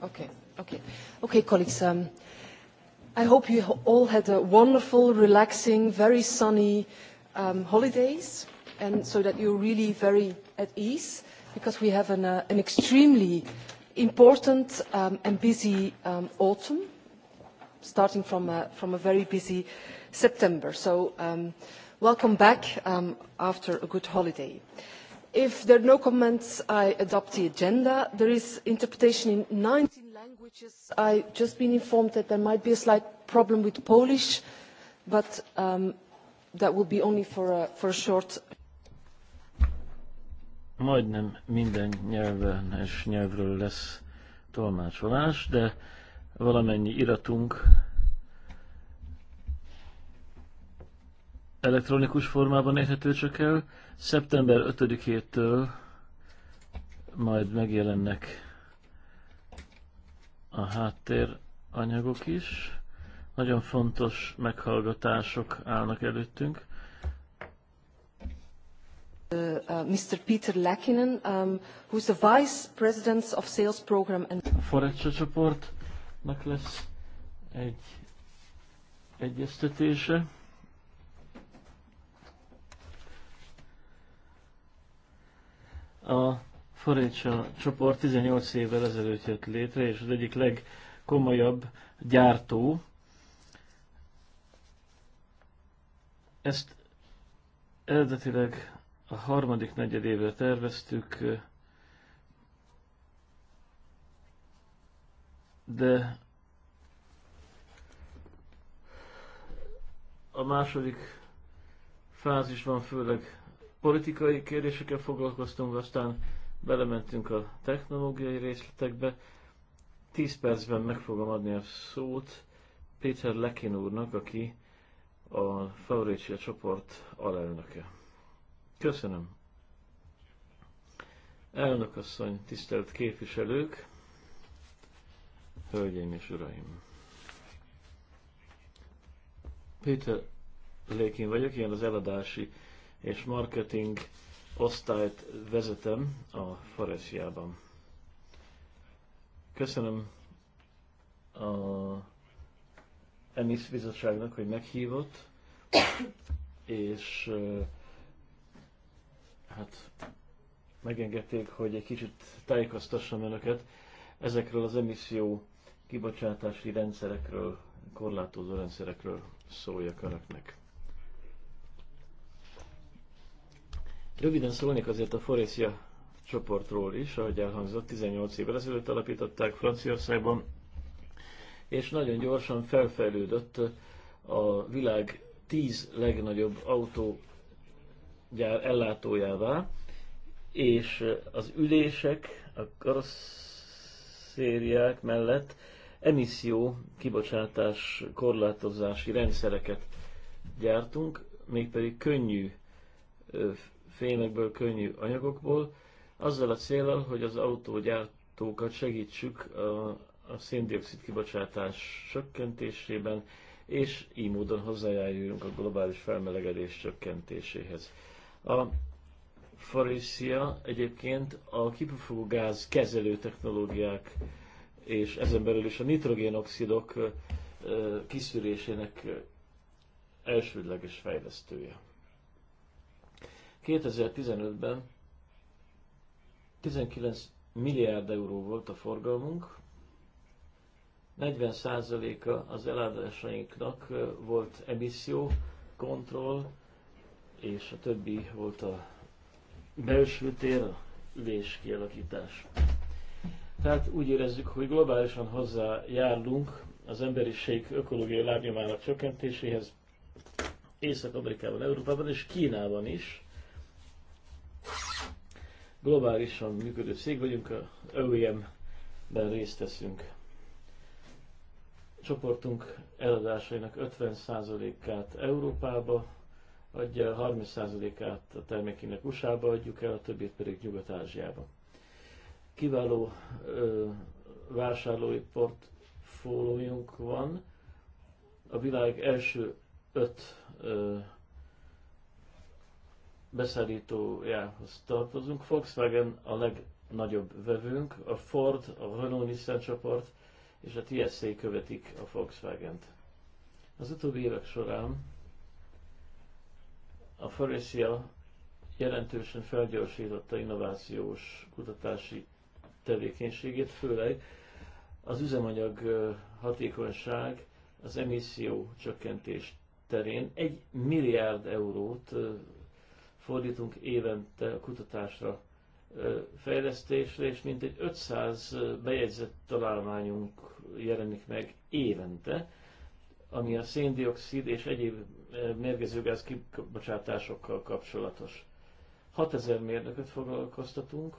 Okay, okay. Okay, colleagues, um, I hope you all had a wonderful, relaxing, very sunny um, holidays, and so that you're really very at ease, because we have an, uh, an extremely important um, and busy um, autumn, starting from a, uh, from a very busy September. So um, welcome back um, after a good holiday. Uh, if there are no comments i adopt the agenda. there is interpretation in nineteen languages. i have just been informed that there might be a slight problem with polish but um, that will be only for a short majdnem minden nyelven és nyelvről lesz tolmácsolás de valamennyi iratunk elektronikus formában érhető csak el. Szeptember 5-től majd megjelennek a háttér anyagok is. Nagyon fontos meghallgatások állnak előttünk. Uh, uh, Mr. Peter Lekinen, um, who's the vice president of sales program and Forecsa csoportnak lesz egy egyeztetése. forincs a csoport 18 évvel ezelőtt jött létre, és az egyik legkomolyabb gyártó. Ezt eredetileg a harmadik negyedévre terveztük, de a második fázisban főleg politikai kérdésekkel foglalkoztunk, aztán belementünk a technológiai részletekbe. Tíz percben meg fogom adni a szót Péter Lekin úrnak, aki a Favorécia csoport alelnöke. Köszönöm. Elnökasszony, tisztelt képviselők, hölgyeim és uraim. Péter Lékin vagyok, ilyen az eladási és marketing osztályt vezetem a Foresiában. Köszönöm a Ennis bizottságnak, hogy meghívott, és hát megengedték, hogy egy kicsit tájékoztassam önöket ezekről az emisszió kibocsátási rendszerekről, korlátozó rendszerekről szóljak önöknek. Röviden szólnék azért a Forésia csoportról is, ahogy elhangzott, 18 évvel ezelőtt alapították Franciaországban, és nagyon gyorsan felfejlődött a világ 10 legnagyobb autógyár ellátójává, és az ülések, a karosszériák mellett emisszió kibocsátás korlátozási rendszereket gyártunk, mégpedig könnyű fényekből, könnyű anyagokból, azzal a célral, hogy az autógyártókat segítsük a, a széndiokszid kibocsátás csökkentésében, és így módon hozzájáruljunk a globális felmelegedés csökkentéséhez. A Farisia egyébként a kipufogó gáz kezelő technológiák és ezen belül is a nitrogénoxidok kiszűrésének elsődleges fejlesztője. 2015-ben 19 milliárd euró volt a forgalmunk, 40%-a az eladásainknak volt emisszió, kontroll, és a többi volt a belső tér, a ülés kialakítás. Tehát úgy érezzük, hogy globálisan hozzájárlunk az emberiség ökológiai lábnyomának csökkentéséhez, Észak-Amerikában, Európában és Kínában is globálisan működő cég vagyunk, a OEM-ben részt teszünk. Csoportunk eladásainak 50%-át Európába adja, 30%-át a termékének USA-ba adjuk el, a többit pedig Nyugat-Ázsiába. Kiváló ö, vásárlói portfóliunk van, a világ első öt ö, beszállító, ja, az tartozunk, Volkswagen a legnagyobb vevőnk, a Ford, a Renault Nissan csoport, és a TSA követik a Volkswagen-t. Az utóbbi évek során a Faurecia jelentősen felgyorsította innovációs kutatási tevékenységét, főleg az üzemanyag hatékonyság az emisszió csökkentés terén egy milliárd eurót fordítunk évente a kutatásra, fejlesztésre, és mintegy 500 bejegyzett találmányunk jelenik meg évente, ami a széndiokszid és egyéb mérgező gáz kibocsátásokkal kapcsolatos. 6000 mérnököt foglalkoztatunk,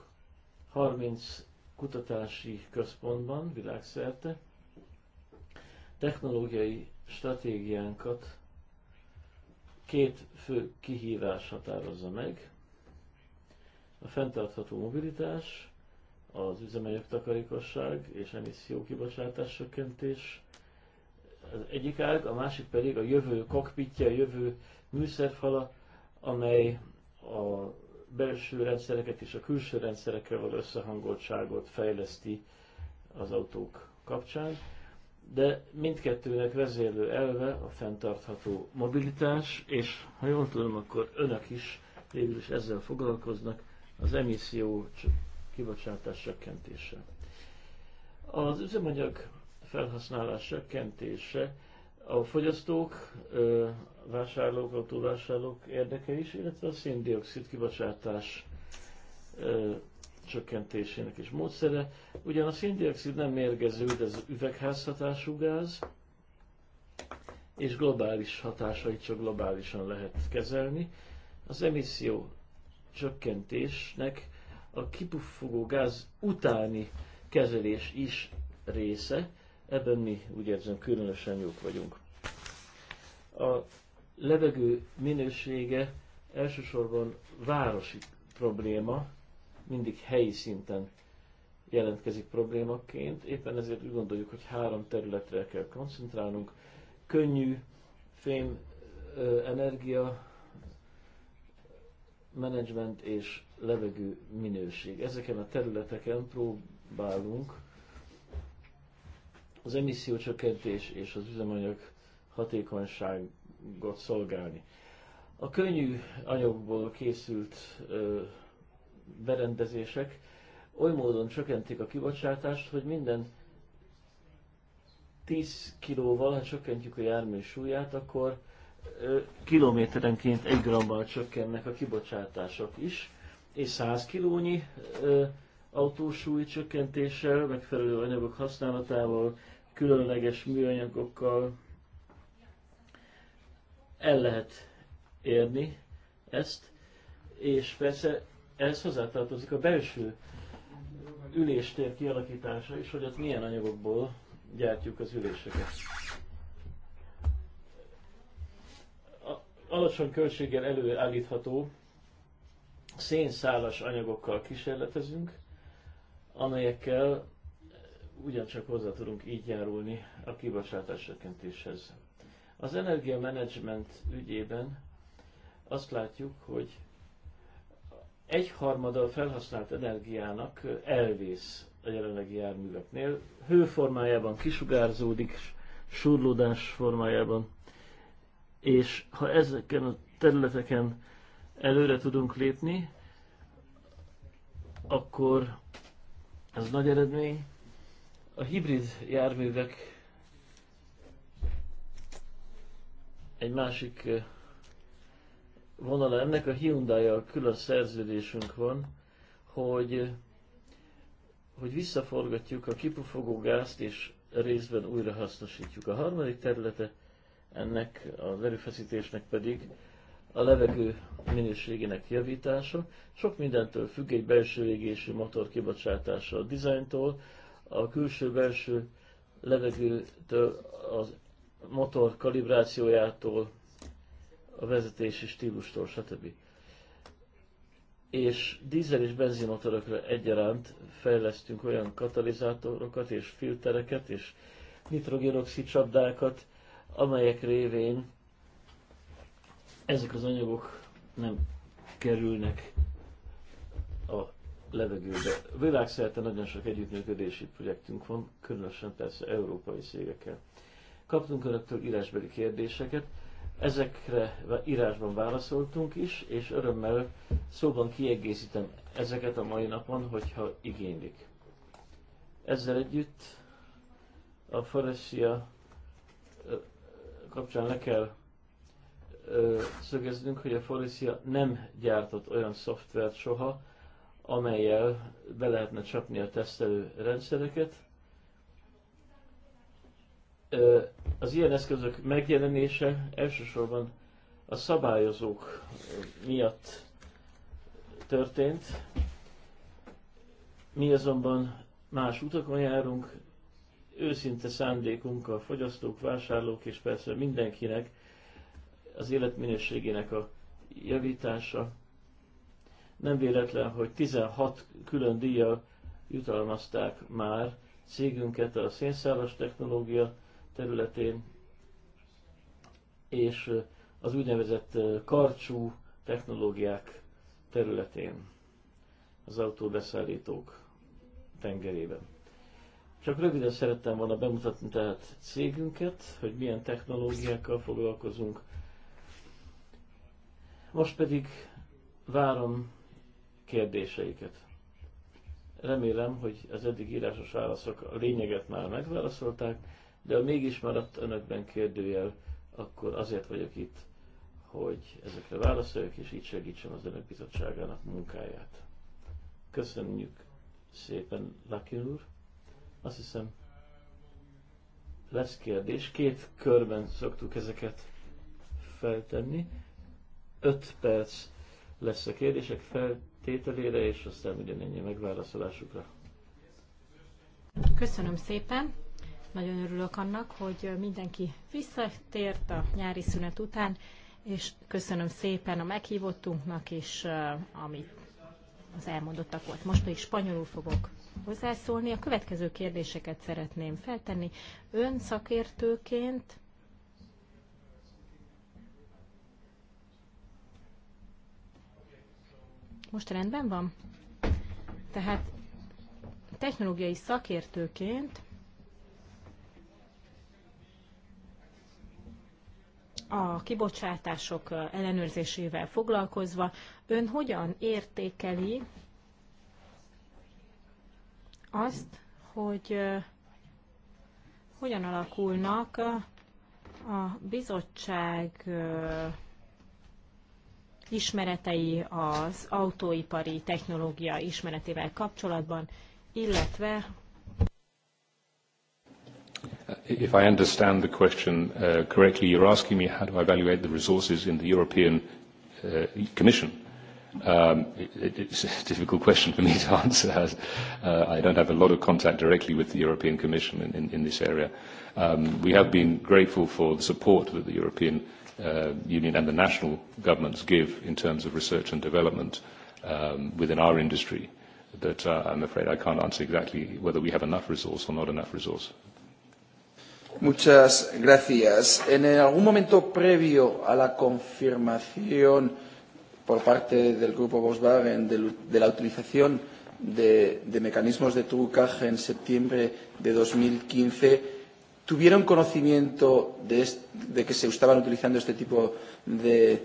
30 kutatási központban világszerte, technológiai stratégiánkat két fő kihívás határozza meg. A fenntartható mobilitás, az üzemanyag takarékosság és emissziókibocsátás csökkentés. Az egyik ág, a másik pedig a jövő kokpitja, a jövő műszerfala, amely a belső rendszereket és a külső rendszerekkel való összehangoltságot fejleszti az autók kapcsán de mindkettőnek vezérlő elve a fenntartható mobilitás, és ha jól tudom, akkor önök is végül is ezzel foglalkoznak, az emisszió kibocsátás csökkentése. Az üzemanyag felhasználás csökkentése a fogyasztók, vásárlók, autóvásárlók érdeke is, illetve a széndiokszid kibocsátás csökkentésének is módszere. Ugyan a széndiokszid nem mérgező, de az üvegházhatású gáz, és globális hatásait csak globálisan lehet kezelni. Az emisszió csökkentésnek a kipuffogó gáz utáni kezelés is része, ebben mi úgy érzem különösen jók vagyunk. A levegő minősége elsősorban városi probléma, mindig helyi szinten jelentkezik problémaként. Éppen ezért úgy gondoljuk, hogy három területre kell koncentrálnunk. Könnyű fém energia menedzsment és levegő minőség. Ezeken a területeken próbálunk az emissziócsökkentés és az üzemanyag hatékonyságot szolgálni. A könnyű anyagból készült ö, berendezések oly módon csökkentik a kibocsátást, hogy minden 10 kilóval, ha csökkentjük a jármű súlyát, akkor kilométerenként 1 grammal csökkennek a kibocsátások is, és 100 kilónyi autósúly csökkentéssel, megfelelő anyagok használatával, különleges műanyagokkal el lehet érni ezt, és persze ez hozzátartozik a belső üléstér kialakítása is, hogy ott milyen anyagokból gyártjuk az üléseket. A alacsony költséggel előállítható szénszálas anyagokkal kísérletezünk, amelyekkel ugyancsak hozzá tudunk így járulni a kibocsátás csökkentéshez. Az energiamenedzsment ügyében azt látjuk, hogy egyharmada a felhasznált energiának elvész a jelenlegi járműveknél, hőformájában kisugárzódik, surlódás formájában, és ha ezeken a területeken előre tudunk lépni, akkor ez nagy eredmény. A hibrid járművek egy másik uh, vonala ennek a hyundai a külön szerződésünk van, hogy, hogy visszaforgatjuk a kipufogó gázt és részben újra hasznosítjuk. A harmadik területe ennek az erőfeszítésnek pedig a levegő minőségének javítása. Sok mindentől függ egy belső égésű motor kibocsátása a dizájntól, a külső-belső levegőtől, az motor kalibrációjától, a vezetési stílustól, stb. És dízel és benzinmotorokra egyaránt fejlesztünk olyan katalizátorokat és filtereket és nitrogénoxid csapdákat, amelyek révén ezek az anyagok nem kerülnek a levegőbe. Világszerte nagyon sok együttműködési projektünk van, különösen persze európai szégekkel. Kaptunk önöktől írásbeli kérdéseket, Ezekre írásban válaszoltunk is, és örömmel szóban kiegészítem ezeket a mai napon, hogyha igénylik. Ezzel együtt a faresia kapcsán le kell szögeznünk, hogy a faresia nem gyártott olyan szoftvert soha, amelyel be lehetne csapni a tesztelő rendszereket, az ilyen eszközök megjelenése elsősorban a szabályozók miatt történt. Mi azonban más utakon járunk, őszinte szándékunk a fogyasztók, vásárlók és persze mindenkinek az életminőségének a javítása. Nem véletlen, hogy 16 külön díjjal jutalmazták már cégünket a szénszálas technológia területén, és az úgynevezett karcsú technológiák területén, az autóbeszállítók tengerében. Csak röviden szerettem volna bemutatni tehát cégünket, hogy milyen technológiákkal foglalkozunk. Most pedig várom kérdéseiket. Remélem, hogy az eddig írásos válaszok a lényeget már megválaszolták de ha mégis maradt önökben kérdőjel, akkor azért vagyok itt, hogy ezekre válaszoljak, és így segítsem az önök bizottságának munkáját. Köszönjük szépen, Laki úr. Azt hiszem, lesz kérdés. Két körben szoktuk ezeket feltenni. Öt perc lesz a kérdések feltételére, és aztán ugyanennyi megválaszolásukra. Köszönöm szépen. Nagyon örülök annak, hogy mindenki visszatért a nyári szünet után, és köszönöm szépen a meghívottunknak is, amit az elmondottak volt. Most pedig spanyolul fogok hozzászólni. A következő kérdéseket szeretném feltenni. Ön szakértőként Most rendben van? Tehát technológiai szakértőként a kibocsátások ellenőrzésével foglalkozva, ön hogyan értékeli azt, hogy hogyan alakulnak a bizottság ismeretei az autóipari technológia ismeretével kapcsolatban, illetve If I understand the question uh, correctly, you're asking me how to evaluate the resources in the European uh, Commission. Um, it's a difficult question for me to answer as uh, I don't have a lot of contact directly with the European Commission in this area. Um, we have been grateful for the support that the European Union and the national governments give in terms of research and development um, within our industry. I'm afraid I can't answer exactly whether we have enough resource or not enough resource. Muchas gracias. En algún momento previo a la confirmación por parte del grupo Volkswagen de la utilización de, de mecanismos de trucaje en septiembre de 2015, ¿tuvieron conocimiento de, este, de que se estaban utilizando este tipo de,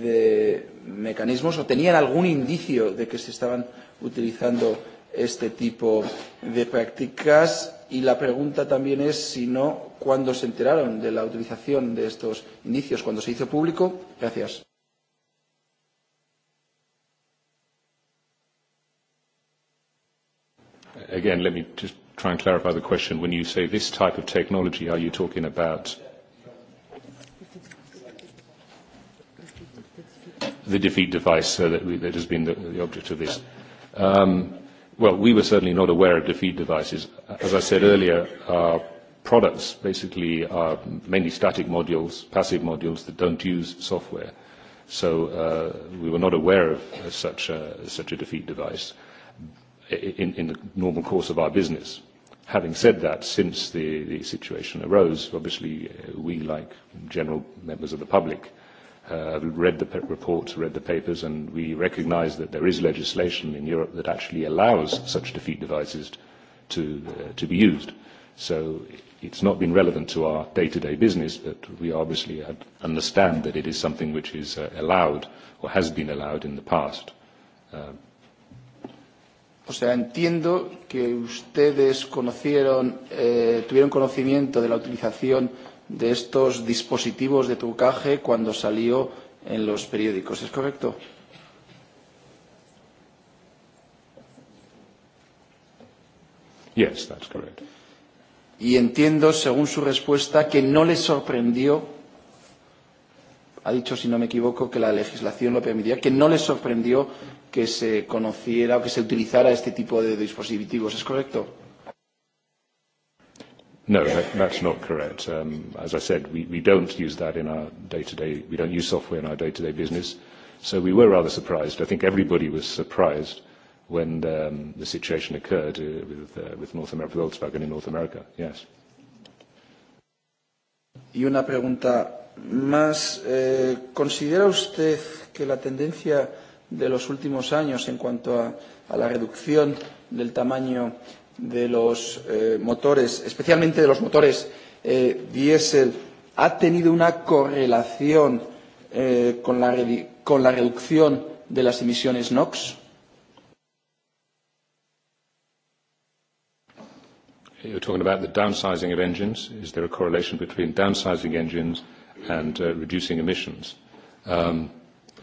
de mecanismos o tenían algún indicio de que se estaban utilizando este tipo de prácticas y la pregunta también es si no, ¿cuándo se enteraron de la utilización de estos indicios cuando se hizo público? Gracias. Again, let me just try and clarify the question. When you say this type of technology, are you talking about the defeat device uh, that, we, that has been the, the object of this? Um, Well, we were certainly not aware of defeat devices. As I said earlier, our uh, products basically are uh, mainly static modules, passive modules that don't use software. So uh, we were not aware of uh, such a, such a defeat device in, in the normal course of our business. Having said that, since the, the situation arose, obviously we, like general members of the public, uh, uh, read the p- reports, read the papers, and we recognize that there is legislation in Europe that actually allows such defeat devices to, uh, to be used. So it's not been relevant to our day-to-day business, but we obviously understand that it is something which is uh, allowed or has been allowed in the past. Uh, o sea, entiendo que ustedes conocieron, eh, tuvieron conocimiento de la utilización de estos dispositivos de trucaje cuando salió en los periódicos. ¿Es correcto? Yes, that's correct. Y entiendo, según su respuesta, que no le sorprendió, ha dicho, si no me equivoco, que la legislación lo permitía, que no le sorprendió que se conociera o que se utilizara este tipo de dispositivos. ¿Es correcto? Sí. No, that, that's not correct. Um, as I said, we, we don't use that in our day-to-day. We don't use software in our day-to-day business. So we were rather surprised. I think everybody was surprised when the, um, the situation occurred uh, with, uh, with North America, with Volkswagen in North America. Yes. Y una pregunta más. Eh, ¿Considera usted que la tendencia de los últimos años en cuanto a, a la reducción del tamaño de los eh, motores, especialmente de los motores eh, diésel, ha tenido una correlación eh, con, la con la reducción de las emisiones NOx? You're talking about the downsizing of engines. Is there a correlation between downsizing engines and uh, reducing emissions? Um,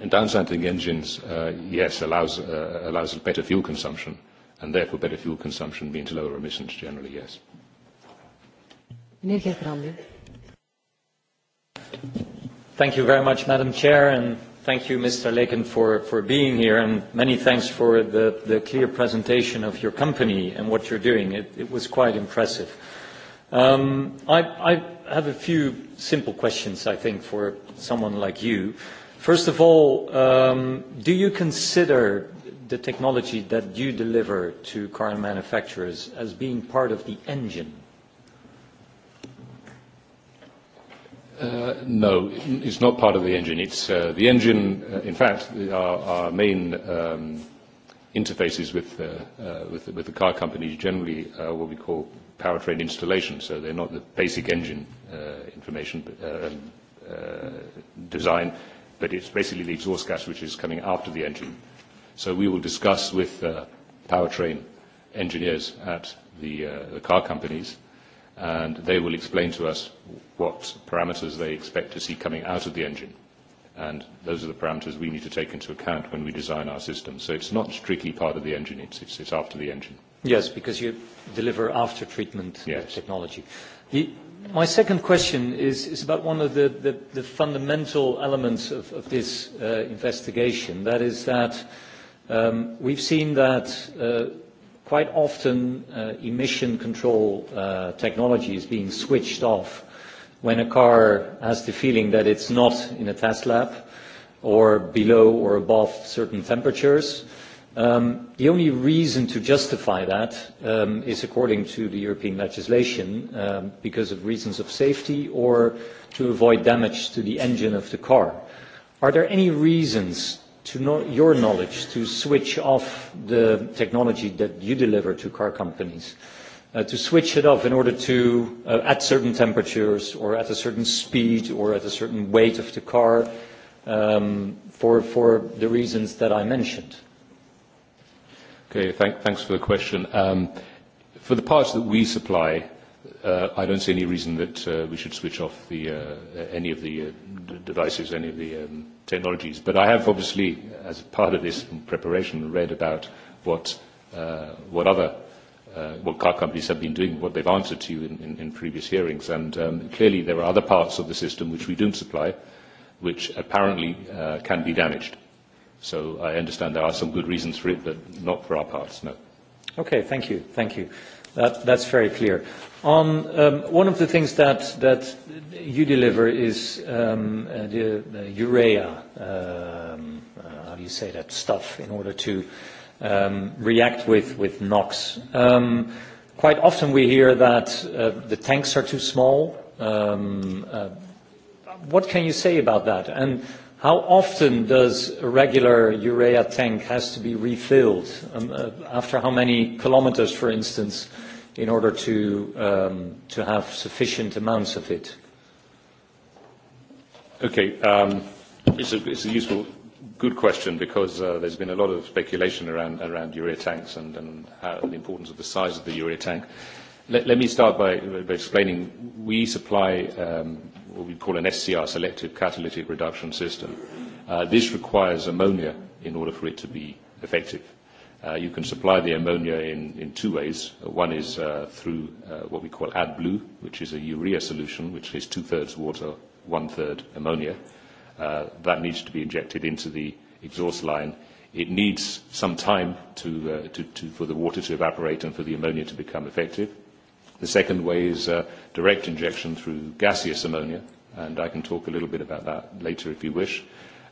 and downsizing engines, uh, yes, allows, uh, allows better fuel consumption. Uh, and therefore better fuel consumption means lower emissions generally, yes. Thank you very much, Madam Chair, and thank you, Mr. Leken, for, for being here, and many thanks for the, the clear presentation of your company and what you're doing. It, it was quite impressive. Um, I, I have a few simple questions, I think, for someone like you. First of all, um, do you consider the technology that you deliver to car manufacturers as being part of the engine? Uh, no, it's not part of the engine. It's uh, the engine. Uh, in fact, the, our, our main um, interfaces with, uh, uh, with, with the car companies generally are what we call powertrain installation. So they're not the basic engine uh, information uh, um, uh, design, but it's basically the exhaust gas which is coming after the engine. So we will discuss with uh, powertrain engineers at the, uh, the car companies, and they will explain to us what parameters they expect to see coming out of the engine. And those are the parameters we need to take into account when we design our system. So it's not strictly part of the engine, it's, it's, it's after the engine. Yes, because you deliver after treatment yes. technology. The, my second question is, is about one of the, the, the fundamental elements of, of this uh, investigation. That is that um, we've seen that uh, quite often uh, emission control uh, technology is being switched off when a car has the feeling that it's not in a test lab or below or above certain temperatures. Um, the only reason to justify that um, is according to the European legislation um, because of reasons of safety or to avoid damage to the engine of the car. Are there any reasons to know your knowledge to switch off the technology that you deliver to car companies uh, to switch it off in order to uh, at certain temperatures or at a certain speed or at a certain weight of the car um, for for the reasons that I mentioned okay thank, thanks for the question um, for the parts that we supply uh, I don't see any reason that uh, we should switch off the, uh, uh, any of the uh, d- devices, any of the um, technologies. But I have obviously, as part of this preparation, read about what, uh, what other uh, what car companies have been doing, what they've answered to you in, in, in previous hearings. And um, clearly there are other parts of the system which we don't supply, which apparently uh, can be damaged. So I understand there are some good reasons for it, but not for our parts, no. Okay, thank you. Thank you. That, that's very clear. On um, one of the things that you deliver is um, uh, the urea, um, uh, how do you say that stuff, in order to react with NOx. Quite often we hear that uh, the tanks are too small. What can you say about that? And how often does a regular urea tank has to be refilled? After how many kilometers, for instance, in order to um, to have sufficient amounts of it. Okay, um, it's, a, it's a useful, good question because uh, there's been a lot of speculation around around urea tanks and, and how, the importance of the size of the urea tank. Let, let me start by, by explaining. We supply um, what we call an SCR, selective catalytic reduction system. Uh, this requires ammonia in order for it to be effective. Uh, you can supply the ammonia in two ways. Uh, one is uh, through what we call AdBlue, which is a urea solution, which is two-thirds water, one-third ammonia. That needs to be injected into the exhaust line. It needs some time for the water to evaporate and for the ammonia to become effective. The second way is direct injection through gaseous ammonia, and I can talk a little bit about that later if you wish,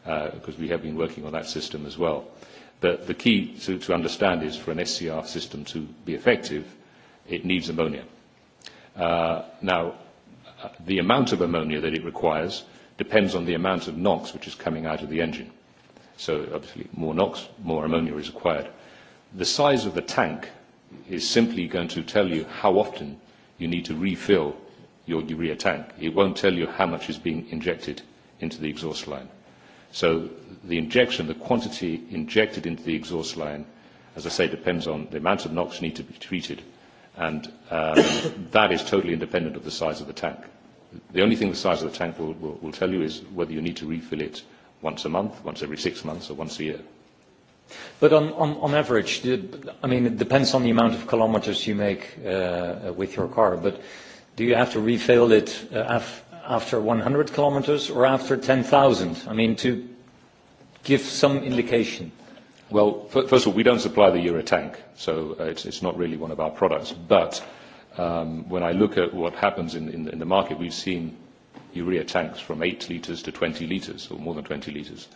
because we have been working on that system as well the key to, to understand is for an SCR system to be effective, it needs ammonia. Uh, now, uh, the amount of ammonia that it requires depends on the amount of NOx which is coming out of the engine. So obviously, more NOx, more ammonia is required. The size of the tank is simply going to tell you how often you need to refill your urea tank. It won't tell you how much is being injected into the exhaust line. So the injection, the quantity injected into the exhaust line, as I say, depends on the amount of NOx need to be treated. And um, that is totally independent of the size of the tank. The only thing the size of the tank will, will, will tell you is whether you need to refill it once a month, once every six months, or once a year. But on, on, on average, I mean, it depends on the amount of kilometers you make uh, with your car, but do you have to refill it uh, after 100 kilometers or after 10,000? I mean, to give some indication. Well, first of all, we don't supply the Euro tank, so uh, it's, it's not really one of our products. But um, when I look at what happens in, in, in the market, we've seen urea tanks from 8 liters to 20 liters, or more than 20 liters.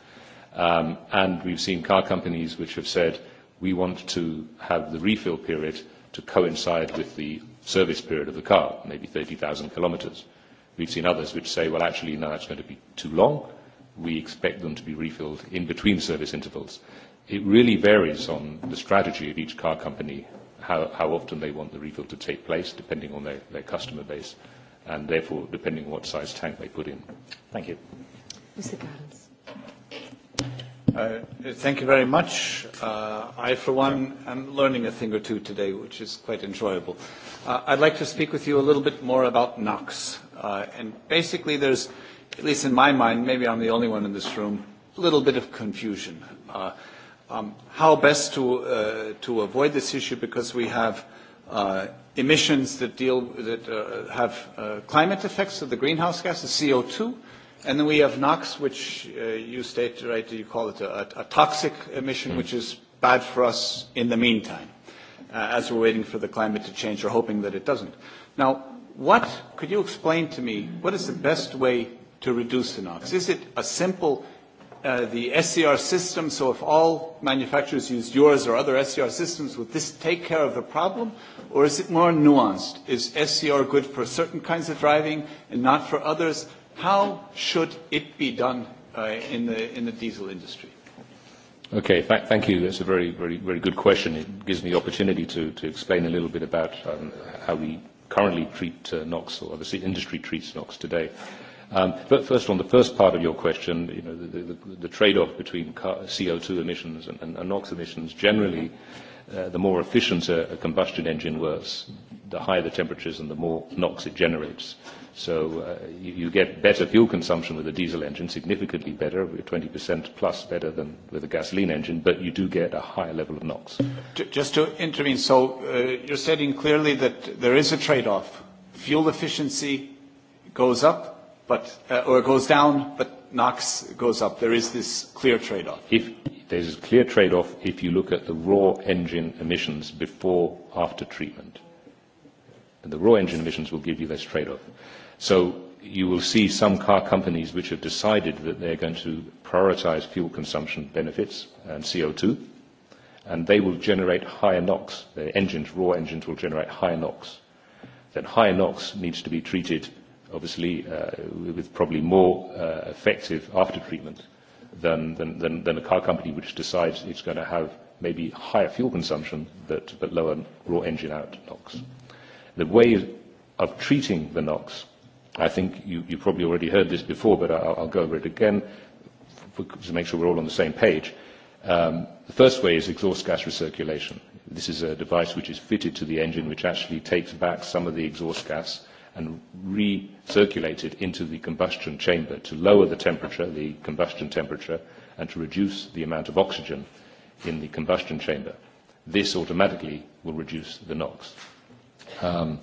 Um, and we've seen car companies which have said, we want to have the refill period to coincide with the service period of the car, maybe 30,000 kilometers. Uh, We've seen others which say, well, actually, no, that's going to be too long. We expect them to be refilled in between service intervals. It really varies on the strategy of each car company, how, how often they want the refill to take place, depending on their, their customer base, and therefore, depending on what size tank they put in. Thank you. Mr. Gardens. Uh, thank you very much. Uh, I, for one, am learning a thing or two today, which is quite enjoyable. Uh, I'd like to speak with you a little bit more about NOx. Uh, and basically, there's, at least in my mind, maybe I'm the only one in this room, a little bit of confusion. Uh, um, how best to, uh, to avoid this issue because we have uh, emissions that deal that uh, have uh, climate effects of the greenhouse gas, the CO2, and then we have NOx, which uh, you state right, you call it a, a, a toxic emission, hmm. which is bad for us in the meantime, uh, as we're waiting for the climate to change or hoping that it doesn't. Now, what could you explain to me what is the best way to reduce the NOx? Is it a simple uh, the SCR system, so if all manufacturers use yours or other SCR systems, would this take care of the problem? Or is it more nuanced? Is SCR good for certain kinds of driving and not for others? How should it be done uh, in, the, in the diesel industry? Okay, th- thank you. That's a very, very, very good question. It gives me the opportunity to, to explain a little bit about um, how we currently treat uh, NOx, or obviously industry treats NOx today. Um, but first, on the first part of your question, you know, the, the, the trade-off between CO2 emissions and, and, and NOx emissions generally. Mm-hmm. Uh, the more efficient a, a combustion engine works, the higher the temperatures and the more NOx it generates. So uh, you, you get better fuel consumption with a diesel engine, significantly better, 20% plus better than with a gasoline engine, but you do get a higher level of NOx. Just to intervene, so uh, you're stating clearly that there is a trade-off. Fuel efficiency goes up, but uh, or goes down, but NOx goes up. There is this clear trade-off. If there's a clear trade-off, if you look at the raw engine emissions before after treatment, and the raw engine emissions will give you this trade-off. So you will see some car companies which have decided that they're going to prioritize fuel consumption benefits and CO2, and they will generate higher NOx. Their engines, raw engines, will generate higher NOx. Then higher NOx needs to be treated obviously uh, with probably more uh, effective after treatment than, than, than a car company which decides it's going to have maybe higher fuel consumption but, but lower raw engine out NOx. The way of treating the NOx, I think you, you probably already heard this before, but I'll, I'll go over it again for, to make sure we're all on the same page. Um, the first way is exhaust gas recirculation. This is a device which is fitted to the engine which actually takes back some of the exhaust gas and recirculated into the combustion chamber to lower the temperature, the combustion temperature, and to reduce the amount of oxygen in the combustion chamber. This automatically will reduce the NOx. Um,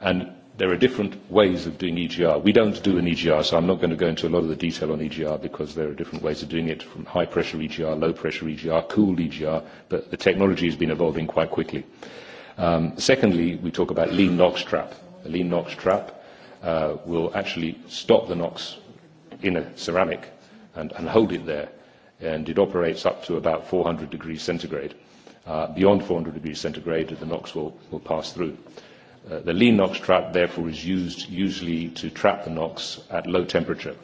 and there are different ways of doing EGR. We don't do an EGR, so I'm not going to go into a lot of the detail on EGR because there are different ways of doing it from high pressure EGR, low pressure EGR, cooled EGR, but the technology has been evolving quite quickly. Um, secondly, we talk about lean NOx trap lean NOx trap uh, will actually stop the NOx in a ceramic and, and hold it there. And it operates up to about 400 degrees centigrade. Uh, beyond 400 degrees centigrade, the NOx will, will pass through. Uh, the lean NOx trap, therefore, is used usually to trap the NOx at low temperature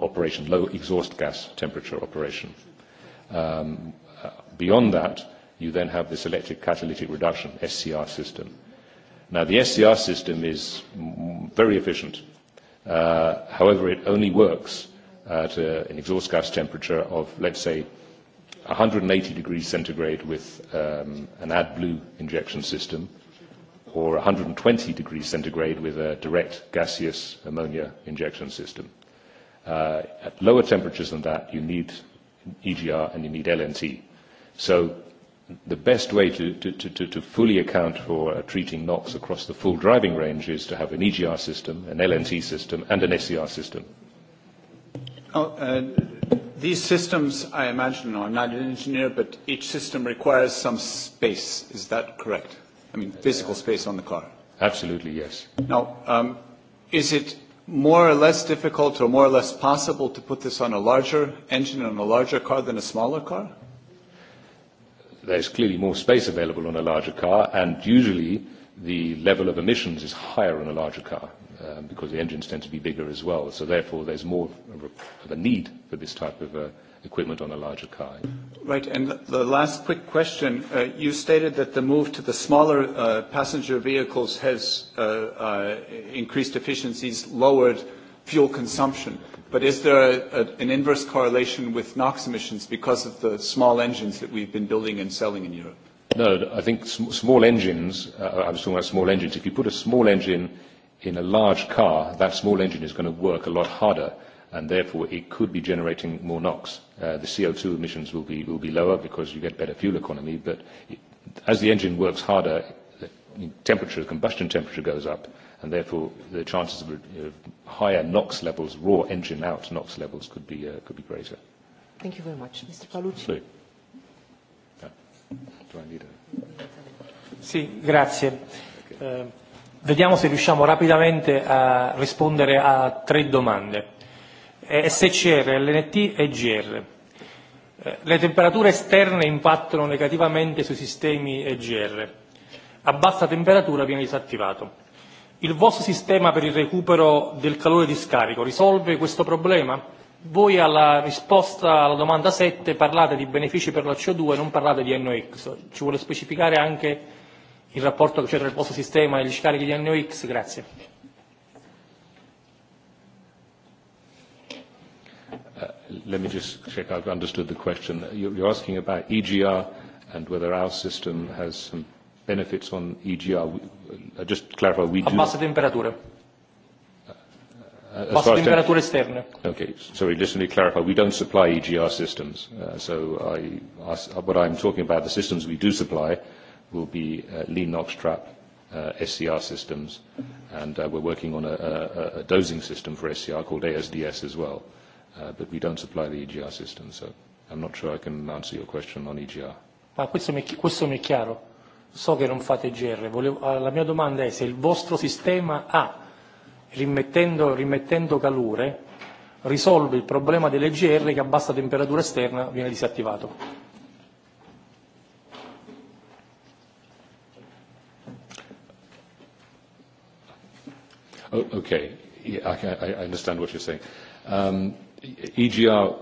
operation, low exhaust gas temperature operation. Um, uh, beyond that, you then have this electric catalytic reduction, SCR system the scr system is very efficient uh, however it only works uh, at a, an exhaust gas temperature of let's say 180 degrees centigrade with um, an AdBlue injection system or 120 degrees centigrade with a direct gaseous ammonia injection system. Uh, at lower temperatures than that, you need EGR and you need LNT. So the best way to, to, to, to fully account for uh, treating NOx across the full driving range is to have an EGR system, an LNT system, and an SCR e system. Oh, uh, these systems, I imagine, no, I'm not an engineer, but each system requires some space. Is that correct? I mean, physical space on the car. Absolutely, yes. Now, um, is it more or less difficult or more or less possible to put this on a larger engine on a larger car than a smaller car? there's clearly more space available on a larger car, and usually the level of emissions is higher on a larger car um, because the engines tend to be bigger as well. So therefore, there's more of a need for this type of uh, equipment on a larger car. Right, and the last quick question. Uh, you stated that the move to the smaller uh, passenger vehicles has uh, uh, increased efficiencies, lowered uh, fuel consumption. But is there a, a, an inverse correlation with NOx emissions because of the small engines that we've been building and selling in Europe? No, I think sm- small engines, uh, I was talking about small engines. If you put a small engine in a large car, that small engine is going to work a lot harder, and therefore it could be generating more NOx. Uh, the CO2 emissions will be, will be lower because you get better fuel economy, but it, as the engine works harder, the temperature, the combustion temperature goes up, and therefore the chances of, of higher NOx levels, raw engine out NOx levels, could be, uh, could be greater. Thank you very much. Mr. Palucci. Sorry. Sì, grazie. Eh, vediamo se riusciamo rapidamente a rispondere a tre domande. Eh, SCR, LNT e GR. Eh, le temperature esterne impattano negativamente sui sistemi EGR. A bassa temperatura viene disattivato il vostro sistema per il recupero del calore di scarico risolve questo problema? Voi alla risposta alla domanda 7 parlate di benefici per la CO2 e non parlate di NOx. Ci vuole specificare anche il rapporto che c'è tra il vostro sistema e gli scarichi di NOx? Grazie. Uh, let me just check I've understood the question. You're asking about EGR and whether our system has some benefits on EGR? Uh, just clarify, we do- A bassa temperatura. Uh, uh, as far as- Basse temperature esterne. Okay. Sorry, just let me clarify. We don't supply EGR systems. What I'm talking about, the systems we do supply will be lean NOx trap SCR systems. We're working on a dosing system for SCR called ASDS as well. We don't supply the EGR system, so I'm not sure I can answer your question on EGR. Questo mi è chiaro so che non fate GR. Volevo, ah, la mia domanda è se il vostro sistema ha, rimettendo, rimettendo calore, risolve il problema delle GR che a bassa temperatura esterna viene disattivato. Oh, ok, yeah, I, I understand what you're saying. Um, EGR,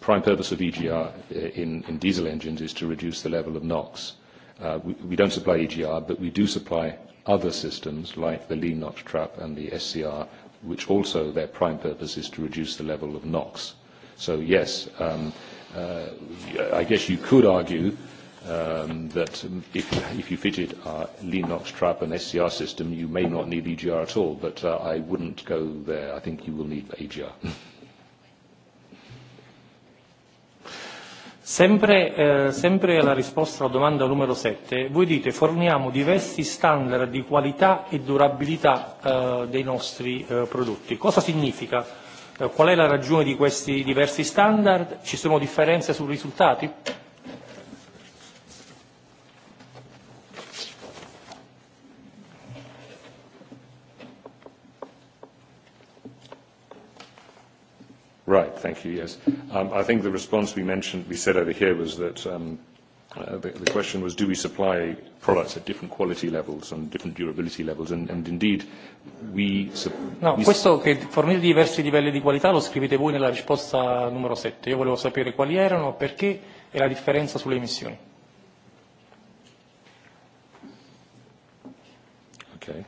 prime purpose of EGR uh, in, in diesel engines is to reduce the level of NOx. Uh, we don't supply EGR, but we do supply other systems like the LeanNOx trap and the SCR, which also their prime purpose is to reduce the level of NOx. So yes, um, uh, I guess you could argue um, that if you fitted our LeanNOx trap and SCR system, you may not need EGR at all, but uh, I wouldn't go there. I think you will need EGR. Sempre, eh, sempre alla risposta alla domanda numero 7, voi dite forniamo diversi standard di qualità e durabilità eh, dei nostri eh, prodotti. Cosa significa? Eh, qual è la ragione di questi diversi standard? Ci sono differenze sui risultati? Right. Thank you. Yes. Um, I think the response we mentioned, we said over here was that um, uh, the question was, do we supply products at different quality levels and different durability levels? And indeed, we sup- No, questo che fornire diversi livelli di qualità lo scrivete voi nella risposta numero 7. Io volevo sapere quali erano, perché e la differenza sulle emissioni. Okay.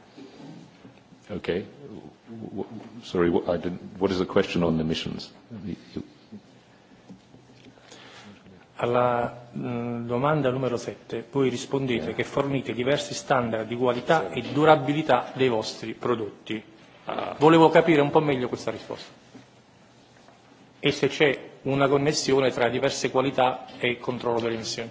Okay sorry, I didn't, what is the question on emissions? Alla mm, domanda numero 7, voi rispondete yeah. che fornite diversi standard di qualità sì. e durabilità dei vostri prodotti. Ah. Volevo capire un po' meglio questa risposta. E se c'è una connessione tra diverse qualità e il controllo delle emissioni.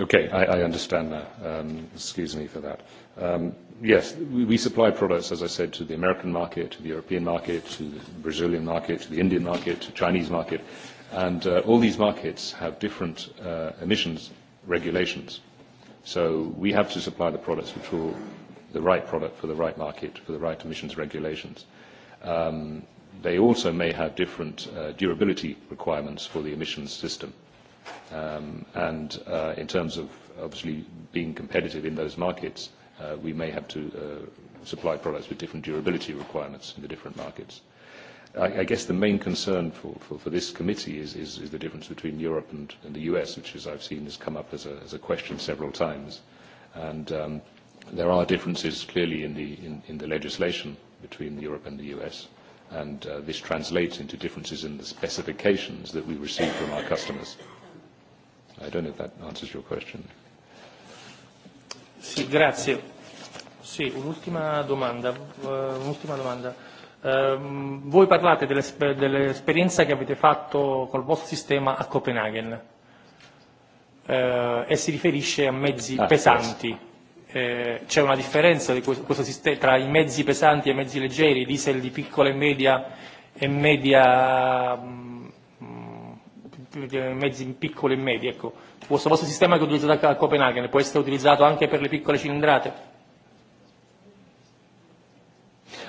Ok, I, I understand that. Um, excuse me for that. Um, Yes, we supply products, as I said, to the American market, to the European market, to the Brazilian market, to the Indian market, to the Chinese market. And uh, all these markets have different uh, emissions regulations. So we have to supply the products which are the right product for the right market, for the right emissions regulations. Um, they also may have different uh, durability requirements for the emissions system. Um, and uh, in terms of obviously being competitive in those markets, Uh, we may have to uh, supply products with different durability requirements in the different markets. I guess the main concern for this committee is the difference between Europe and the U.S., which as I've seen, has come up as a question several times. Um, there are differences clearly in the legislation between Europe and the U.S., and uh, this translates into differences in the specifications that we receive from our customers. I don't know if that answers your question. Sì, grazie. Sì, un'ultima domanda. Uh, un'ultima domanda. Uh, voi parlate dell'esperienza che avete fatto col vostro sistema a Copenaghen uh, e si riferisce a mezzi ah, pesanti. Uh, c'è una differenza di questo, questo sistema, tra i mezzi pesanti e i mezzi leggeri, diesel di piccola e media e media, mh, mm, mm, mezzi piccoli e medi? Ecco. Uh, Questo vostro sistema che ho utilizzato a Copenaghen può essere utilizzato anche per le piccole cilindrate?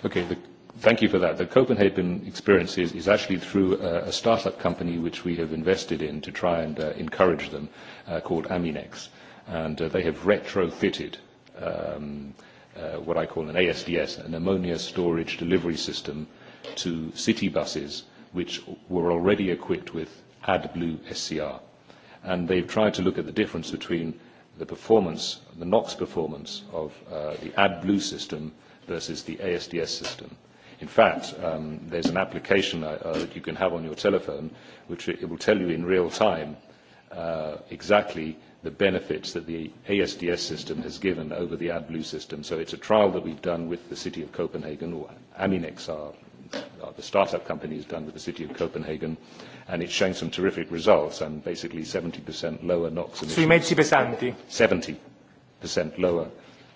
Ok, the, thank you for that. The Copenhagen experience is, is actually through a, a startup company which we have invested in to try and uh, encourage them uh, called Aminex. And uh, they have retrofitted um, uh, what I call an ASDS, an ammonia storage delivery system, to city buses which were already equipped with AdBlue SCR and they've tried to look at the difference between the performance, the NOx performance of uh, the AdBlue system versus the ASDS system. In fact, um, there's an application uh, uh, that you can have on your telephone which it will tell you in real time uh, exactly the benefits that the ASDS system has given over the AdBlue system. So it's a trial that we've done with the city of Copenhagen, or Aminex, our the startup company has done with the city of Copenhagen, and it's showing some terrific results and basically 70% lower NOx emissions. Sui mezzi pesanti. 70% lower,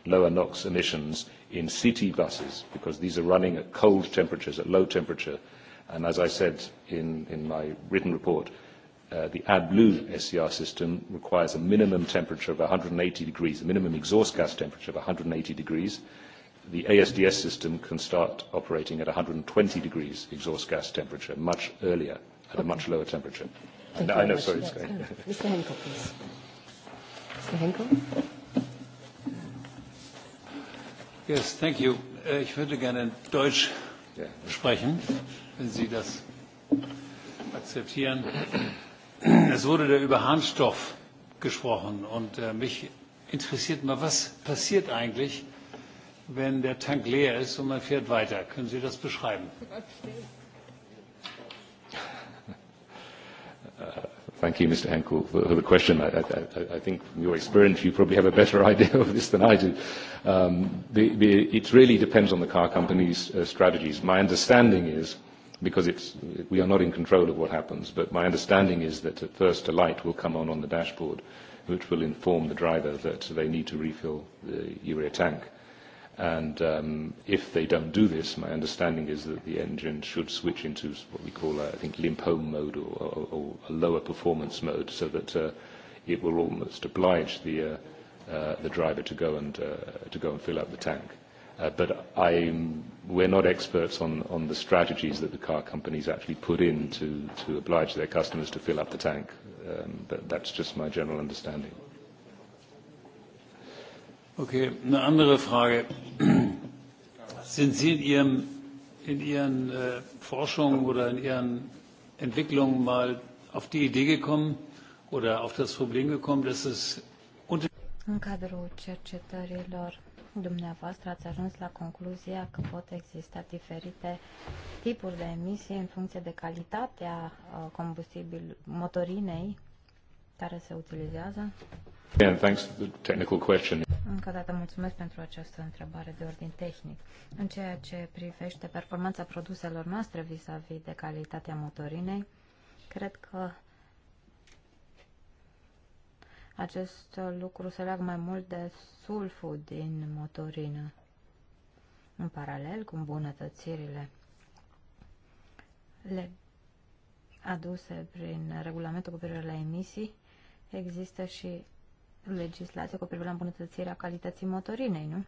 lower NOx emissions in city buses because these are running at cold temperatures, at low temperature. And as I said in, in my written report, uh, the AdBlue SCR system requires a minimum temperature of 180 degrees, a minimum exhaust gas temperature of 180 degrees the ASDS system can start operating at 120 degrees exhaust gas temperature much earlier at okay. a much lower temperature. Thank no, you I know, much. sorry. Yes. Oh, Mr. Henkel, please. Mr. Henkel? Yes, thank you. Äh, ich würde gerne Deutsch yeah. Ja. sprechen, wenn Sie das akzeptieren. Es wurde da über Harnstoff gesprochen und äh, mich interessiert mal, was passiert eigentlich, wenn der Tank leer ist und man fährt weiter. Können Sie das beschreiben? Uh, thank you, Mr. Henkel, for the question. I, I, I think from your experience, you probably have a better idea of this than I do. Um, the, the, it really depends on the car company's uh, strategies. My understanding is, because it's, we are not in control of what happens, but my understanding is that at first a light will come on on the dashboard, which will inform the driver that they need to refill the urea tank and um, if they don't do this, my understanding is that the engine should switch into what we call, uh, I think, limp home mode or, or, or a lower performance mode, so that uh, it will almost oblige the uh, uh, the driver to go and uh, to go and fill up the tank. Uh, but I'm, we're not experts on on the strategies that the car companies actually put in to to oblige their customers to fill up the tank. Um, but that's just my general understanding. Okay, eine andere Frage. Sind Sie in, Ihrem, in Ihren äh, Forschungen oder in Ihren Entwicklungen mal auf die Idee gekommen oder auf das Problem gekommen, dass es unter. În cadrul cercetărilor dumneavoastră ați ajuns la concluzia că pot exista diferite tipuri de emisii în funcție de calitatea uh, combustibil motorinei care se utilizează? Again, thanks for the technical question. Încă o dată mulțumesc pentru această întrebare de ordin tehnic. În ceea ce privește performanța produselor noastre vis-a-vis de calitatea motorinei, cred că acest lucru se leagă mai mult de sulful din motorină, în paralel cu îmbunătățirile le aduse prin regulamentul cu privire la emisii, există și legislație cu privire la îmbunătățirea calității motorinei, nu?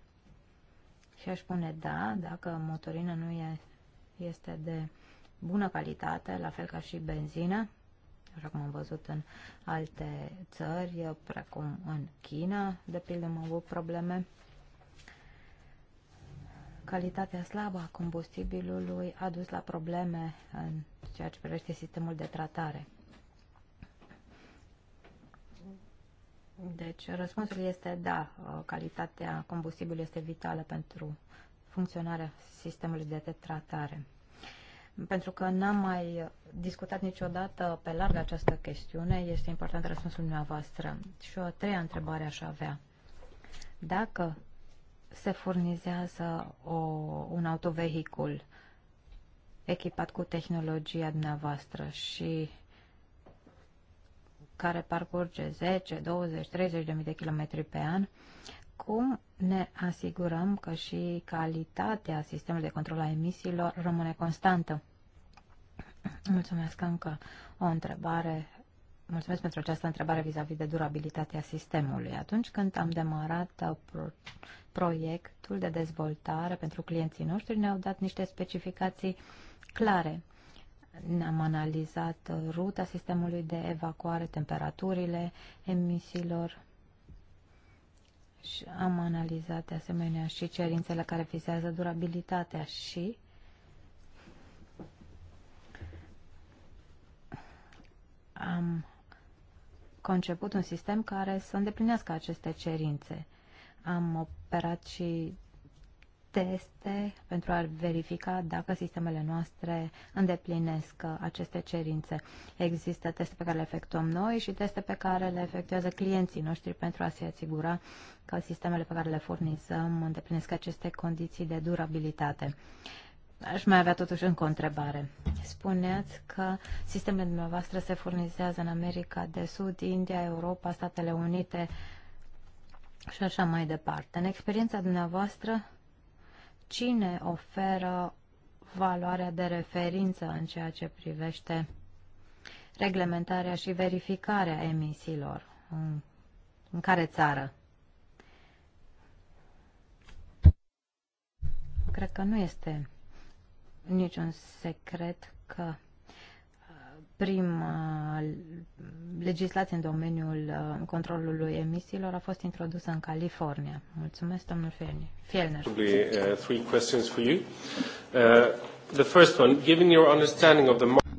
Și aș spune da, dacă motorina nu e, este de bună calitate, la fel ca și benzină, așa cum am văzut în alte țări, precum în China, de pildă am avut probleme. Calitatea slabă a combustibilului a dus la probleme în ceea ce privește sistemul de tratare. Deci, răspunsul este da, uh, calitatea combustibilului este vitală pentru funcționarea sistemului de tratare. Pentru că n-am mai discutat niciodată pe larg această chestiune, este important răspunsul dumneavoastră. Și o treia întrebare aș avea. Dacă se furnizează o, un autovehicul echipat cu tehnologia dumneavoastră și care parcurge 10, 20, 30 de mii de kilometri pe an, cum ne asigurăm că și calitatea sistemului de control a emisiilor rămâne constantă? Mulțumesc încă o întrebare. Mulțumesc pentru această întrebare vis-a-vis de durabilitatea sistemului. Atunci când am demarat uh, pro- proiectul de dezvoltare pentru clienții noștri, ne-au dat niște specificații clare ne-am analizat ruta sistemului de evacuare, temperaturile emisiilor și am analizat de asemenea și cerințele care vizează durabilitatea și am conceput un sistem care să îndeplinească aceste cerințe. Am operat și teste pentru a verifica dacă sistemele noastre îndeplinesc aceste cerințe. Există teste pe care le efectuăm noi și teste pe care le efectuează clienții noștri pentru a se asigura că sistemele pe care le furnizăm îndeplinesc aceste condiții de durabilitate. Aș mai avea totuși încă o întrebare. Spuneați că sistemele dumneavoastră se furnizează în America de Sud, India, Europa, Statele Unite și așa mai departe. În experiența dumneavoastră, cine oferă valoarea de referință în ceea ce privește reglementarea și verificarea emisiilor? În, în care țară? Cred că nu este niciun secret că prim legislație în domeniul uh, controlului emisiilor a fost introdusă în California. Mulțumesc, domnul Fielner. Probably uh, three questions for you. Uh, the first one, given your understanding of the market...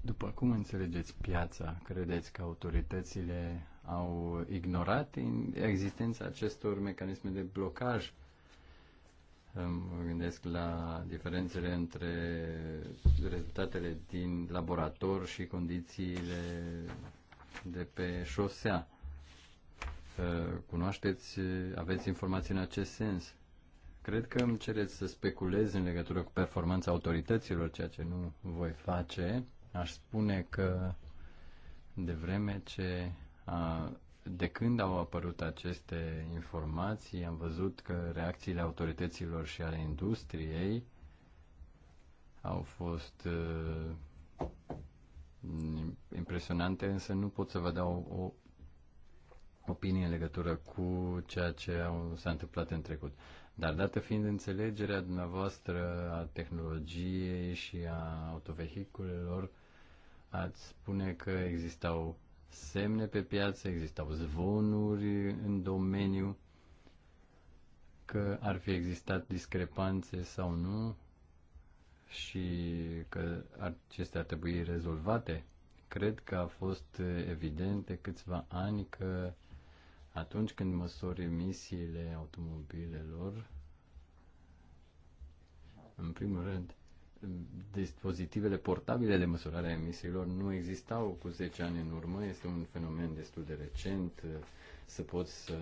După cum înțelegeți piața, credeți că autoritățile au ignorat existența acestor mecanisme de blocaj mă gândesc la diferențele între rezultatele din laborator și condițiile de pe șosea. Cunoașteți, aveți informații în acest sens? Cred că îmi cereți să speculez în legătură cu performanța autorităților, ceea ce nu voi face. Aș spune că de vreme ce a, De când au apărut aceste informații, am văzut că reacțiile autorităților și ale industriei au fost uh, impresionante, însă nu pot să vă dau o opinie în legătură cu ceea ce au, s-a întâmplat în trecut. Dar dată fiind înțelegerea dumneavoastră a tehnologiei și a autovehiculelor, ați spune că existau semne pe piață, existau zvonuri în domeniu, că ar fi existat discrepanțe sau nu și că acestea ar trebui rezolvate. Cred că a fost evident de câțiva ani că atunci când măsori emisiile automobilelor, în primul rând, dispozitivele portabile de măsurare a emisiilor nu existau cu 10 ani în urmă. Este un fenomen destul de recent să poți să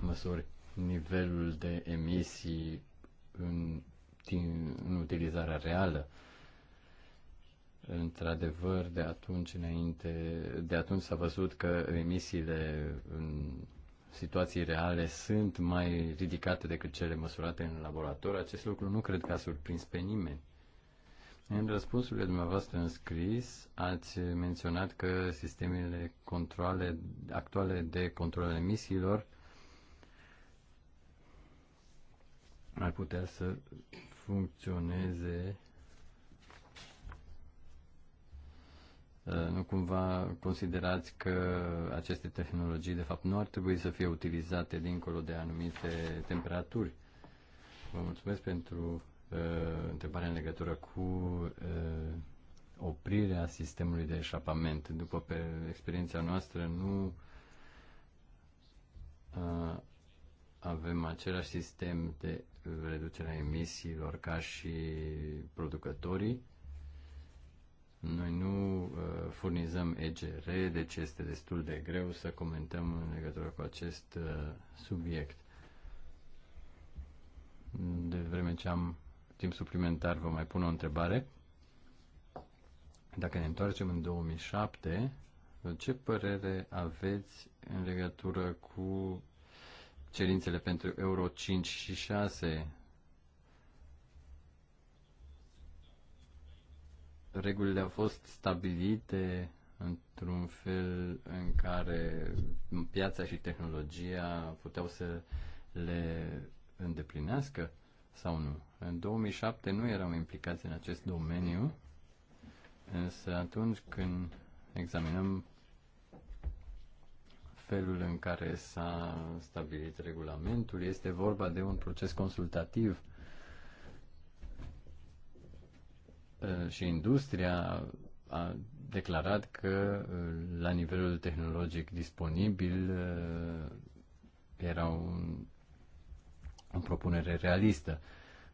măsori nivelul de emisii în, în utilizarea reală. Într-adevăr, de atunci înainte, de atunci s-a văzut că emisiile în situații reale sunt mai ridicate decât cele măsurate în laborator, acest lucru nu cred că a surprins pe nimeni. În răspunsurile dumneavoastră în scris, ați menționat că sistemele controle, actuale de control al emisiilor ar putea să funcționeze Eh, nu cumva considerați că aceste tehnologii, de fapt, nu ar trebui să fie utilizate dincolo de anumite temperaturi? Vă mulțumesc pentru uh, întrebarea în legătură cu uh, oprirea sistemului de eșapament. După pe experiența noastră, nu uh, avem același sistem de reducere a emisiilor ca și producătorii. Uh, Noi nu uh, furnizăm EGR, deci este destul de greu să comentăm în legătură cu acest uh, subiect. De vreme ce am timp suplimentar, vă mai pun o întrebare. Dacă ne întoarcem în 2007, ce părere aveți în legătură cu cerințele pentru Euro 5 și 6? regulile au fost stabilite într-un fel în care piața și tehnologia puteau să le îndeplinească sau nu. În 2007 nu eram implicați în acest domeniu, însă atunci când examinăm felul în care s-a stabilit regulamentul, este vorba de un proces consultativ uh, Eh, și industria a declarat că eh, la nivelul tehnologic disponibil eh, era un, o propunere realistă.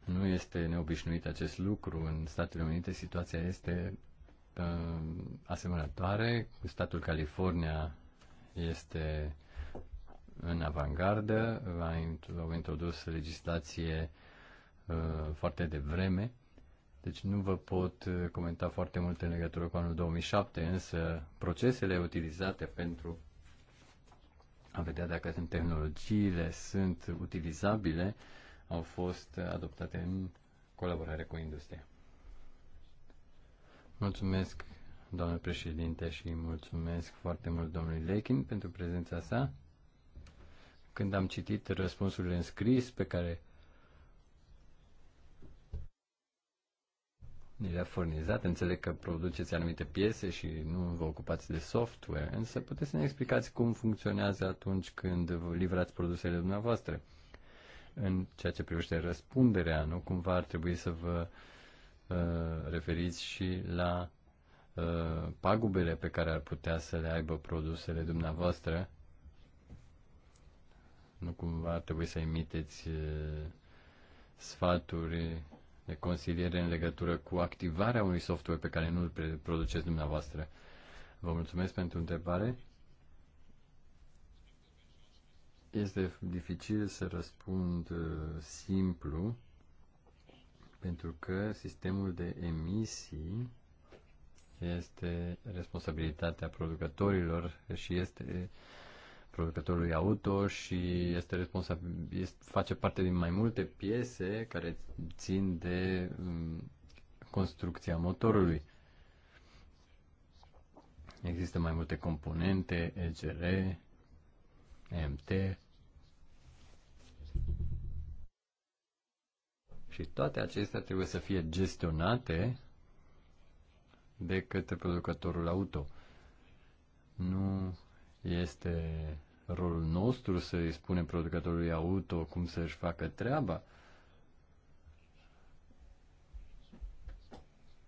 Nu este neobișnuit acest lucru. În Statele Unite situația este uh, asemănătoare. Statul California este în avangardă, au introdus legislație uh, foarte devreme. Deci nu vă pot eh, comenta foarte mult în legătură cu anul 2007, însă procesele utilizate pentru a vedea dacă tehnologiile sunt utilizabile au fost adoptate în colaborare cu industria. Mulțumesc, doamne președinte, și mulțumesc foarte mult domnului Lekin pentru prezența sa. Când am citit răspunsurile în scris pe care deja furnizat, înțeleg că produceți anumite piese și nu vă ocupați de software, însă puteți să ne explicați cum funcționează atunci când livrați produsele dumneavoastră. În ceea ce privește răspunderea, nu cumva ar trebui să vă uh, referiți și la uh, pagubele pe care ar putea să le aibă produsele dumneavoastră. Nu cumva ar trebui să emiteți uh, sfaturi consiliere în legătură cu activarea unui software pe care nu îl produceți dumneavoastră. Vă mulțumesc pentru întrebare. Este dificil să răspund uh, simplu pentru că sistemul de emisii este responsabilitatea producătorilor și este uh, producătorului auto și este responsabil, face parte din mai multe piese care țin de um, construcția motorului. Există mai multe componente, EGR, e MT și toate acestea trebuie să fie gestionate de către producătorul auto. Nu este rolul nostru să-i spunem producătorului auto cum să-și facă treaba.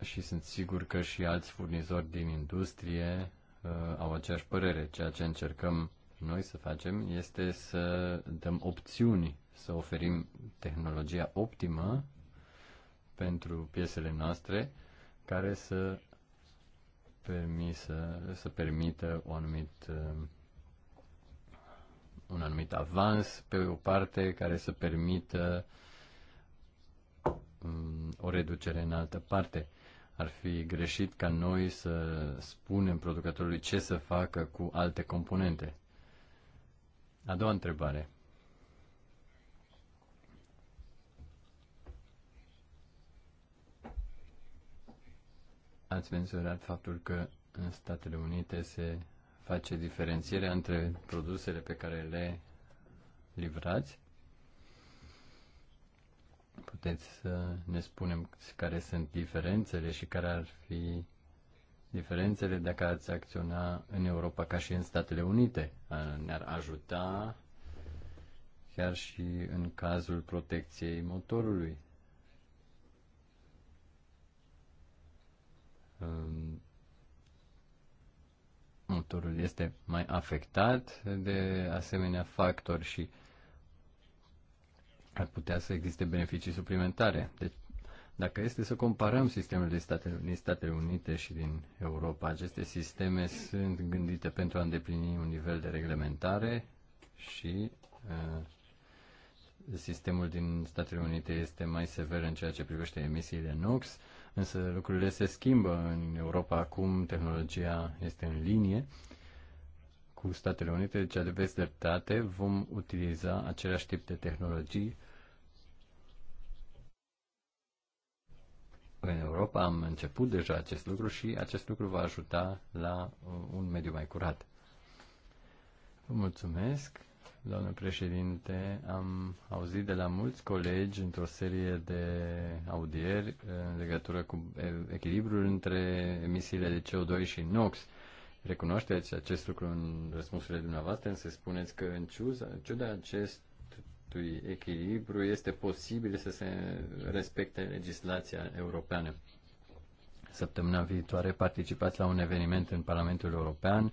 Și sunt sigur că și alți furnizori din industrie uh, au aceeași părere. Ceea ce încercăm noi să facem este să dăm opțiuni, să oferim tehnologia optimă pentru piesele noastre care să, permisă, să permită o anumită. Uh, un anumit avans pe o parte care să permită um, o reducere în altă parte. Ar fi greșit ca noi să spunem producătorului ce să facă cu alte componente. A doua întrebare. Ați menționat faptul că în Statele Unite se face diferențierea între produsele pe care le livrați. Puteți să ne spunem care sunt diferențele și care ar fi diferențele dacă ați acționa în Europa ca și în Statele Unite. Ne-ar ajuta chiar și în cazul protecției motorului. Um, motorul este mai afectat de asemenea factori și ar putea să existe beneficii suplimentare. Deci, dacă este să comparăm sistemele din Statele, din Statele Unite și din Europa, aceste sisteme sunt gândite pentru a îndeplini un nivel de reglementare și uh, sistemul din Statele Unite este mai sever în ceea ce privește emisiile NOx. Uh, Însă lucrurile se schimbă în Europa acum, tehnologia este în linie cu Statele Unite, deci aveți dreptate, vom utiliza același tip de tehnologii În Europa am început deja acest lucru și acest lucru va ajuta la uh, un mediu mai curat. Vă mulțumesc! Domnul președinte, am auzit de la mulți colegi într-o serie de audieri în legătură cu echilibrul între emisiile de CO2 și NOx. Recunoașteți acest lucru în răspunsurile dumneavoastră, însă spuneți că în ciuda acestui echilibru este posibil să se respecte legislația europeană. Săptămâna viitoare participați la un eveniment în Parlamentul European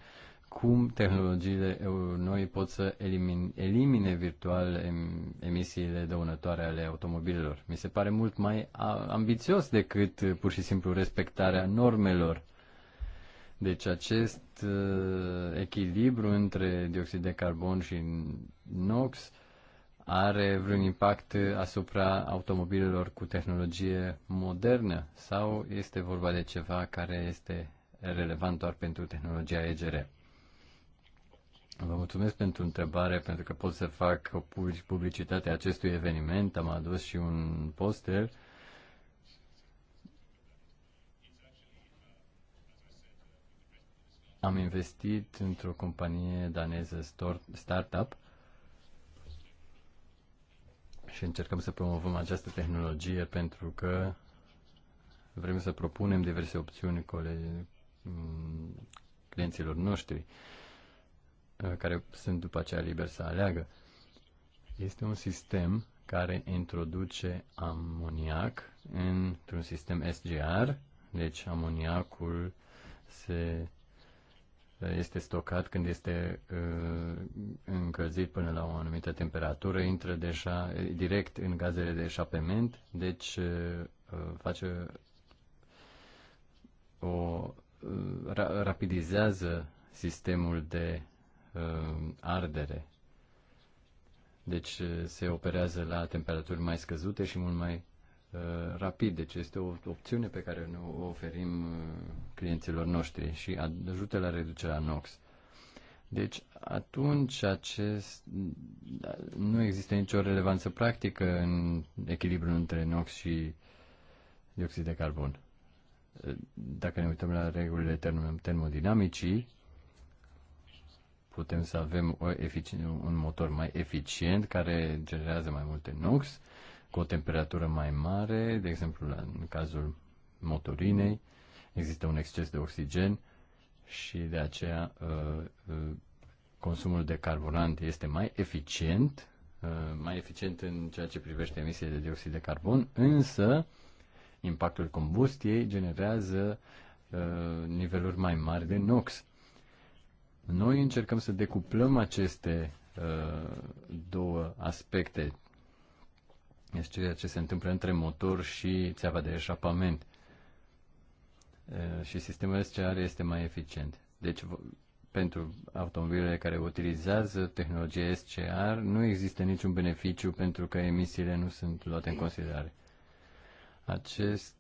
cum tehnologiile noi pot să elimin, elimine virtual em, emisiile dăunătoare ale automobilelor. Mi se pare mult mai a, ambițios decât uh, pur și simplu respectarea normelor. Deci acest uh, echilibru între dioxid de carbon și NOx are vreun impact asupra automobilelor cu tehnologie modernă sau este vorba de ceva care este relevant doar pentru tehnologia EGR? Vă mulțumesc pentru întrebare, pentru că pot să fac publicitatea acestui eveniment. Am adus și un poster. Am investit într-o companie daneză startup și încercăm să promovăm această tehnologie pentru că vrem să propunem diverse opțiuni colegi, mm, clienților noștri. Uh, Eh, care sunt după aceea liber să aleagă. Este un sistem care introduce amoniac într-un sistem SGR, deci amoniacul se, eh, este stocat când este uh, încălzit până la o anumită temperatură, intră deja direct în gazele de eșapement, deci uh, face o uh, ra, rapidizează sistemul de Um, ardere. Deci eh, se operează la temperaturi mai scăzute și mult mai uh, rapid. Deci este o opțiune pe care o oferim uh, clienților noștri și ajută la reducerea NOx. Deci atunci acest, nu există nicio relevanță practică în echilibrul între NOx și dioxid de carbon. Dacă ne uităm la regulile termodinamicii, putem să avem o efici- un motor mai eficient care generează mai multe NOx cu o temperatură mai mare, de exemplu la, în cazul motorinei există un exces de oxigen și de aceea uh, uh consumul de carburant este mai eficient, uh, mai eficient în ceea ce privește emisiile de dioxid de carbon, însă impactul combustiei generează uh, niveluri mai mari de NOx. Uh, Noi încercăm să decuplăm aceste uh, două aspecte. Este ceea ce se întâmplă între motor și țeava de eșapament. Uh, și sistemul SCR este mai eficient. Deci, pentru automobilele care utilizează tehnologia SCR, nu există niciun beneficiu pentru că emisiile nu sunt luate în considerare. Acest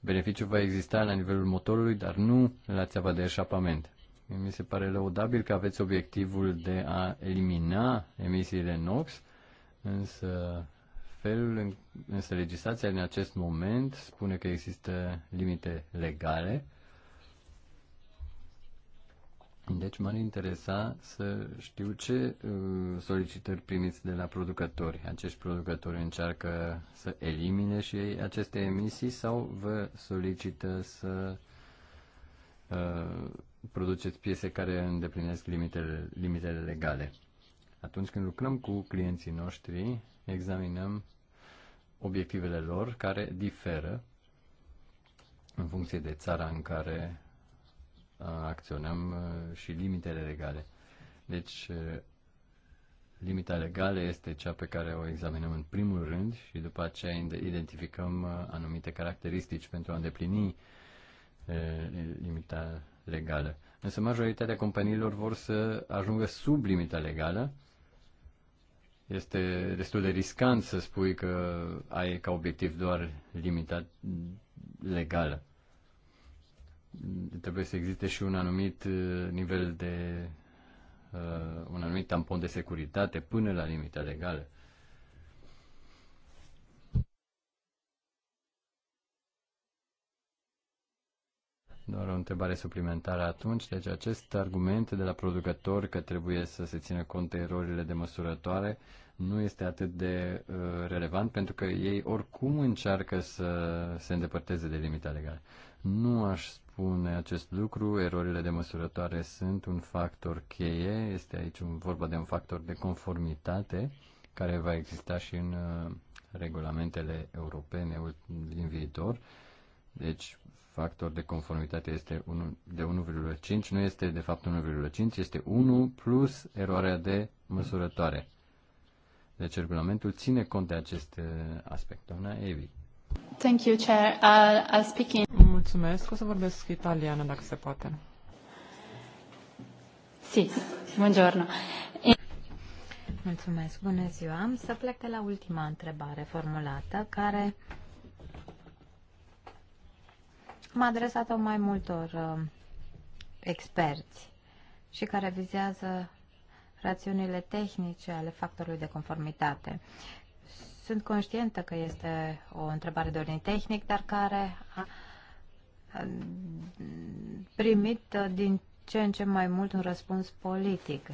beneficiu va exista la nivelul motorului, dar nu la țeava de eșapament mi se pare lăudabil că aveți obiectivul de a elimina emisiile NOx, însă, felul în, însă legislația în acest moment spune că există limite legale. Deci m-ar interesa să știu ce uh, solicitări primiți de la producători. Acești producători încearcă să elimine și ei aceste emisii sau vă solicită să uh, produceți piese care îndeplinesc limitele, limitele legale. Atunci când lucrăm cu clienții noștri, examinăm obiectivele lor care diferă în funcție de țara în care uh, acționăm uh, și limitele legale. Deci, uh, limita legală este cea pe care o examinăm în primul rând și după aceea identificăm anumite caracteristici pentru a îndeplini limita legală. Însă majoritatea companiilor vor să ajungă sub limita legală. Este destul de riscant să spui că ai ca obiectiv doar limita legală. Trebuie să existe și un anumit uh, nivel de. Uh, un anumit tampon de securitate până la limita legală. doar o întrebare suplimentară atunci. Deci acest argument de la producător că trebuie să se țină cont de erorile de măsurătoare nu este atât de uh, relevant pentru că ei oricum încearcă să se îndepărteze de limita legală. Nu aș spune acest lucru, erorile de măsurătoare sunt un factor cheie, este aici un, vorba de un factor de conformitate care va exista și în uh, regulamentele europene din viitor. Deci, factor de conformitate este 1, de 1,5, nu este de fapt 1,5, este 1 plus eroarea de măsurătoare. Deci regulamentul ține cont de acest uh, aspect. Doamna Evi. Thank you, Chair. I'll, uh, I'll speak in... Mulțumesc. O să vorbesc italiană, dacă se poate. Si. Buongiorno. Mulțumesc. Bună ziua. Să plec de la ultima întrebare formulată, care m-a adresat-o mai multor uh, experți și care vizează rațiunile tehnice ale factorului de conformitate. Sunt conștientă că este o întrebare de ordin tehnic, dar care a primit din ce în ce mai mult un răspuns politic.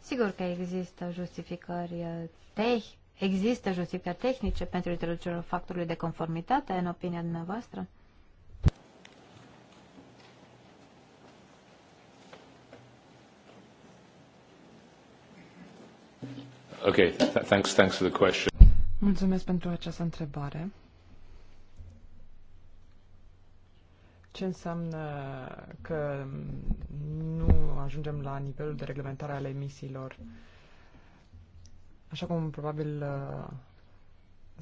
Sigur că există justificări, uh, te- există justificări tehnice pentru introducerea factorului de conformitate în opinia dumneavoastră? Okay. Thanks. Thanks for the question. Mulțumesc pentru această întrebare. Ce înseamnă că nu ajungem la nivelul de reglementare ale emisiilor? Așa cum probabil uh,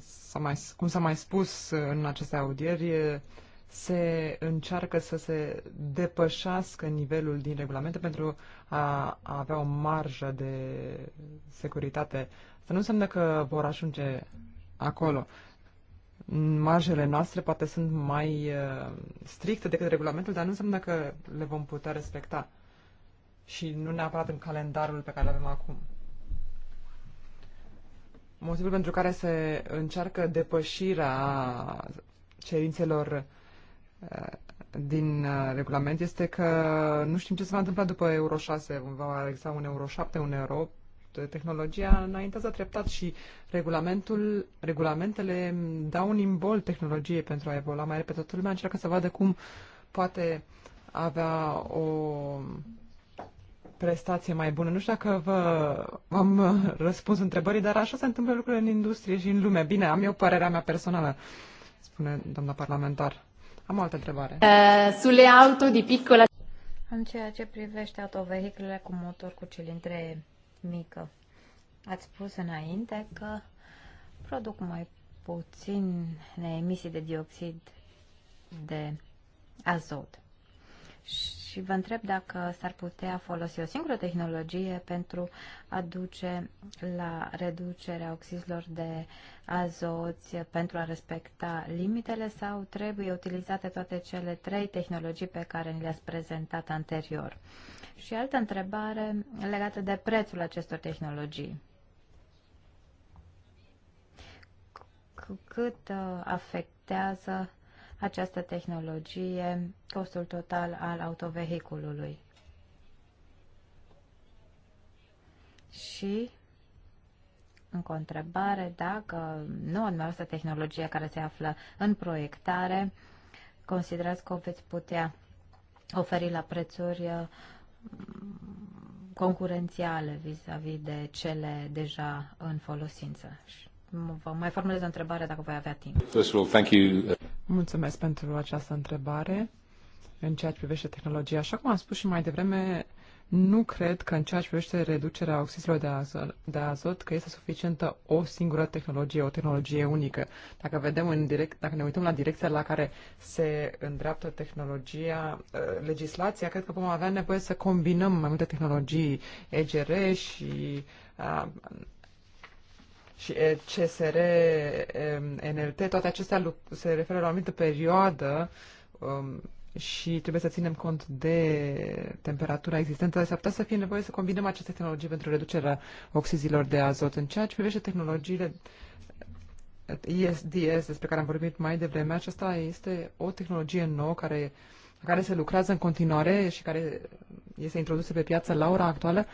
s-a mai, cum s-a mai spus în aceste audieri, e, se încearcă să se depășească nivelul din regulamente pentru a, a avea o marjă de securitate. Să nu înseamnă că vor ajunge acolo. Marjele noastre poate sunt mai uh, stricte decât regulamentul, dar nu înseamnă că le vom putea respecta. Și nu neapărat în calendarul pe care îl avem acum. Motivul pentru care se încearcă depășirea cerințelor uh, din uh, regulament este că nu știm ce se va întâmpla după Euro 6, va exista un Euro 7, un Euro. Tehnologia înaintează treptat și regulamentul, regulamentele dau un imbol tehnologiei pentru a evolua mai repede. Toată lumea încearcă să vadă cum poate avea o prestație mai bună. Nu știu dacă vă am răspuns întrebării, dar așa se întâmplă lucrurile în industrie și în lume. Bine, am eu părerea mea personală, spune doamna parlamentar. Am altă întrebare. Uh, eh, sule auto de piccola... În ceea ce privește autovehiculele cu motor cu cilindre mică, ați spus înainte că produc mai puțin emisii de dioxid de azot. Și vă întreb dacă s-ar putea folosi o singură tehnologie pentru a duce la reducerea oxizilor de azot pentru a respecta limitele sau trebuie utilizate toate cele trei tehnologii pe care ni le-ați prezentat anterior. Și altă întrebare legată de prețul acestor tehnologii. Cât uh, afectează această tehnologie, costul total al autovehiculului. Și, în contrebare, dacă noua dumneavoastră tehnologie care se află în proiectare, considerați că o veți putea oferi la prețuri uh, concurențiale vis-a-vis -vis de cele deja în folosință. Vă mai formulez o întrebare dacă voi avea timp. First of all, thank you. Mulțumesc pentru această întrebare. În ceea ce privește tehnologia, așa cum am spus și mai devreme, nu cred că în ceea ce privește reducerea oxidilor de azot, de azot, că este suficientă o singură tehnologie, o tehnologie unică. Dacă vedem în direct, dacă ne uităm la direcția la care se îndreaptă tehnologia, legislația, cred că vom avea nevoie să combinăm mai multe tehnologii EGR și uh, și eh, CSR, NLT, toate acestea se referă la o anumită perioadă um, și trebuie să ținem cont de temperatura existentă. S-ar putea să fie nevoie să combinăm aceste tehnologii pentru reducerea oxizilor de azot. În ceea ce privește tehnologiile ESDS, eh, e despre care am vorbit mai devreme, aceasta este o tehnologie nouă care, care se lucrează în continuare și care este introdusă pe piață la ora actuală.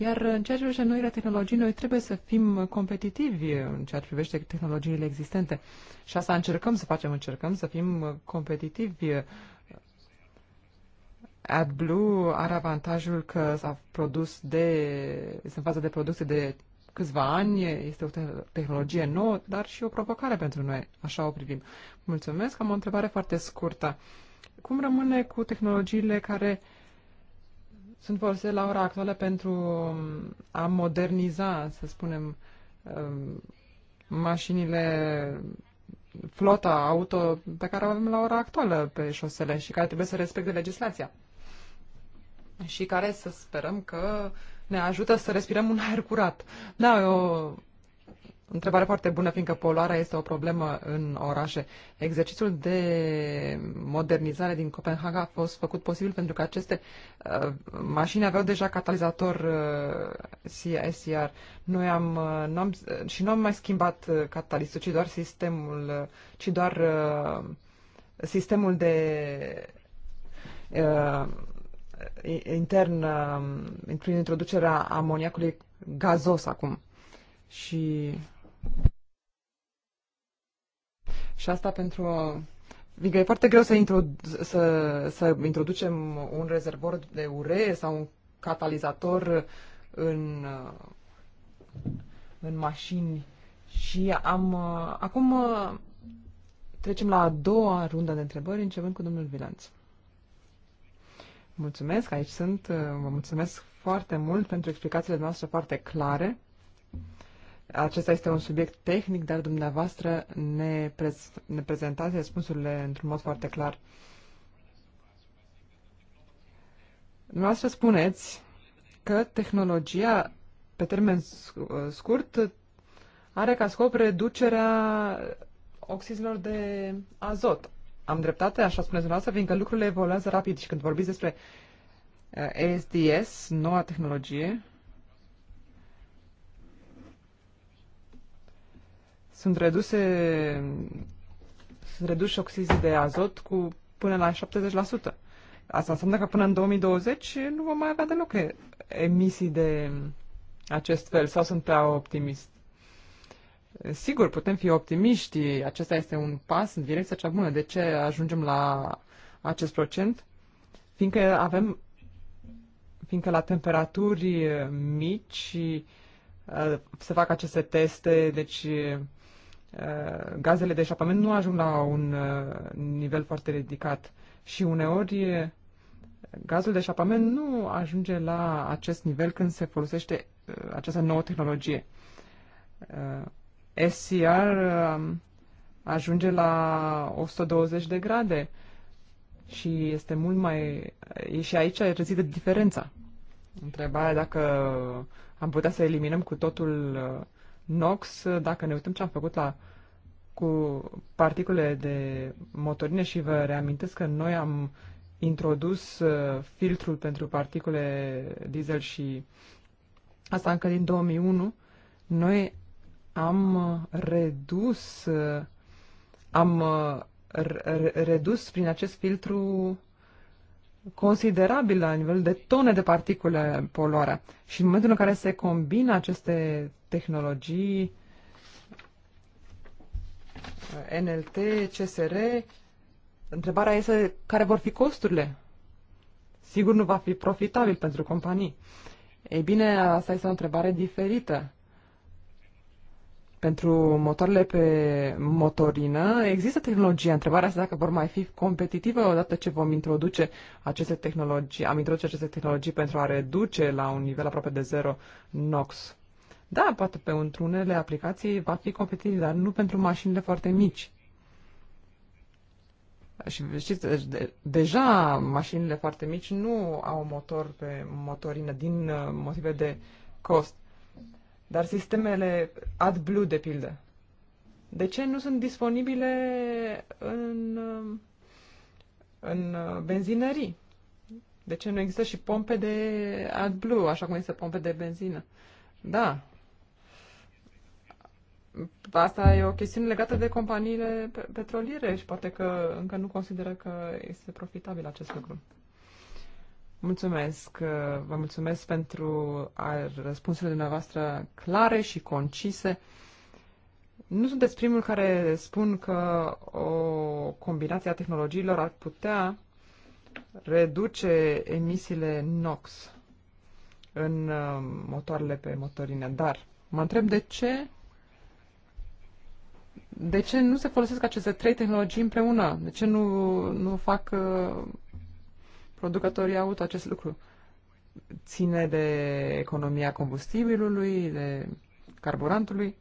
Iar în ceea ce privește noile tehnologii, noi trebuie să fim competitivi în ceea ce privește tehnologiile existente. Și asta încercăm să facem, încercăm să fim competitivi. AdBlue are avantajul că s-a produs de, sunt față de produse de câțiva ani, este o tehnologie nouă, dar și o provocare pentru noi, așa o privim. Mulțumesc, am o întrebare foarte scurtă. Cum rămâne cu tehnologiile care uh, sunt folosite la ora actuală pentru um, a moderniza, să spunem, um, mașinile, flota, auto pe care o avem la ora actuală pe șosele și care trebuie să respecte legislația. Și care să sperăm că ne ajută să respirăm un aer curat. Da, e o Întrebare foarte bună, fiindcă poluarea este o problemă în orașe. Exercițiul de modernizare din Copenhaga a fost făcut posibil pentru că aceste uh, mașini aveau deja catalizator uh, CSR. Noi am, uh, n-am, uh, și nu am mai schimbat uh, catalizatorul, ci doar sistemul, uh, ci doar uh, sistemul de uh, intern uh, prin introducerea amoniacului gazos acum. Și Și asta pentru... Adică e foarte greu să, introdu- să, să introducem un rezervor de uree sau un catalizator în, în mașini. Și am... Acum trecem la a doua rundă de întrebări, începând cu domnul Vilanț. Mulțumesc, aici sunt. Vă mulțumesc foarte mult pentru explicațiile noastre foarte clare. Acesta este un subiect tehnic, dar dumneavoastră ne, prez, ne prezentați răspunsurile într-un mod foarte clar. Dumneavoastră spuneți că tehnologia pe termen scurt are ca scop reducerea oxizilor de azot. Am dreptate, așa spuneți dumneavoastră, fiindcă lucrurile evoluează rapid și când vorbiți despre ESDS, uh, noua tehnologie, se'n reduce se'n reduce oxizii de azot cu până la 70%. Asta înseamnă că până în 2020 nu vom mai avea deloc e, emisii de acest fel sau sunt prea optimist. Sigur, putem fi optimiști. Acesta este un pas în direcția cea bună. De ce ajungem la acest procent? Fiindcă avem fiindcă la temperaturi mici uh, se fac aceste teste, deci uh, gazele de eșapament nu ajung la un uh, nivel foarte ridicat și uneori eh, gazul de eșapament nu ajunge la acest nivel când se folosește uh, această nouă tehnologie. Uh, SCR uh, ajunge la 120 de grade și este mult mai... E și aici rezidă diferența. Întrebarea dacă am putea să eliminăm cu totul uh, NOx, dacă ne uităm ce am făcut la cu particule de motorine și vă reamintesc că noi am introdus uh, filtrul pentru particule diesel și asta încă din 2001, noi am uh, redus uh, am redus prin acest filtru considerabilă la nivel de tone de particule pe oră. Și în momentul în care se combină aceste tehnologii, NLT, CSR, întrebarea este care vor fi costurile. Sigur nu va fi profitabil pentru companii. Ei bine, asta este o întrebare diferită pentru motoarele pe motorină. Există tehnologia. Întrebarea este dacă vor mai fi competitive odată ce vom introduce aceste tehnologii. Am introduce aceste tehnologii pentru a reduce la un nivel aproape de zero NOx. Da, poate pe unele aplicații va fi competitiv, dar nu pentru mașinile foarte mici. Și știți, de, deja mașinile foarte mici nu au motor pe motorină din uh, motive de cost dar sistemele AdBlue de pildă. De ce nu sunt disponibile în, în benzinării? De ce nu există și pompe de AdBlue, așa cum există pompe de benzină? Da. Asta e o chestiune legată de companiile petroliere și poate că încă nu consideră că este profitabil acest lucru. Mulțumesc, vă mulțumesc pentru răspunsurile dumneavoastră clare și concise. Nu sunteți primul care spun că o combinație a tehnologiilor ar putea reduce emisiile NOx în uh, motoarele pe motorină, dar mă întreb de ce de ce nu se folosesc aceste trei tehnologii împreună? De ce nu, nu fac uh, producătorii au avut acest lucru. Ține de economia combustibilului, de carburantului,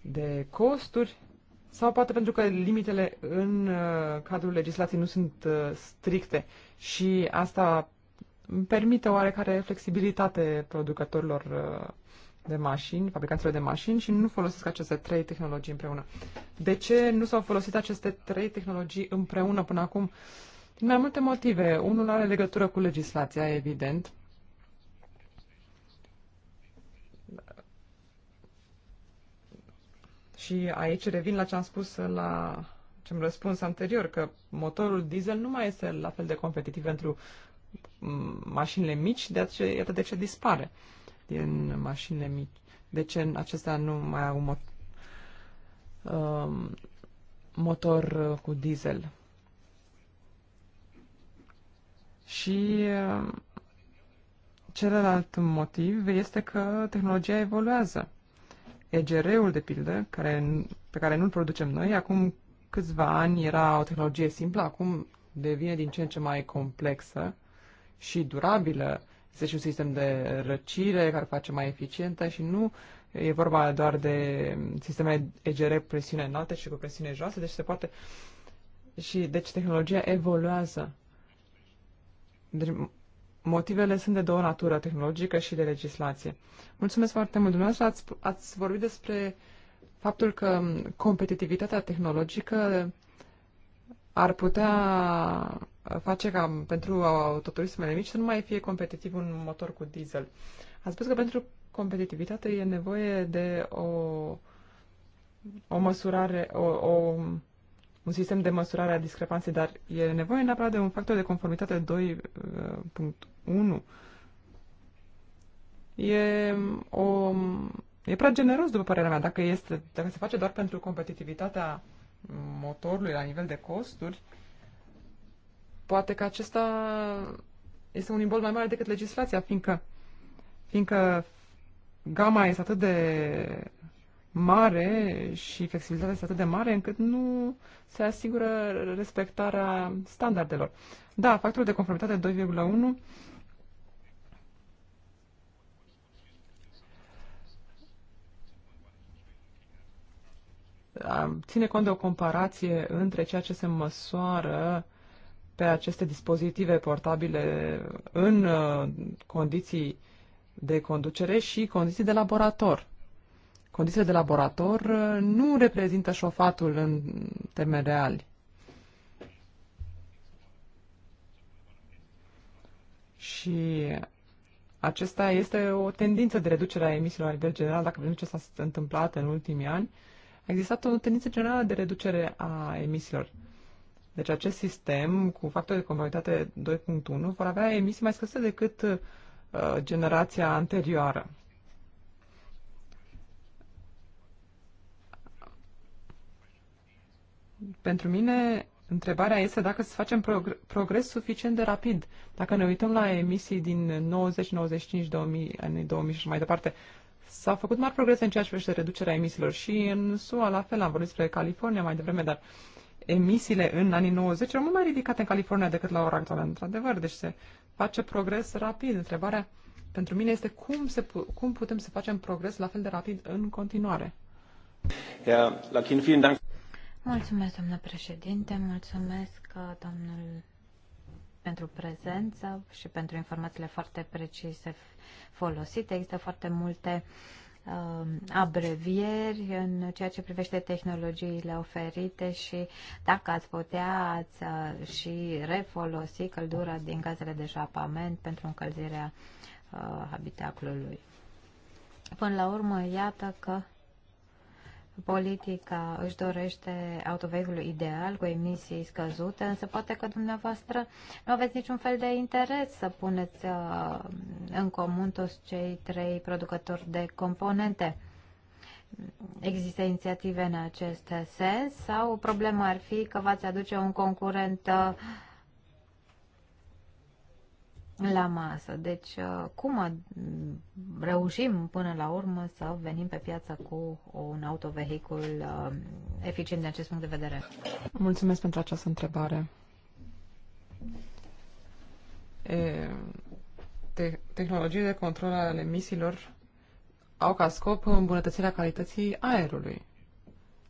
de costuri, sau poate pentru că limitele în uh, cadrul legislației nu sunt uh, stricte și asta permite oarecare flexibilitate producătorilor uh, de mașini, fabricanților de mașini și nu folosesc aceste trei tehnologii împreună. De ce nu s-au folosit aceste trei tehnologii împreună până acum? Uh, Din mai multe motive. Unul are legătură cu legislația, evident. Și aici revin la ce am spus la ce am răspuns anterior, că motorul diesel nu mai este la fel de competitiv pentru mașinile mici, de ce, iată de ce dispare din mașinile mici. De ce acestea nu mai au mot- um, motor cu diesel? Și um, celălalt motiv este că tehnologia evoluează. EGR-ul, de pildă, care, pe care nu-l producem noi, acum câțiva ani era o tehnologie simplă, acum devine din ce în ce mai complexă și durabilă. Este și un sistem de răcire care face mai eficientă și nu e vorba doar de sisteme EGR cu presiune înaltă și cu presiune joasă, deci se poate... Și, deci tehnologia evoluează motivele sunt de două natură, tehnologică și de legislație. Mulțumesc foarte mult, dumneavoastră. Ați, ați vorbit despre faptul că competitivitatea tehnologică ar putea face ca pentru autoturismele mici să nu mai fie competitiv un motor cu diesel. Ați spus că pentru competitivitate e nevoie de o, o măsurare, o, o un sistem de măsurare a discrepanței, dar e nevoie neapărat de un factor de conformitate 2.1. Uh, e, o, e prea generos, după părerea mea, dacă, este, dacă se face doar pentru competitivitatea motorului la nivel de costuri, poate că acesta este un imbol mai mare decât legislația, fiindcă, fiindcă gama este atât de mare și flexibilitatea este atât de mare încât nu se asigură respectarea standardelor. Da, factorul de conformitate 2,1 Ține cont de o comparație între ceea ce se măsoară pe aceste dispozitive portabile în uh, condiții de conducere și condiții de laborator condițiile de laborator nu reprezintă șofatul în termeni reali. Și acesta este o tendință de reducere a emisiilor la nivel general, dacă vedem ce s-a întâmplat în ultimii ani. A existat o tendință generală de reducere a emisiilor. Deci acest sistem cu factorul de convalitate 2.1 vor avea emisii mai scăse decât uh, generația anterioară. pentru mine întrebarea este dacă să facem prog- progres suficient de rapid. Dacă ne uităm la emisii din 90, 95, 2000, anii 2000 și mai departe, s-a făcut mari progrese în ceea ce privește reducerea emisiilor și în SUA la fel, am vorbit despre California mai devreme, dar emisiile în anii 90 erau mult mai ridicate în California decât la ora actuală, într-adevăr. Deci se face progres rapid. Întrebarea pentru mine este cum, se, cum putem să facem progres la fel de rapid în continuare. Ja, Lakin, vielen Dank. Mulțumesc, domnule președinte, mulțumesc, domnul, pentru prezență și pentru informațiile foarte precise folosite. Există foarte multe uh, abrevieri în ceea ce privește tehnologiile oferite și dacă ați putea ați, uh, și refolosi căldura din gazele de japament pentru încălzirea uh, habitaclului. Până la urmă, iată că politica își dorește autovehicul ideal cu emisii scăzute, însă poate că dumneavoastră nu aveți niciun fel de interes să puneți uh, în comun toți cei trei producători de componente. Există inițiative în acest sens sau problema ar fi că v-ați aduce un concurent uh, la masă. Deci, uh, cum reușim până la urmă să venim pe piață cu un autovehicul uh, eficient din acest punct de vedere? Mulțumesc pentru această întrebare. E, te, tehnologie de control al emisiilor au ca scop îmbunătățirea calității aerului.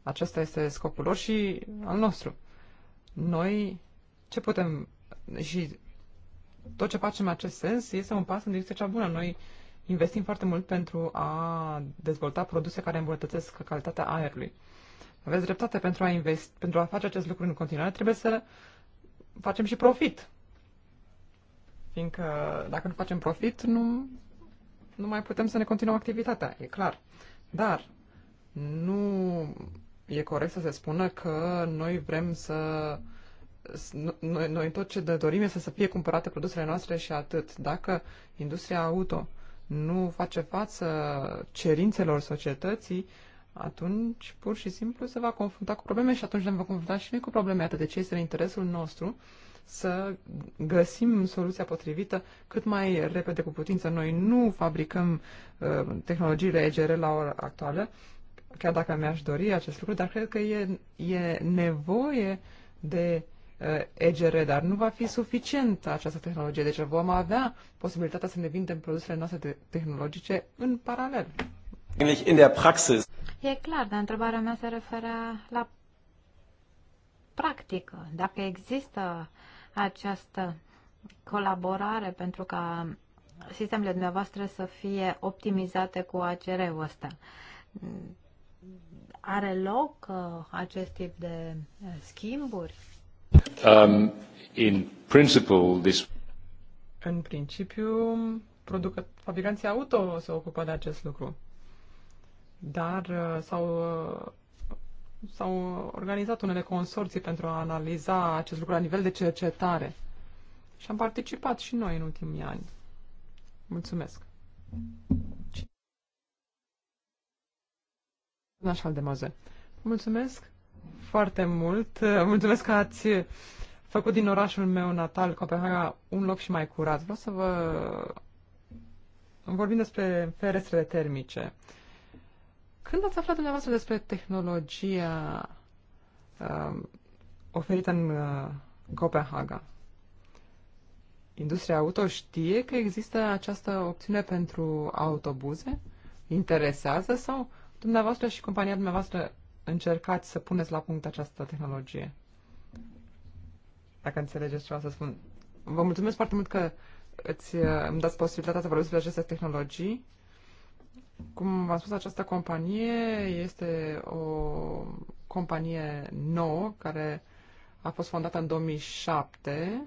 Acesta este scopul lor și al nostru. Noi ce putem și tot ce facem în acest sens este un pas în direcția cea bună. Noi investim foarte mult pentru a dezvolta produse care îmbunătățesc calitatea aerului. Aveți dreptate pentru a, invest, pentru a face acest lucru în continuare, trebuie să facem și profit. Fiindcă dacă nu facem profit, nu, nu mai putem să ne continuăm activitatea, e clar. Dar nu e corect să se spună că noi vrem să uh, noi, noi no, no, tot ce dorim este să fie cumpărate produsele noastre și atât. Dacă industria auto nu face față cerințelor societății, atunci pur și simplu se va confrunta cu probleme și atunci ne vom confrunta și noi cu probleme. Atât de ce este în interesul nostru să găsim soluția potrivită cât mai repede cu putință. Noi nu fabricăm uh, tehnologiile EGR la ora actuală, chiar dacă mi-aș dori acest lucru, dar cred că e, e nevoie de uh, EGR, eh, dar nu va fi suficientă această tehnologie. Deci vom avea posibilitatea să ne vindem produsele noastre tehnologice în paralel. In der Praxis. E clar, dar întrebarea mea se referă la practică. Dacă există această colaborare pentru ca sistemele dumneavoastră să fie optimizate cu ACR-ul ăsta. Are loc uh, acest tip de uh, schimburi? Um, în principiu, producă, fabricanții auto se ocupă de acest lucru. Dar uh, s-au, uh, s-au organizat unele consorții pentru a analiza acest lucru la nivel de cercetare. Și am participat și noi în ultimii ani. Mulțumesc! Nașal de Moze. Mulțumesc! foarte mult. Mulțumesc că ați făcut din orașul meu natal, Copenhaga, un loc și mai curat. Vreau să vă... Vorbim despre ferestrele termice. Când ați aflat dumneavoastră despre tehnologia uh, oferită în uh, Copenhaga? Industria auto știe că există această opțiune pentru autobuze? Interesează sau dumneavoastră și compania dumneavoastră încercați să puneți la punct această tehnologie. Dacă înțelegeți ce vreau să spun. Vă mulțumesc foarte mult că îți, uh, îmi dați posibilitatea să vorbesc despre aceste tehnologii. Cum v-am spus, această companie este o companie nouă care a fost fondată în 2007.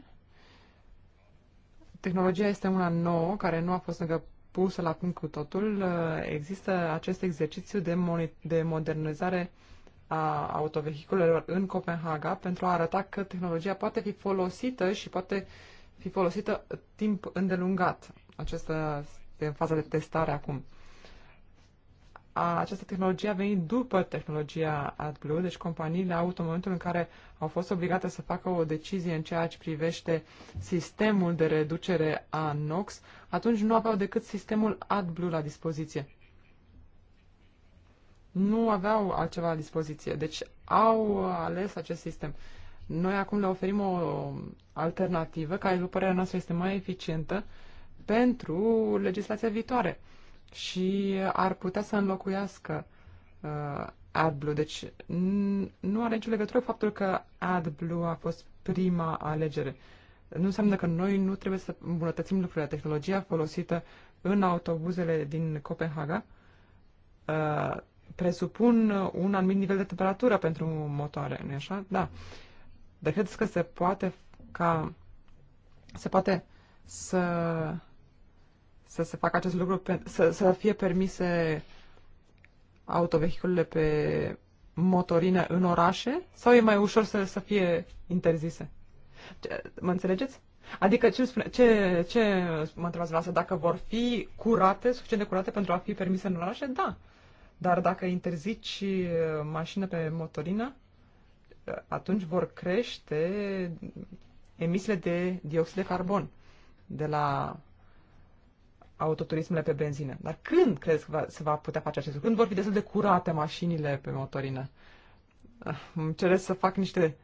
Tehnologia este una nouă care nu a fost încă pusă la punct cu totul. Uh, există acest exercițiu de, moni- de modernizare uh, a autovehiculelor în Copenhaga pentru a arăta că tehnologia poate fi folosită și poate fi folosită timp îndelungat. Acesta este în faza de testare acum. A, această tehnologie a venit după tehnologia AdBlue, deci companiile auto în momentul în care au fost obligate să facă o decizie în ceea ce privește sistemul de reducere a NOx, atunci nu aveau decât sistemul AdBlue la dispoziție nu aveau altceva la dispoziție. Deci au ales acest sistem. Noi acum le oferim o alternativă care, după părerea noastră, este mai eficientă pentru legislația viitoare și ar putea să înlocuiască uh, AdBlue. Deci n- nu are nicio legătură faptul că AdBlue a fost prima alegere. Nu înseamnă că noi nu trebuie să îmbunătățim lucrurile. Tehnologia folosită în autobuzele din Copenhaga uh, presupun un anumit nivel de temperatură pentru motoare, nu așa? Da. Dar credeți că se poate ca se poate să să se facă acest lucru, pe, să, să fie permise autovehiculele pe motorină în orașe sau e mai ușor să, să fie interzise? Ce, mă înțelegeți? Adică ce, spune, ce, ce mă întrebați la asta? Dacă vor fi curate, suficient de curate pentru a fi permise în orașe? Da. Dar dacă interzici uh, mașină pe motorină, uh, atunci vor crește emisiile de dioxid de carbon de la autoturismele pe benzină. Dar când crezi că va, se va putea face acest lucru? Când vor fi destul de curate mașinile pe motorină? Ah, îmi ceresc să fac niște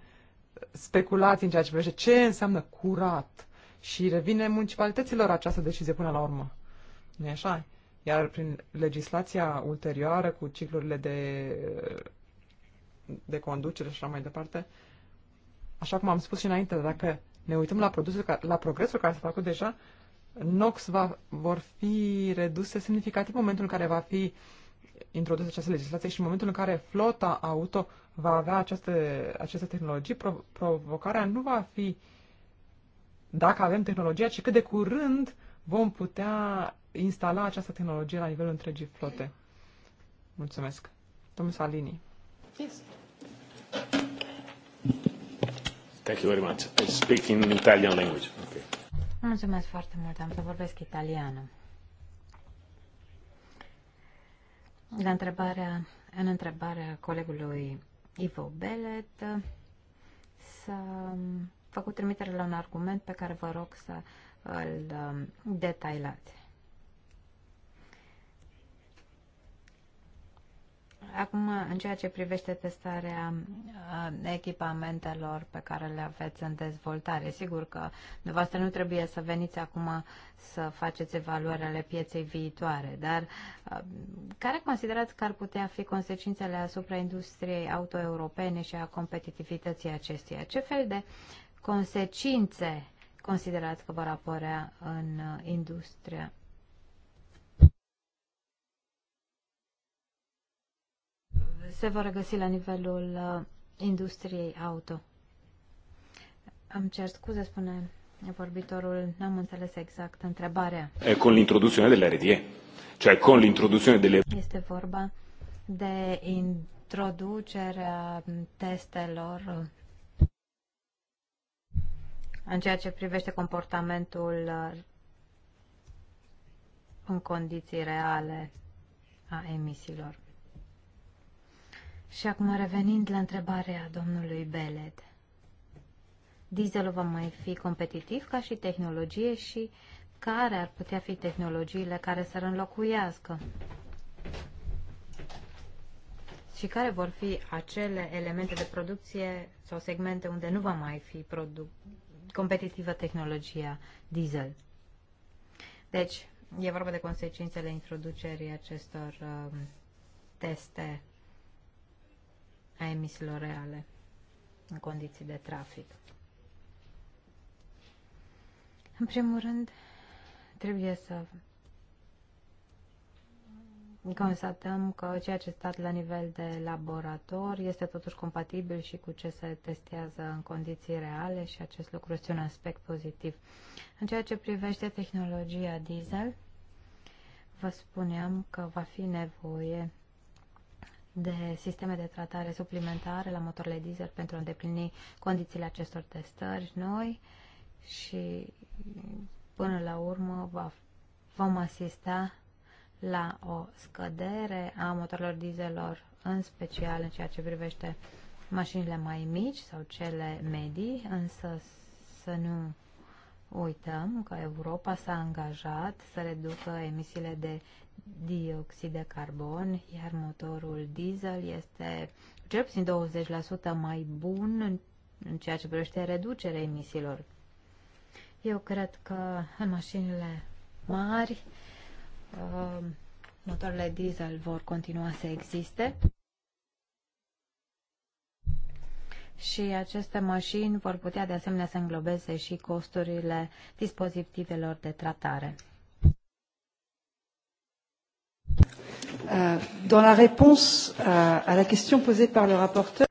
speculații în ceea ce privește ce înseamnă curat. Și revine municipalităților această decizie până la urmă. Nu e așa? Iar prin legislația ulterioară cu ciclurile de, de conducere și așa mai departe, așa cum am spus și înainte, dacă ne uităm la, produsul, la progresul care s-a făcut deja, NOx va, vor fi reduse semnificativ în momentul în care va fi introdusă această legislație și în momentul în care flota auto va avea aceste, aceste tehnologii, prov- provocarea nu va fi dacă avem tehnologia, ci cât de curând vom putea instala această tehnologie la nivelul întregii flote. Mulțumesc. Domnul Salini. Yes. Thank you very much. I speak in Italian language. Okay. Mulțumesc foarte mult. Am să vorbesc italiană. La întrebarea, în întrebarea colegului Ivo Belet, s-a făcut trimitere la un argument pe care vă rog să îl um, detailat. Acum, în ceea ce privește testarea um, echipamentelor pe care le aveți în dezvoltare, sigur că dumneavoastră nu trebuie să veniți acum să faceți evaluarea ale pieței viitoare, dar um, care considerați că ar putea fi consecințele asupra industriei auto-europene și a competitivității acesteia? Ce fel de consecințe considerat că vor apărea în uh, industrie? Se vor regăsi la nivelul uh, industriei auto. Am cer scuze, spune vorbitorul, n-am înțeles exact întrebarea. E con l'introduzione delle RDE. Cioè con l'introduzione delle... Este vorba de introducerea testelor în ceea ce privește comportamentul uh, în condiții reale a emisiilor. Și acum revenind la întrebarea domnului Beled. Dieselul va mai fi competitiv ca și tehnologie și care ar putea fi tehnologiile care să-l înlocuiască? Și care vor fi acele elemente de producție sau segmente unde nu va mai fi produs? competitivă tehnologia diesel. Deci, e vorba de consecințele introducerii acestor uh, teste a emisiilor reale în condiții de trafic. În primul rând, trebuie să constatăm că ceea ce stat la nivel de laborator este totuși compatibil și cu ce se testează în condiții reale și acest lucru este un aspect pozitiv. În ceea ce privește tehnologia diesel, vă spuneam că va fi nevoie de sisteme de tratare suplimentare la motorile diesel pentru a îndeplini condițiile acestor testări noi și până la urmă va, vom asista la o scădere a motorilor dieselor, în special în ceea ce privește mașinile mai mici sau cele medii, însă să nu uităm că Europa s-a angajat să reducă emisiile de dioxid de carbon, iar motorul diesel este cel puțin 20% mai bun în, în ceea ce privește reducerea emisiilor. Eu cred că în mașinile mari, uh, uh, motoarele diesel vor continua să existe și aceste mașini vor putea de asemenea să înglobeze și costurile dispozitivelor de tratare. Euh, dans la réponse euh, à la question posée par le rapporteur.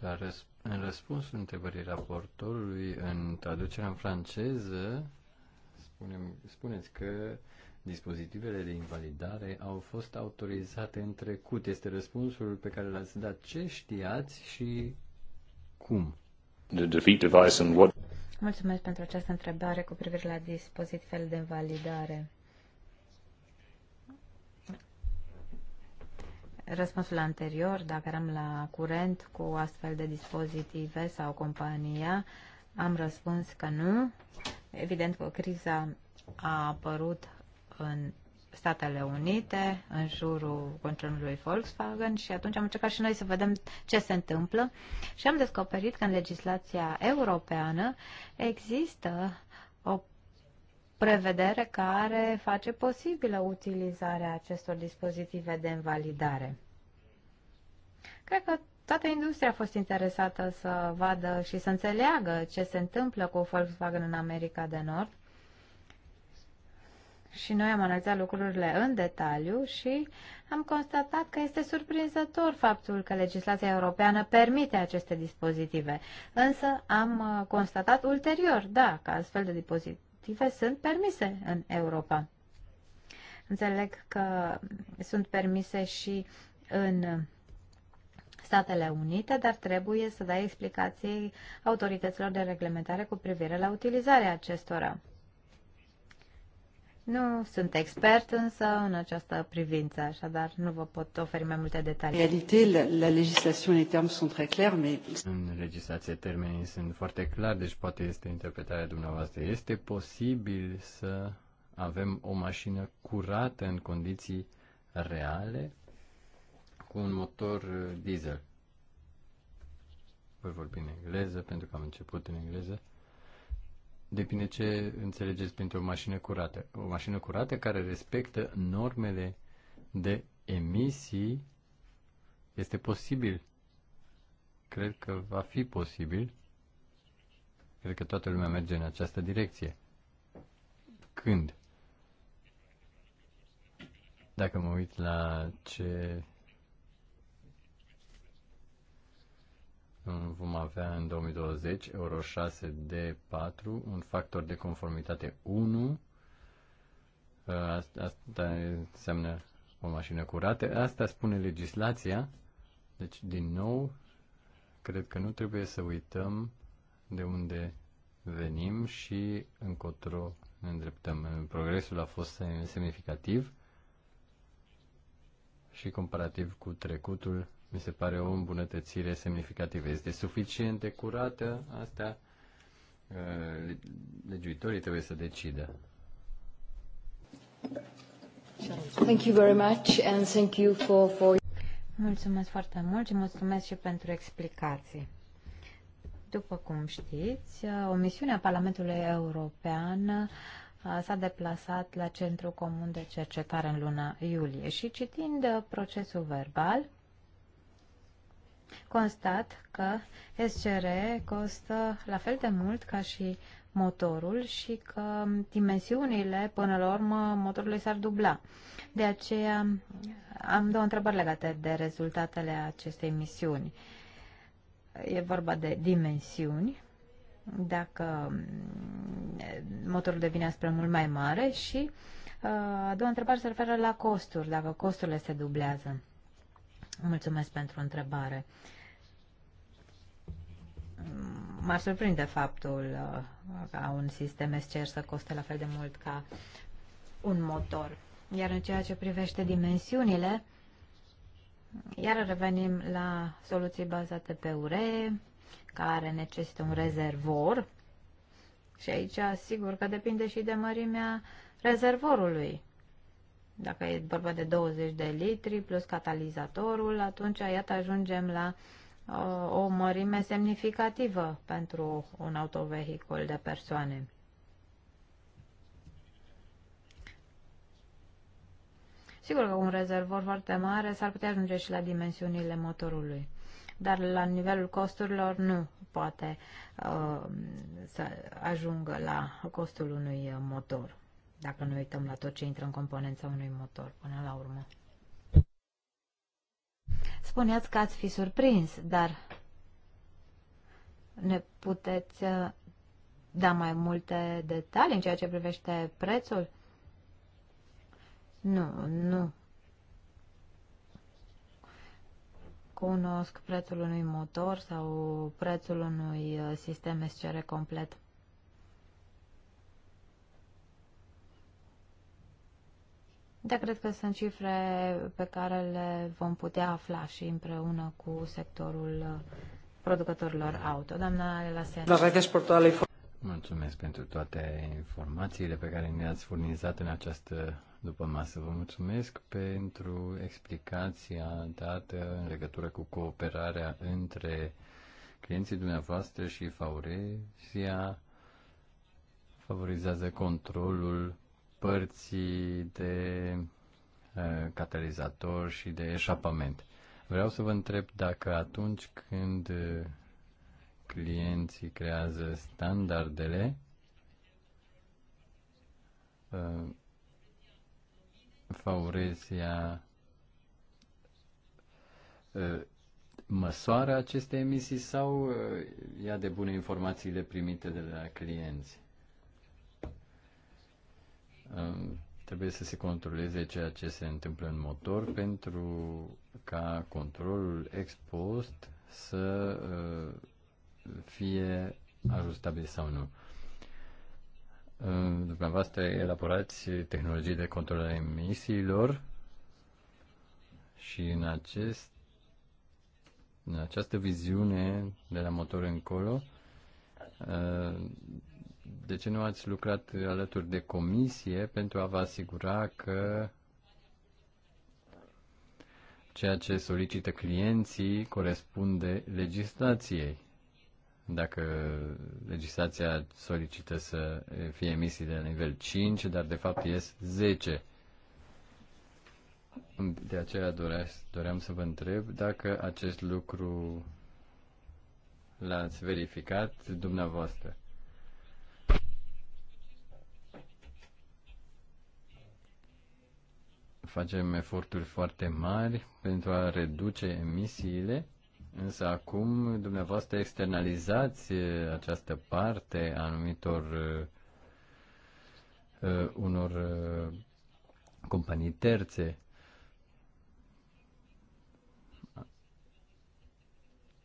Dar în răspuns întrebării raportorului, în traducerea franceză, spunem, spuneți că uh, dispozitivele de invalidare au fost autorizate în trecut? Este răspunsul pe care l-ați dat. Ce știați și cum? The defeat device and what... Mulțumesc pentru această întrebare cu privire la dispozitivele de invalidare. Răspunsul anterior, dacă eram la curent cu astfel de dispozitive sau compania, am răspuns că nu. Evident că criza a apărut în Statele Unite, în jurul concernului Volkswagen și atunci am încercat și noi să vedem ce se întâmplă și am descoperit că în legislația europeană există o prevedere care face posibilă utilizarea acestor dispozitive de invalidare. Cred că toată industria a fost interesată să vadă și să înțeleagă ce se întâmplă cu Volkswagen în America de Nord și noi am analizat lucrurile în detaliu și am constatat că este surprinzător faptul că legislația europeană permite aceste dispozitive. Însă am uh, constatat ulterior, da, că astfel de dispozitive sunt permise în Europa. Înțeleg că sunt permise și în Statele Unite, dar trebuie să dai explicații autorităților de reglementare cu privire la utilizarea acestora. Nu sunt expert însă în această privință, așadar nu vă pot oferi mai multe detalii. Realité, la, la législation, les termes sont très clairs, mais... În legislație, termenii sunt foarte clari, deci poate este interpretarea dumneavoastră. Este posibil să avem o mașină curată în condiții reale cu un motor uh, diesel? Voi vorbi în engleză, pentru că am început în engleză depinde ce înțelegeți printr-o mașină curată. O mașină curată care respectă normele de emisii este posibil. Cred că va fi posibil. Cred că toată lumea merge în această direcție. Când? Dacă mă uit la ce vom avea în 2020 Euro 6 D4, un factor de conformitate 1. Asta, asta înseamnă o mașină curată. Asta spune legislația. Deci, din nou, cred că nu trebuie să uităm de unde venim și încotro ne îndreptăm. Progresul a fost semnificativ și comparativ cu trecutul mi se pare o îmbunătățire semnificativă. Este suficient de curată asta? Uh, legiuitorii trebuie să decidă. Thank you very much and thank you for, for... Mulțumesc foarte mult și mulțumesc și pentru explicații. După cum știți, o misiune a Parlamentului European uh, s-a deplasat la Centrul Comun de Cercetare în luna iulie și citind procesul verbal, constat că SCR costă la fel de mult ca și motorul și că dimensiunile, până la urmă, motorului s-ar dubla. De aceea am două întrebări legate de rezultatele acestei misiuni. E vorba de dimensiuni, dacă mm, motorul devine spre mult mai mare și uh, a doua întrebare se referă la costuri, dacă costurile se dublează. Mulțumesc pentru întrebare. M-ar surprinde faptul uh, ca un sistem SCR să coste la fel de mult ca un motor. Iar în ceea ce privește dimensiunile, iar revenim la soluții bazate pe ure, care necesită un rezervor. Și aici, sigur că depinde și de mărimea rezervorului dacă e vorba de 20 de litri plus catalizatorul, atunci iată ajungem la uh, o mărime semnificativă pentru un autovehicul de persoane. Sigur că un rezervor foarte mare s-ar putea ajunge și la dimensiunile motorului, dar la nivelul costurilor nu poate uh, să ajungă la costul unui motor dacă nu uităm la tot ce intră în componența unui motor până la urmă. Spuneați că ați fi surprins, dar ne puteți uh, da mai multe detalii în ceea ce privește prețul? Nu, nu. Cunosc prețul unui motor sau prețul unui uh, sistem SCR complet. Da, cred că sunt cifre pe care le vom putea afla și împreună cu sectorul producătorilor auto. Doamna la Mulțumesc pentru toate informațiile pe care ne-ați furnizat în această după masă. Vă mulțumesc pentru explicația dată în legătură cu cooperarea între clienții dumneavoastră și Faurezia favorizează controlul părții de uh, catalizator și de eșapament. Vreau să vă întreb dacă atunci când e, clienții creează standardele, uh, e, faurezia măsoară aceste emisii sau ia de bune informațiile primite de la clienți? trebuie să se controleze ceea ce se întâmplă în motor pentru ca controlul ex post să eh, fie ajustabil sau nu. Dumneavoastră elaborați tehnologii de control a emisiilor și în, acest, în această viziune de la motor încolo eh, de ce nu ați lucrat alături de comisie pentru a vă asigura că ceea ce solicită clienții corespunde legislației? Dacă legislația solicită să fie emisii de nivel 5, dar de fapt ies 10. De aceea doresc, doream să vă întreb dacă acest lucru l-ați verificat dumneavoastră. facem eforturi foarte mari pentru a reduce emisiile, însă acum dumneavoastră externalizați e, această parte a anumitor uh, unor uh, companii terțe.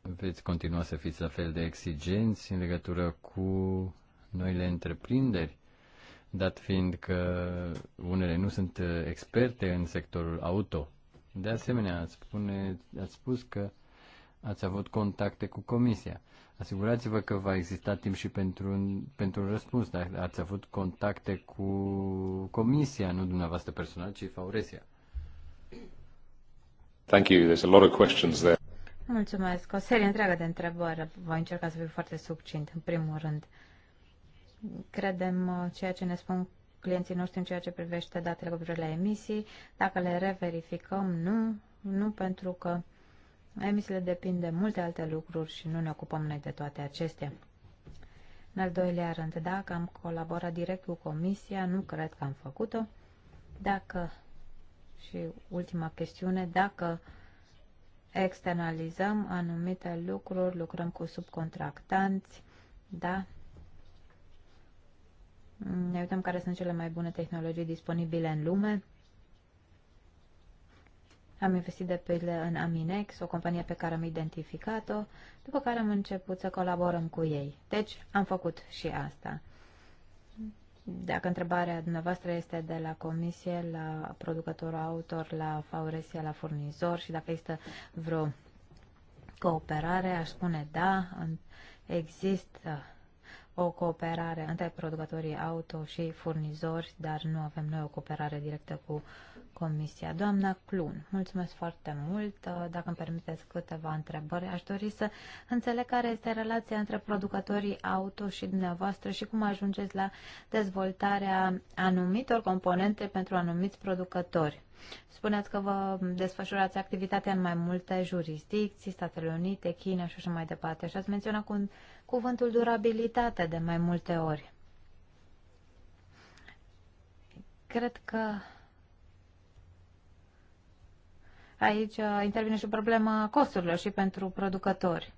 Veți continua să fiți la fel de exigenți în legătură cu noile întreprinderi? dat fiind că unele nu sunt uh, experte în sectorul auto. De asemenea, ați, spune, ați spus că ați avut contacte cu Comisia. Asigurați-vă că va exista timp și pentru un, pentru un răspuns. Dar ați avut contacte cu Comisia, nu dumneavoastră personal, ci Faurecia. Thank you. There's a lot of questions there. Mulțumesc. O serie întreagă de întrebări. Voi încerca să fiu foarte succint, în primul rând. Uh, credem uh, ceea ce ne spun clienții noștri în ceea ce privește datele la emisii. Dacă le reverificăm, nu, nu pentru că emisiile depind de multe alte lucruri și nu ne ocupăm noi de toate acestea. În al doilea rând, dacă am colaborat direct cu comisia, nu cred că am făcut-o. Dacă, și ultima chestiune, dacă externalizăm anumite lucruri, lucrăm cu subcontractanți, da, Mm, ne uităm care sunt cele mai bune tehnologii disponibile în lume. Am investit de pile în Aminex, o companie pe care am identificat-o, după care am început să colaborăm cu ei. Deci am făcut și asta. Dacă întrebarea dumneavoastră este de la comisie, la producător autor, la favoresie, la furnizor și dacă există vreo cooperare, aș spune da, există o cooperare între producătorii auto și furnizori, dar nu avem noi o cooperare directă cu Comisia. Doamna Clun, mulțumesc foarte mult. Dacă îmi permiteți câteva întrebări, aș dori să înțeleg care este relația între producătorii auto și dumneavoastră și cum ajungeți la dezvoltarea anumitor componente pentru anumiți producători. Spuneți că vă desfășurați activitatea în mai multe jurisdicții, Statele Unite, China și așa mai departe. Și ați menționat cum cuvântul durabilitate de mai multe ori. Cred că aici uh, intervine și problema costurilor și pentru producători.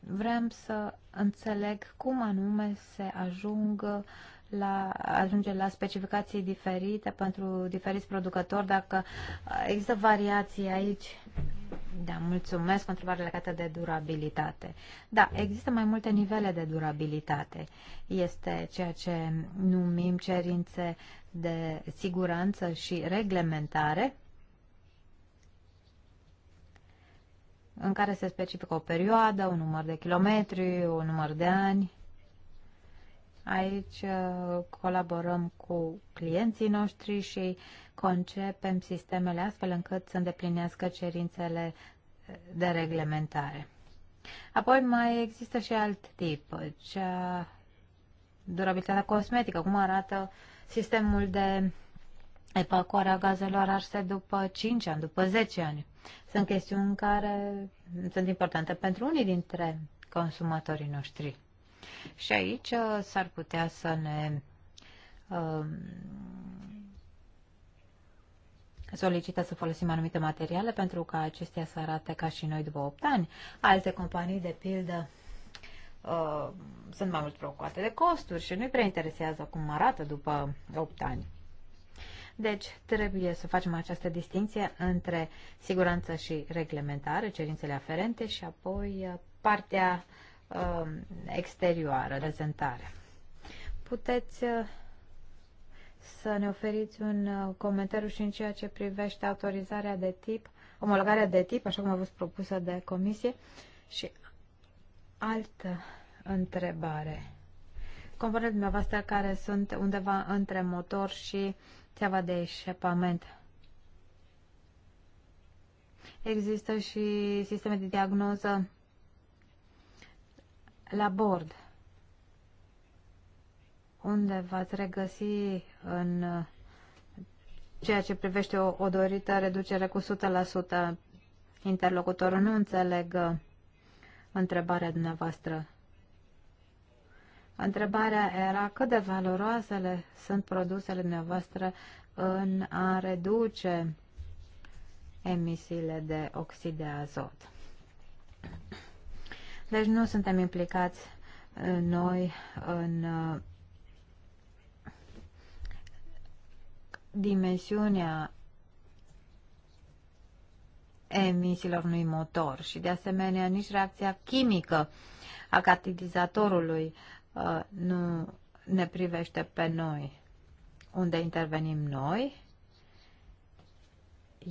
Vreau să înțeleg cum anume se ajungă uh, la, ajunge la specificații diferite pentru diferiți producători, dacă există variații aici. Da, mulțumesc. O întrebare legată de durabilitate. Da, există mai multe nivele de durabilitate. Este ceea ce numim cerințe de siguranță și reglementare, în care se specifică o perioadă, un număr de kilometri, un număr de ani. Aici uh, colaborăm cu clienții noștri și concepem sistemele astfel încât să îndeplinească cerințele uh, de reglementare. Apoi mai există și alt tip, cea durabilitatea cosmetică, cum arată sistemul de evacuare a gazelor arse după 5 ani, după 10 ani. Sunt chestiuni care sunt importante pentru unii dintre consumatorii noștri. Și aici uh, s-ar putea să ne um, solicită să folosim anumite materiale pentru ca acestea să arate ca și noi după 8 ani. Alte companii, de pildă, Uh, sunt mai mult preocupate de costuri și nu-i prea interesează cum arată după 8 ani. Deci, trebuie să facem această distinție între siguranță și reglementare, cerințele aferente și apoi uh, partea uh, uh, exterioară, rezentare. Puteți uh, să ne oferiți un uh, comentariu și în ceea ce privește autorizarea de tip, omologarea de tip, așa cum a fost propusă de comisie. Și altă întrebare. Comparele dumneavoastră care sunt undeva între motor și țeava de eșepament. Există și sisteme de diagnoză la bord, unde v-ați regăsi în uh, ceea ce privește o, o dorită reducere cu 100%. Interlocutorul nu înțeleg uh, întrebarea dumneavoastră. Întrebarea era cât de valoroasele sunt produsele dumneavoastră în a reduce emisiile de oxid de azot. Deci nu suntem implicați uh, noi în uh, dimensiunea emisiilor unui motor și de asemenea nici reacția chimică a catalizatorului uh, nu ne privește pe noi. Unde intervenim noi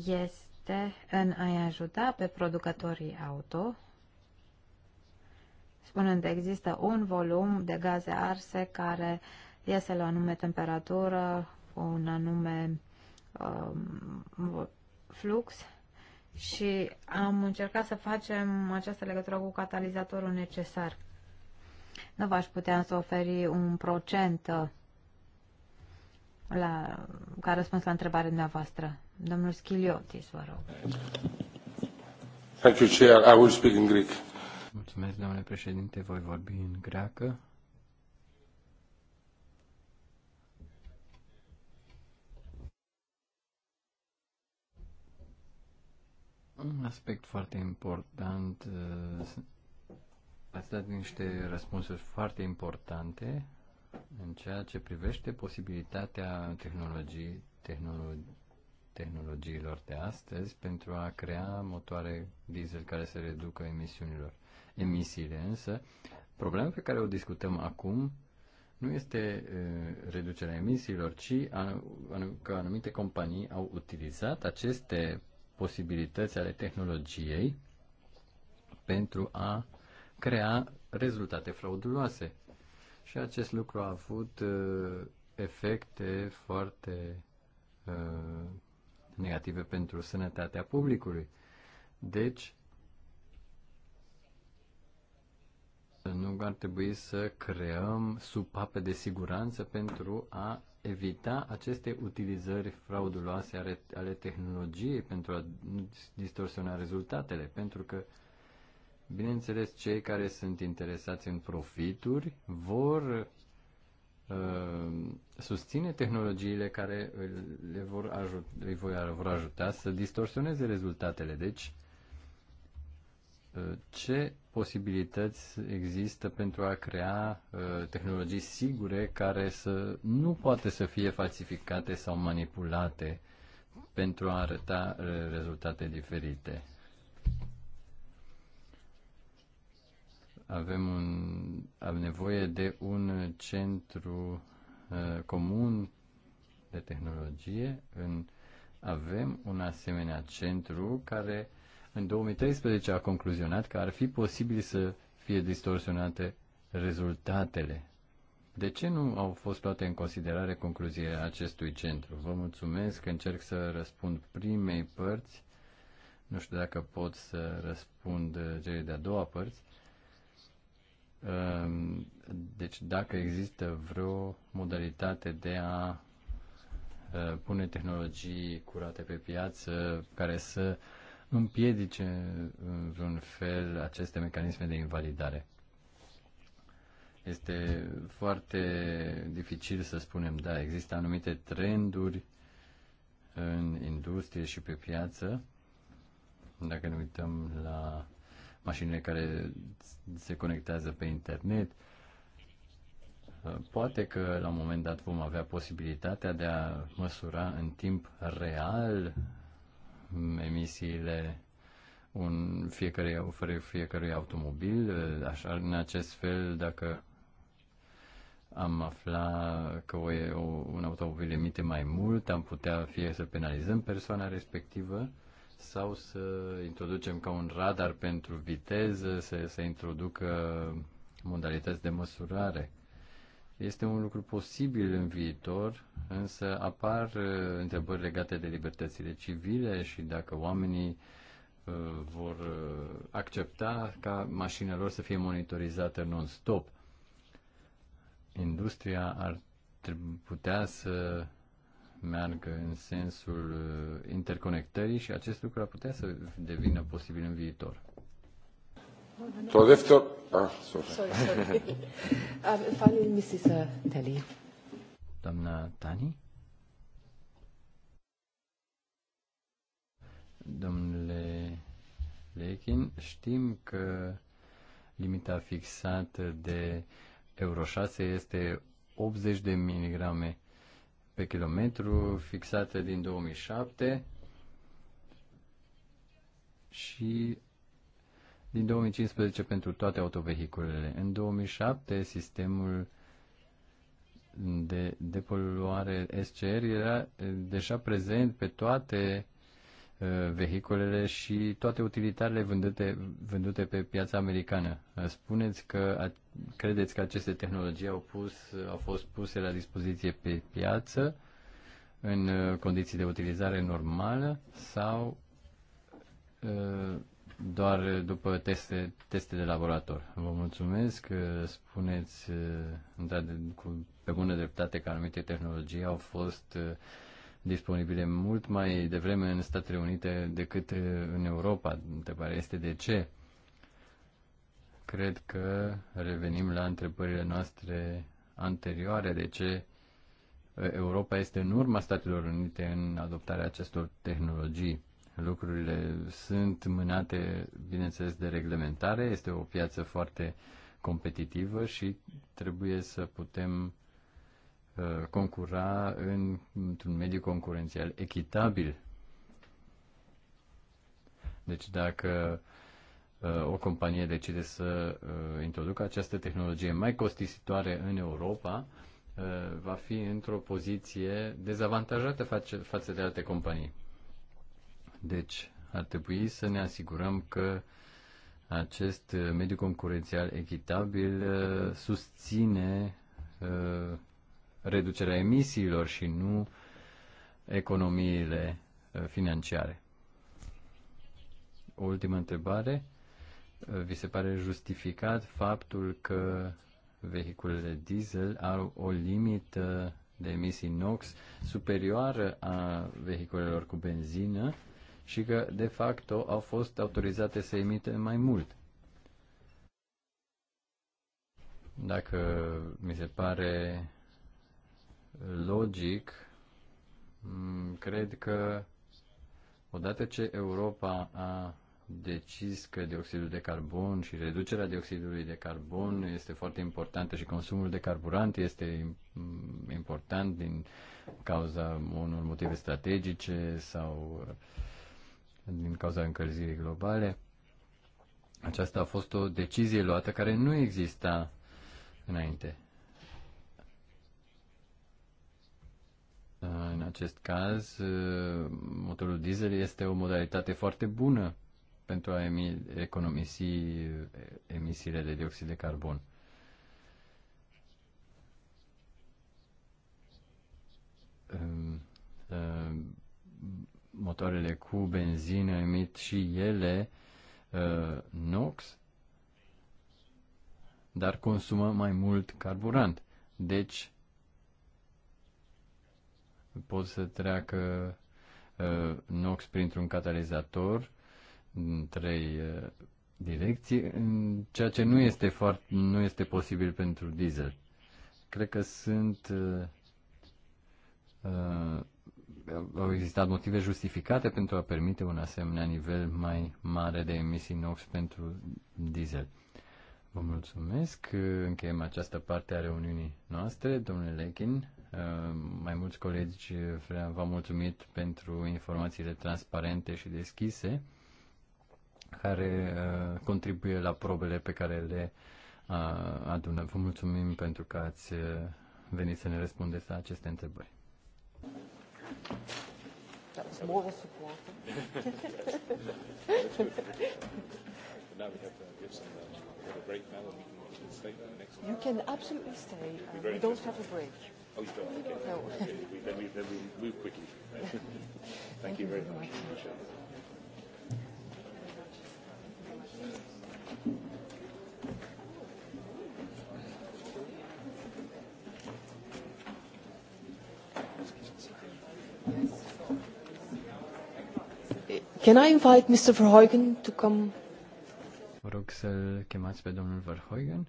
este în a-i ajuta pe producătorii auto spunând, există un volum de gaze arse care iese la o anume temperatură, un anume um, flux și am încercat să facem această legătură cu catalizatorul necesar. Nu v-aș putea să oferi un procent uh, la, ca răspuns la întrebarea dumneavoastră. Domnul Schiliotis, vă rog. Thank you, Chair. I will speak in Greek. Mulțumesc, domnule președinte, voi vorbi în greacă. Un aspect foarte important, ați dat niște răspunsuri foarte importante în ceea ce privește posibilitatea tehnologii, tehnologi, tehnologiilor de astăzi pentru a crea motoare diesel care să reducă emisiunilor emisiile. Însă, problema pe care o discutăm acum nu este e, reducerea emisiilor, ci an, că anumite companii au utilizat aceste posibilități ale tehnologiei pentru a crea rezultate frauduloase. Și acest lucru a avut e, efecte foarte e, negative pentru sănătatea publicului. Deci, Nu ar trebui să creăm supape de siguranță pentru a evita aceste utilizări frauduloase ale, ale tehnologiei pentru a distorsiona rezultatele, pentru că bineînțeles cei care sunt interesați în profituri vor uh, susține tehnologiile care le vor ajuta, îi vor ajuta să distorsioneze rezultatele. Deci, uh, ce posibilități există pentru a crea uh, tehnologii sigure care să nu poate să fie falsificate sau manipulate pentru a arăta uh, rezultate diferite. Avem, un, avem nevoie de un centru uh, comun de tehnologie. În, avem un asemenea centru care uh, în 2013 a concluzionat că ar fi posibil să fie distorsionate rezultatele. De ce nu au fost luate în considerare concluziile acestui centru? Vă mulțumesc că încerc să răspund primei părți. Nu știu dacă pot să răspund uh, cele de-a doua părți. Um, deci dacă există vreo modalitate de a uh, pune tehnologii curate pe piață care să uh, împiedice în vreun fel aceste mecanisme de invalidare. Este foarte dificil să spunem, da, există anumite trenduri în industrie și pe piață. Dacă ne uităm la mașinile care se conectează pe internet, poate că la un moment dat vom avea posibilitatea de a măsura în timp real emisiile un fiecare, fără fiecărui automobil, așa, în acest fel, dacă am afla că e, o, un automobil emite mai mult, am putea fie să penalizăm persoana respectivă sau să introducem ca un radar pentru viteză, să, să introducă modalități de măsurare. Este un lucru posibil în viitor, însă apar uh, întrebări legate de libertățile civile și dacă oamenii uh, vor uh, accepta ca mașina lor să fie monitorizată non-stop. Industria ar putea să meargă în sensul uh, interconectării și acest lucru ar putea să devină posibil în viitor. So after, ah, sorry. Sorry, sorry. um, finally, Mrs. Uh, Tally. Doamna Tani. Domnule Lechin, știm că limita fixată de Euro 6 este 80 de miligrame pe kilometru fixată din 2007 și din 2015 pentru toate autovehiculele. În 2007, sistemul de depoluare SCR era eh, deja prezent pe toate eh, vehiculele și toate utilitarele vândute, vândute pe piața americană. Eh, spuneți că a, credeți că aceste tehnologii au, pus, au fost puse la dispoziție pe piață în condiții de utilizare normală sau uh, doar după teste, teste de laborator. Vă mulțumesc, spuneți cu, pe bună dreptate că anumite tehnologii au fost uh, disponibile mult mai devreme în Statele Unite decât uh, în Europa. Întrebarea este de ce? Cred că revenim la întrebările noastre anterioare, de ce uh, Europa este în urma Statelor Unite în adoptarea acestor tehnologii lucrurile sunt mânate, bineînțeles, de reglementare. Este o piață foarte competitivă și trebuie să putem uh, concura în, într-un mediu concurențial echitabil. Deci dacă uh, o companie decide să uh, introducă această tehnologie mai costisitoare în Europa, uh, va fi într-o poziție dezavantajată face, față de alte companii. Deci, ar trebui să ne asigurăm că acest mediu concurențial echitabil uh, susține uh, reducerea emisiilor și nu economiile uh, financiare. O ultimă întrebare. Vi se pare justificat faptul că vehiculele diesel au o limită de emisii NOx superioară a vehiculelor cu benzină? și că, de facto, au fost autorizate să emită mai mult. Dacă mi se pare logic, cred că odată ce Europa a decis că dioxidul de carbon și reducerea dioxidului de carbon este foarte importantă și consumul de carburant este important din cauza unor motive strategice sau uh, din cauza încălzirii globale. Aceasta a fost o decizie luată care nu exista înainte. În acest caz, motorul diesel este o modalitate foarte bună pentru a economisi emisiile de dioxid de carbon. Um, um, motoarele cu benzină emit și ele uh, NOx, dar consumă mai mult carburant. Deci, pot să treacă uh, NOx printr-un catalizator în trei uh, direcții, în ceea ce nu este, foarte, nu este posibil pentru diesel. Cred că sunt uh, uh, au existat motive justificate pentru a permite un asemenea nivel mai mare de emisii NOx pentru diesel. Vă mulțumesc că încheiem această parte a reuniunii noastre, domnule Lekin. Uh, mai mulți colegi v-au mulțumit pentru informațiile transparente și deschise care uh, contribuie la probele pe care le uh, adună. Vă mulțumim pentru că ați venit să ne răspundeți la aceste întrebări. Thank you. That was moral support. now we have uh, gifts and uh, we have a break now and we can stay there next time. You can absolutely stay. Um, we don't have a break. Oh, you don't? Okay. No. okay. Then, we, then we move quickly. Thank, Thank you very, very much. much. Can I invite Mr. Verheugen to come? Vă rog să-l chemați pe domnul Verheugen.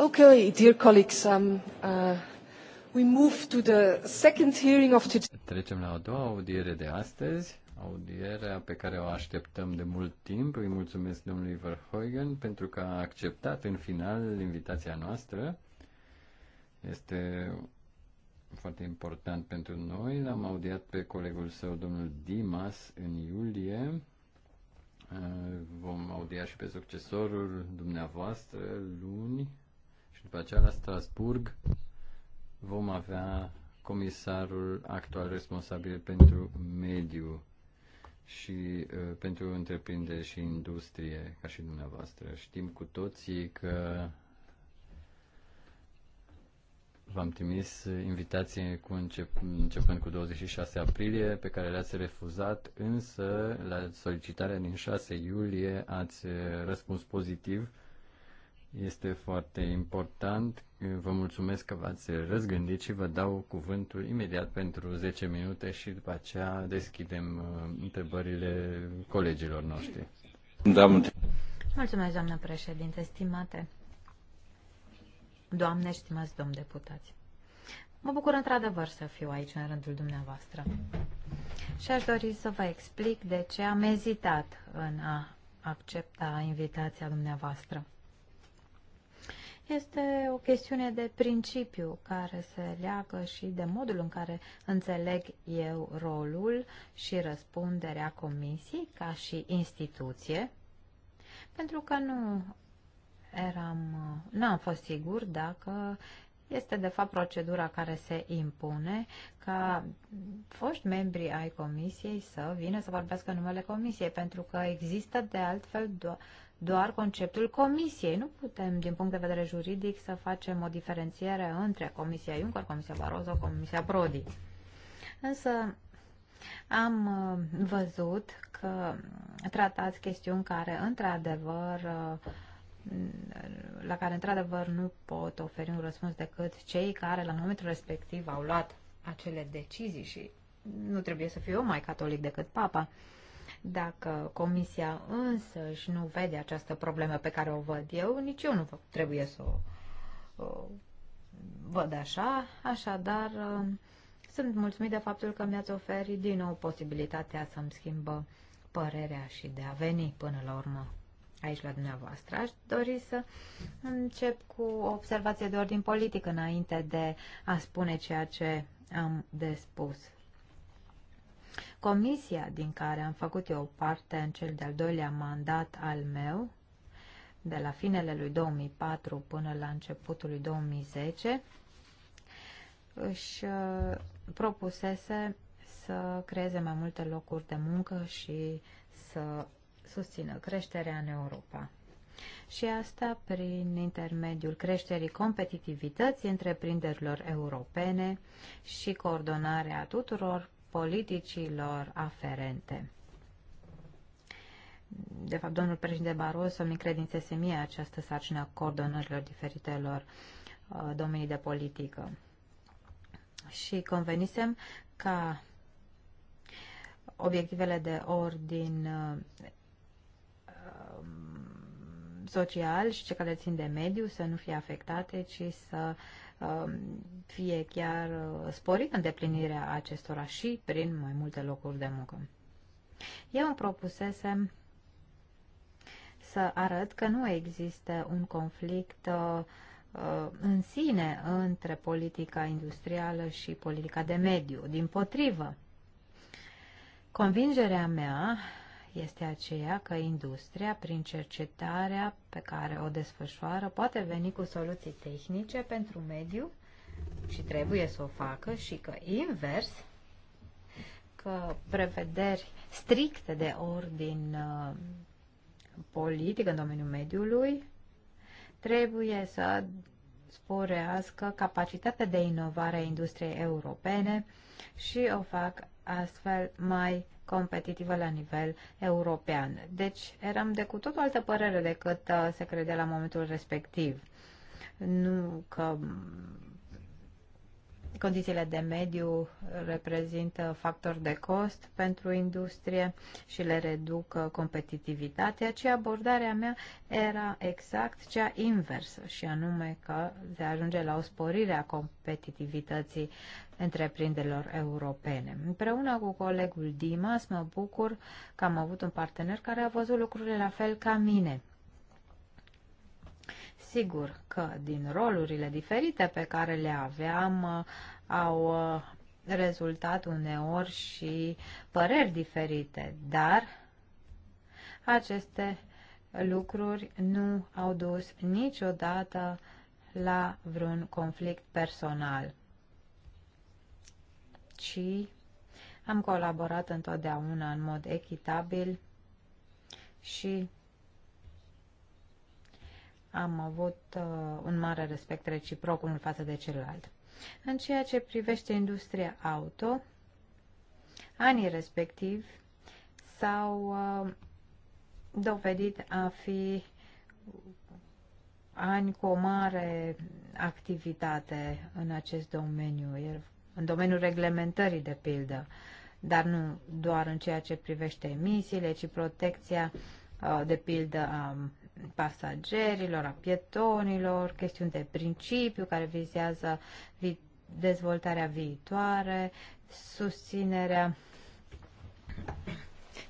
Okay, dear colleagues, um, uh, we move to the second hearing of today. Trecem la a doua audiere de astăzi, audierea pe care o așteptăm de mult timp. Îi mulțumesc domnului Verhoeven pentru că a acceptat în final invitația noastră. Este foarte important pentru noi. L-am audiat pe colegul său, domnul Dimas, în iulie. Uh, vom audia și pe succesorul dumneavoastră luni. Și după aceea la Strasburg vom avea comisarul actual responsabil pentru mediu și uh, pentru întreprindere și industrie, ca și dumneavoastră. Știm cu toții că v-am trimis invitație cu încep, începând cu 26 aprilie, pe care le-ați refuzat, însă la solicitarea din 6 iulie ați uh, răspuns pozitiv uh, Este foarte important. Vă mulțumesc că v-ați răzgândit și vă dau cuvântul imediat pentru 10 minute și după aceea deschidem uh, întrebările colegilor noștri. Da, mulțumesc, doamnă președinte, stimate doamne și stimați domn deputați. Mă bucur într-adevăr să fiu aici în rândul dumneavoastră. Și aș dori să vă explic de ce am ezitat în a accepta invitația dumneavoastră este o chestiune de principiu care se leagă și de modul în care înțeleg eu rolul și răspunderea comisiei ca și instituție, pentru că nu eram, nu am fost sigur dacă este de fapt procedura care se impune ca foști membri ai comisiei să vină să vorbească numele comisiei, pentru că există de altfel doar doar conceptul comisiei. Nu putem, din punct de vedere juridic, să facem o diferențiere între Comisia Juncker, Comisia Barroso, Comisia Prodi. Însă am uh, văzut că tratați chestiuni care, într-adevăr, uh, la care, într-adevăr, nu pot oferi un răspuns decât cei care, la momentul respectiv, au luat acele decizii și nu trebuie să fiu eu mai catolic decât Papa. Uh, Dacă comisia însă își nu vede această problemă pe care o văd eu, nici eu nu trebuie să o, o văd așa. Așadar, sunt mulțumit de faptul că mi-ați oferit din nou posibilitatea să-mi schimbă părerea și de a veni până la urmă aici la dumneavoastră. Aș dori să încep cu o observație de ordin politic înainte de a spune ceea ce am de spus Comisia din care am făcut eu parte în cel de-al doilea mandat al meu, de la finele lui 2004 până la începutul lui 2010, își uh, propusese să creeze mai multe locuri de muncă și să susțină creșterea în Europa. Și asta prin intermediul creșterii competitivității întreprinderilor europene și coordonarea tuturor politicilor aferente. De fapt, domnul președinte Barroso îmi credințese mie această sarcină coordonărilor diferitelor uh, domenii de politică. Și convenisem ca obiectivele de ordin uh, um, social și ce care țin de mediu să nu fie afectate, ci să uh, Um, fie chiar uh, sporit îndeplinirea acestora și prin mai multe locuri de muncă. Eu îmi propusesem să arăt că nu există un conflict uh, uh, în sine între politica industrială și politica de mediu. Din potrivă, convingerea mea este aceea că industria, prin cercetarea pe care o desfășoară, poate veni cu soluții tehnice pentru mediu și trebuie să o facă și că invers, că prevederi stricte de ordin uh, politic în domeniul mediului, trebuie să sporească capacitatea de inovare a industriei europene și o fac astfel mai competitivă la nivel european. Deci eram de cu tot o altă părere decât uh, se credea la momentul respectiv. Nu că Condițiile de mediu reprezintă factor de cost pentru industrie și le reduc competitivitatea, ci abordarea mea era exact cea inversă, și anume că se ajunge la o sporire a competitivității întreprinderilor europene. Împreună cu colegul Dimas, mă bucur că am avut un partener care a văzut lucrurile la fel ca mine sigur că din rolurile diferite pe care le aveam uh, au uh, rezultat uneori și păreri diferite, dar aceste lucruri nu au dus niciodată la vreun conflict personal, ci am colaborat întotdeauna în mod echitabil și am avut uh, un mare respect reciproc unul față de celălalt. În ceea ce privește industria auto, anii respectiv s-au uh, dovedit a fi ani cu o mare activitate în acest domeniu, în domeniul reglementării de pildă, dar nu doar în ceea ce privește emisiile, ci protecția uh, de pildă a um, pasagerilor, a pietonilor, chestiuni de principiu care vizează vi dezvoltarea viitoare, susținerea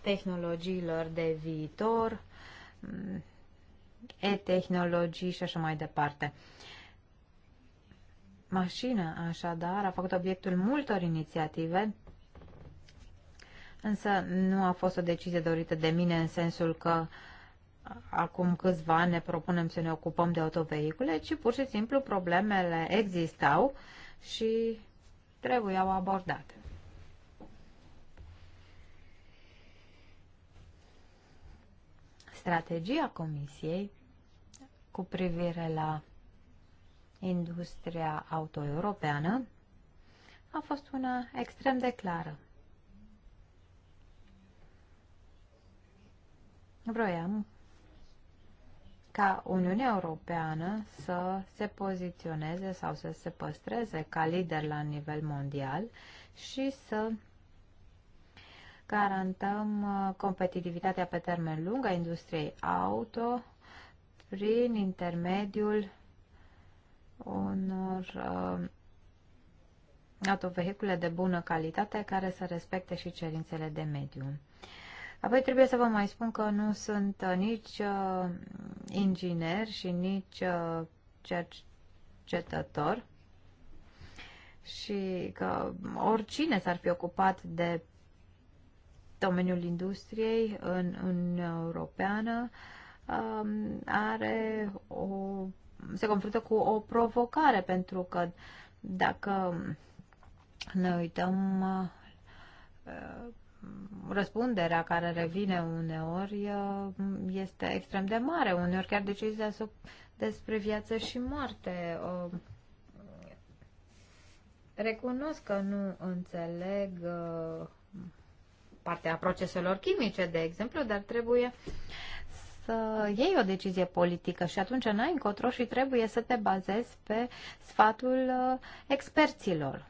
tehnologiilor de viitor, mm, e-tehnologii și așa mai departe. Mașina, așadar, a făcut obiectul multor inițiative, însă nu a fost o decizie dorită de mine în sensul că uh, acum câțiva ne propunem să ne ocupăm de autovehicule, ci pur și simplu problemele existau și trebuiau abordate. Strategia Comisiei cu privire la industria auto-europeană a fost una extrem de clară. Vroiam ca Uniunea Europeană să se poziționeze sau să se păstreze ca lider la nivel mondial și să garantăm uh, competitivitatea pe termen lung a industriei auto prin intermediul unor uh, autovehicule de bună calitate care să respecte și cerințele de mediu. Uh, Apoi trebuie să vă mai spun că nu sunt uh, nici uh, inginer și nici uh, cercetător și că oricine s-ar fi ocupat de domeniul industriei în, în europeană uh, are o, se confruntă cu o provocare pentru că dacă ne uităm uh, răspunderea care revine uneori uh, este extrem de mare, uneori chiar decizia despre viață și moarte. Uh, recunosc că nu înțeleg uh, partea proceselor chimice, de exemplu, dar trebuie să iei o decizie politică și atunci n-ai încotro și trebuie să te bazezi pe sfatul experților.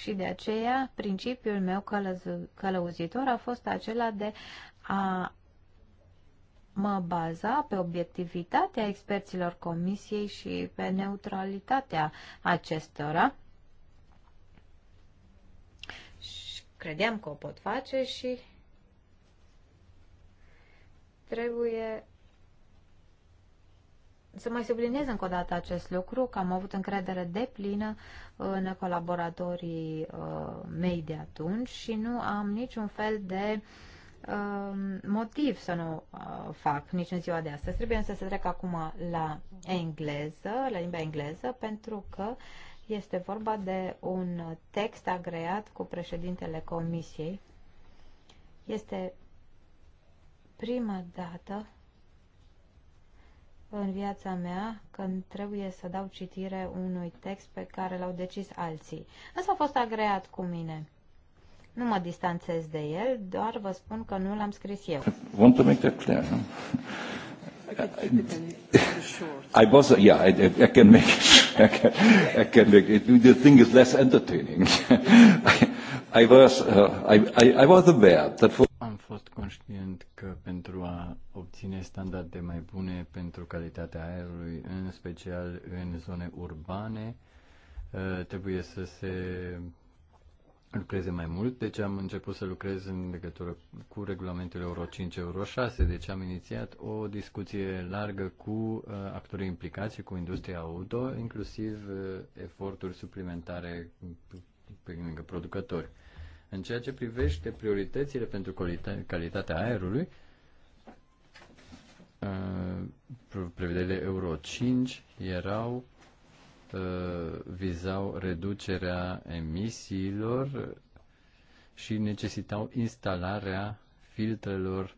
Și de aceea, principiul meu călăuzitor a fost acela de a mă baza pe obiectivitatea experților comisiei și pe neutralitatea acestora. Și credeam că o pot face și trebuie să mai sublinez încă o dată acest lucru, că am avut încredere deplină uh, în colaboratorii uh, mei de atunci și nu am niciun fel de uh, motiv să nu fac nici în ziua de astăzi. Trebuie însă să trec acum la engleză, la limba engleză, pentru că este vorba de un text agreat cu președintele Comisiei. Este prima dată în viața mea când trebuie să dau citire unui text pe care l-au decis alții. Ăsta a fost agreat cu mine. Nu mă distanțez de el, doar vă spun că nu l-am scris eu. Want to make that clear, huh? I was, yeah, I, I can make it, I can, I can make it, the thing is less entertaining. I, I was, uh, I, I, I was aware that for fost conștient că pentru a obține standarde mai bune pentru calitatea aerului, în special în zone urbane, trebuie să se lucreze mai mult. Deci am început să lucrez în legătură cu regulamentul Euro 5, Euro 6. Deci am inițiat o discuție largă cu actorii implicați cu industria auto, inclusiv eforturi suplimentare pe lângă producători în ceea ce privește prioritățile pentru calitatea aerului, uh, prevederile Euro 5 erau uh, vizau reducerea emisiilor și necesitau instalarea filtrelor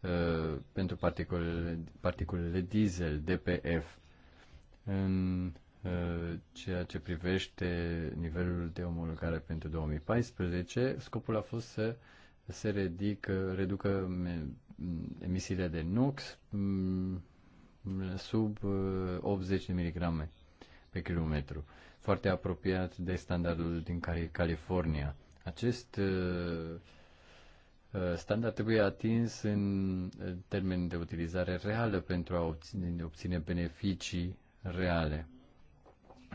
uh, pentru particulele, particulele diesel, DPF. În Eh, ceea ce privește nivelul de omologare pentru 2014. Scopul a fost să se ridică, reducă emisiile de NOx mm, sub 80 eh, de mg pe kilometru, foarte apropiat de standardul din California. Acest eh, standard trebuie atins în termen de utilizare reală pentru a obține beneficii reale.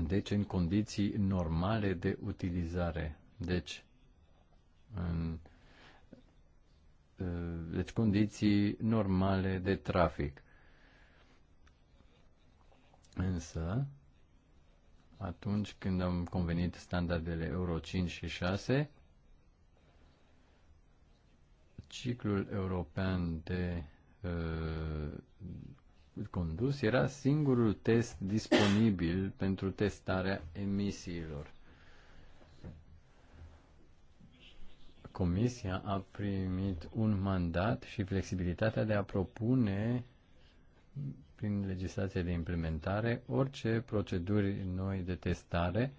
Deci în condiții normale de utilizare. Deci, în, eh, deci condiții normale de trafic. Însă, atunci când am convenit standardele Euro 5 și 6, ciclul european de eh, condus era singurul test disponibil pentru testarea emisiilor. Comisia a primit un mandat și flexibilitatea de a propune prin legislație de implementare orice proceduri noi de testare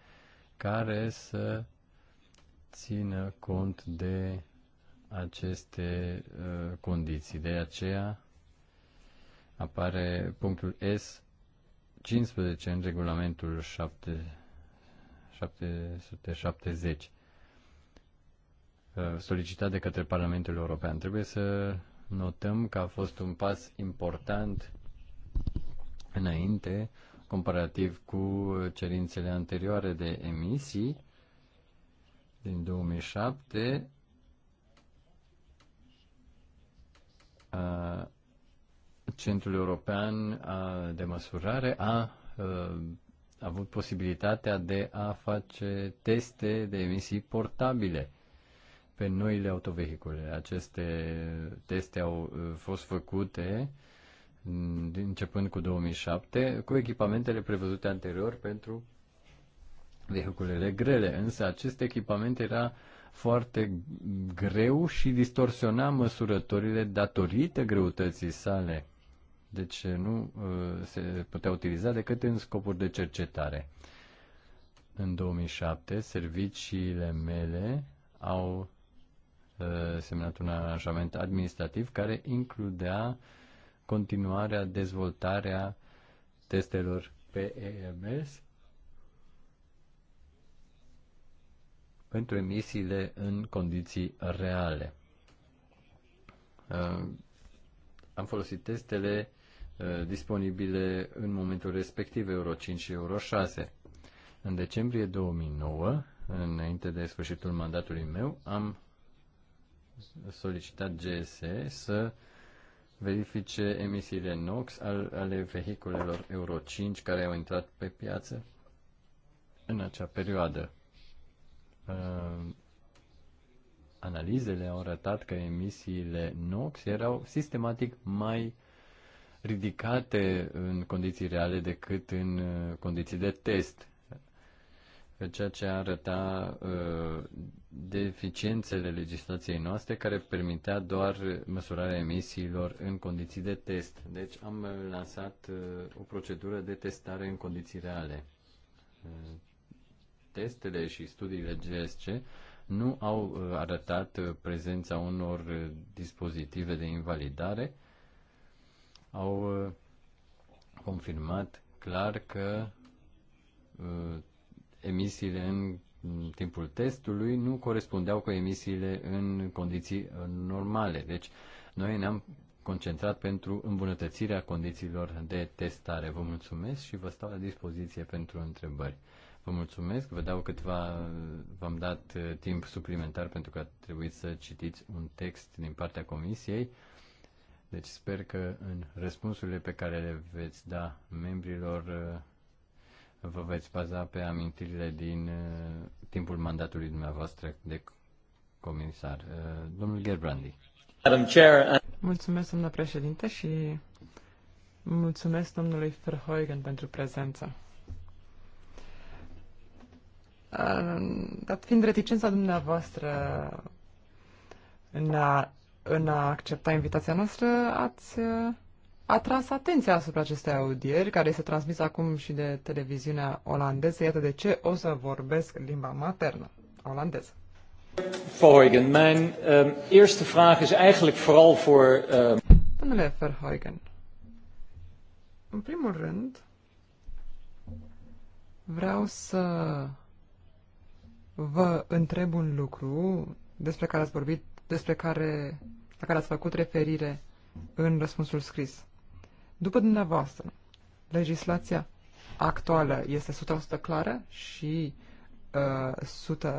care să țină cont de aceste uh, condiții. De aceea, apare punctul S15 în regulamentul 7, 770 uh, solicitat de către Parlamentul European. Trebuie să notăm că a fost un pas important înainte comparativ cu cerințele anterioare de emisii din 2007 Centrul European de Măsurare a avut posibilitatea de a face teste de emisii portabile pe noile autovehicule. Aceste teste au uh, fost făcute mm, începând cu 2007 cu echipamentele prevăzute anterior pentru vehiculele grele, însă acest echipament era foarte greu și distorsiona măsurătorile datorită greutății sale deci nu uh, se putea utiliza decât în scopuri de cercetare. În 2007, serviciile mele au uh, semnat un aranjament administrativ care includea continuarea, dezvoltarea testelor PEMS pentru emisiile în condiții reale. Uh, am folosit testele uh, Eh, disponibile în momentul respectiv euro 5 și euro 6. În decembrie 2009, înainte de sfârșitul mandatului meu, am solicitat GSE să verifice emisiile NOx al, ale vehiculelor Euro 5 care au intrat pe piață în acea perioadă. Eh, analizele au arătat că emisiile NOx erau sistematic mai uh, ridicate în condiții reale decât în uh, condiții de test. Ceea ce arăta uh, deficiențele legislației noastre care permitea doar măsurarea emisiilor în condiții de test. Deci am lansat uh, o procedură de testare în condiții reale. Uh, testele și studiile GSC nu au uh, arătat uh, prezența unor uh, dispozitive de invalidare uh, au uh, confirmat clar că uh, emisiile în timpul testului nu corespundeau cu emisiile în condiții uh, normale. Deci, noi ne-am concentrat pentru îmbunătățirea condițiilor de testare. Vă mulțumesc și vă stau la dispoziție pentru întrebări. Vă mulțumesc, vă dau câteva, v-am dat uh, timp suplimentar pentru că a trebuit să citiți un text din partea comisiei. Deci sper că în răspunsurile pe care le veți da membrilor uh, vă veți baza pe amintirile din uh, timpul mandatului dumneavoastră de comisar. Uh, domnul Gerbrandi. Mulțumesc, domnule președinte, și mulțumesc domnului Verheugen pentru prezență. Dat fiind reticența dumneavoastră în a în a accepta invitația noastră ați uh, atras atenția asupra acestei audieri, care se transmis acum și de televiziunea olandeză. Iată de ce o să vorbesc limba maternă olandeză. Verheugen, mijn um, eerste vraag is eigenlijk vooral voor... Um... Domnule Verheugen, în primul rând vreau să vă întreb un lucru despre care ați vorbit despre care, la care ați făcut referire în răspunsul scris. După dumneavoastră, legislația actuală este 100% clară și uh,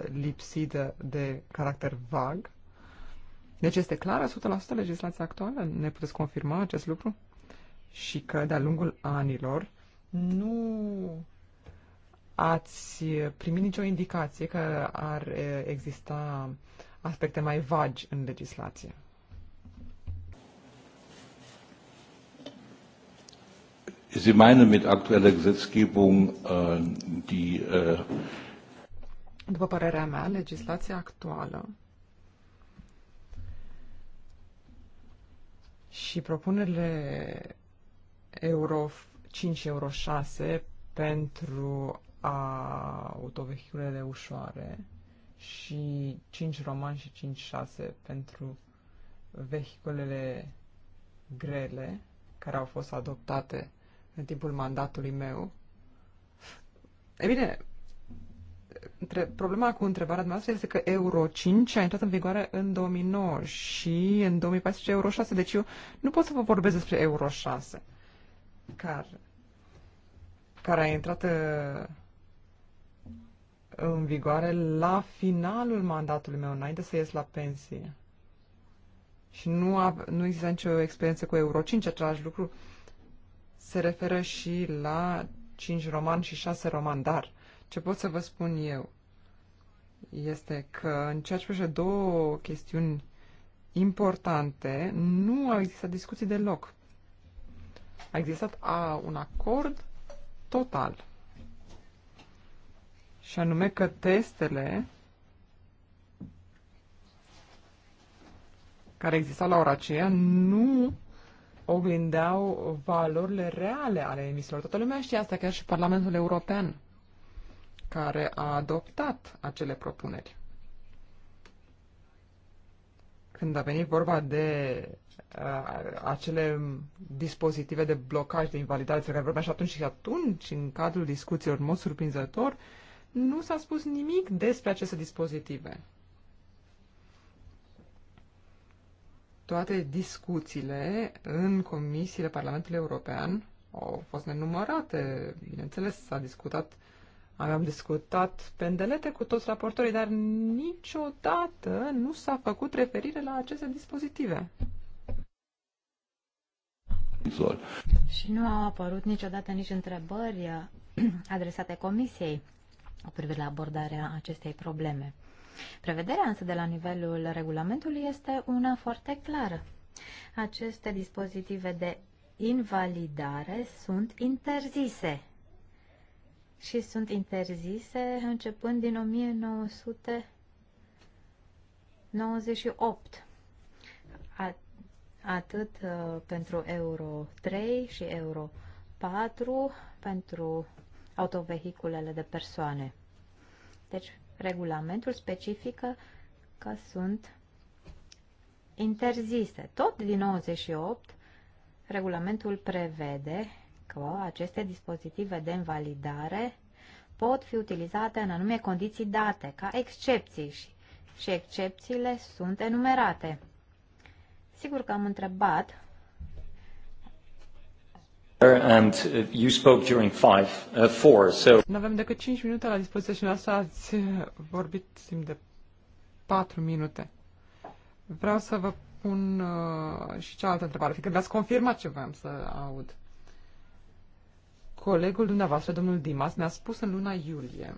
100% lipsită de caracter vag? Deci este clară 100% legislația actuală? Ne puteți confirma acest lucru? Și că de-a lungul anilor nu ați primit nicio indicație că ar e, exista uh, aspecte mai vagi în legislație? Sie meinen mit aktueller Gesetzgebung äh, die. Äh, După părerea mea, legislația actuală și propunerile Euro 5, Euro 6 pentru autovehiculele ușoare. Mm și 5 roman și 5-6 pentru vehiculele grele care au fost adoptate în timpul mandatului meu. E bine, între, problema cu întrebarea noastră este că Euro 5 a intrat în vigoare în 2009 și în 2014 Euro 6, deci eu nu pot să vă vorbesc despre Euro 6, care, care a intrat uh, în vigoare la finalul mandatului meu, înainte să ies la pensie. Și nu, a, nu există nicio experiență cu Euro 5, același lucru se referă și la 5 roman și 6 roman, dar ce pot să vă spun eu este că în ceea ce privește două chestiuni importante, nu au existat discuții deloc. A existat a, un acord total. Shanumeka testele care exista la ora aceea nu oglindeau valorile reale ale emisiilor. Toată lumea știe asta, chiar și Parlamentul European care a adoptat acele propuneri. Când a venit vorba de uh, acele dispozitive de blocaj, de invalidare, care vorbea și atunci și atunci, în cadrul discuțiilor, în mod surprinzător, uh, nu s-a spus nimic despre aceste dispozitive. Toate discuțiile în comisiile Parlamentului European au fost nenumărate, bineînțeles, s-a discutat, am discutat pendelete cu toți raportorii, dar niciodată nu s-a făcut referire la aceste dispozitive. Și nu au apărut niciodată nici întrebări adresate comisiei privire la abordarea acestei probleme. Prevederea însă de la nivelul regulamentului este una foarte clară. Aceste dispozitive de invalidare sunt interzise. Și sunt interzise începând din 1998. Atât uh, pentru Euro 3 și Euro 4, pentru autovehiculele de persoane. Deci, regulamentul specifică că sunt interzise. Tot din 98, regulamentul prevede că aceste dispozitive de invalidare pot fi utilizate în anume condiții date, ca excepții și, și excepțiile sunt enumerate. Sigur că am întrebat and uh, you spoke during five, uh, four, so... Nu avem decât 5 minute la dispoziție și noastră ați uh, vorbit timp de 4 minute. Vreau să vă pun uh, și cealaltă întrebare, fiindcă v-ați confirmat ce voiam să aud. Colegul dumneavoastră, domnul Dimas, ne-a spus în luna iulie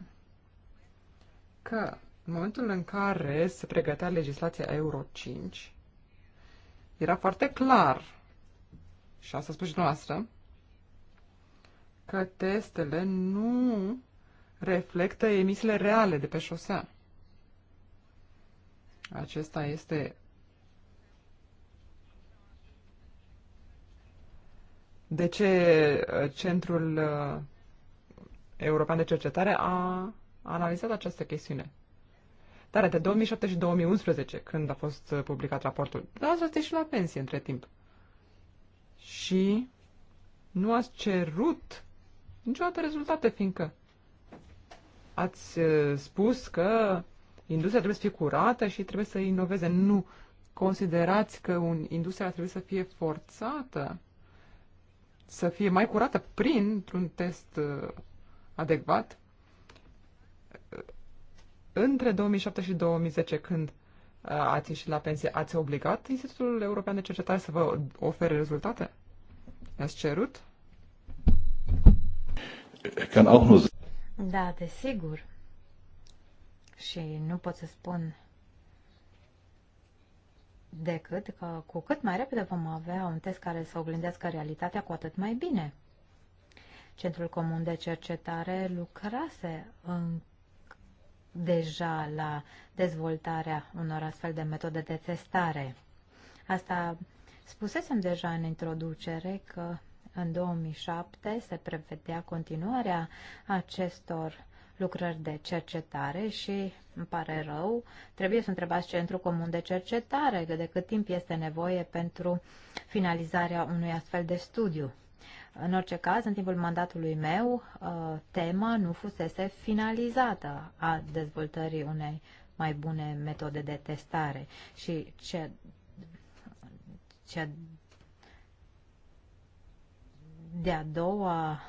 că în momentul în care se pregătea legislația Euro 5, era foarte clar, și asta a spus și dumneavoastră, că testele nu reflectă emisiile reale de pe șosea. Acesta este de ce uh, Centrul uh, European de Cercetare a analizat această chestiune. Dar de 2007 și 2011, când a fost uh, publicat raportul, dar ați și la pensie între timp. Și nu ați cerut niciodată rezultate, fiindcă ați eh, spus că industria trebuie să fie curată și trebuie să inoveze. Nu considerați că un industria trebuie să fie forțată să fie mai curată printr-un test eh, adecvat eh, între 2007 și 2010, când ați ieșit la pensie, ați obligat Institutul European de Cercetare să vă ofere rezultate? Ați cerut? Ich kann auch nur sagen. Da, das ist sicher. Și nu pot să spun decât că cu cât mai repede vom avea un test care să oglindească realitatea, cu atât mai bine. Centrul Comun de Cercetare lucrase în... deja la dezvoltarea unor astfel de metode de testare. Asta spusesem deja în introducere că în 2007 se prevedea continuarea acestor lucrări de cercetare și, îmi pare rău, trebuie să întrebați Centrul Comun de Cercetare de cât timp este nevoie pentru finalizarea unui astfel de studiu. În orice caz, în timpul mandatului meu, uh, tema nu fusese finalizată a dezvoltării unei mai bune metode de testare și ce, ce de-a doua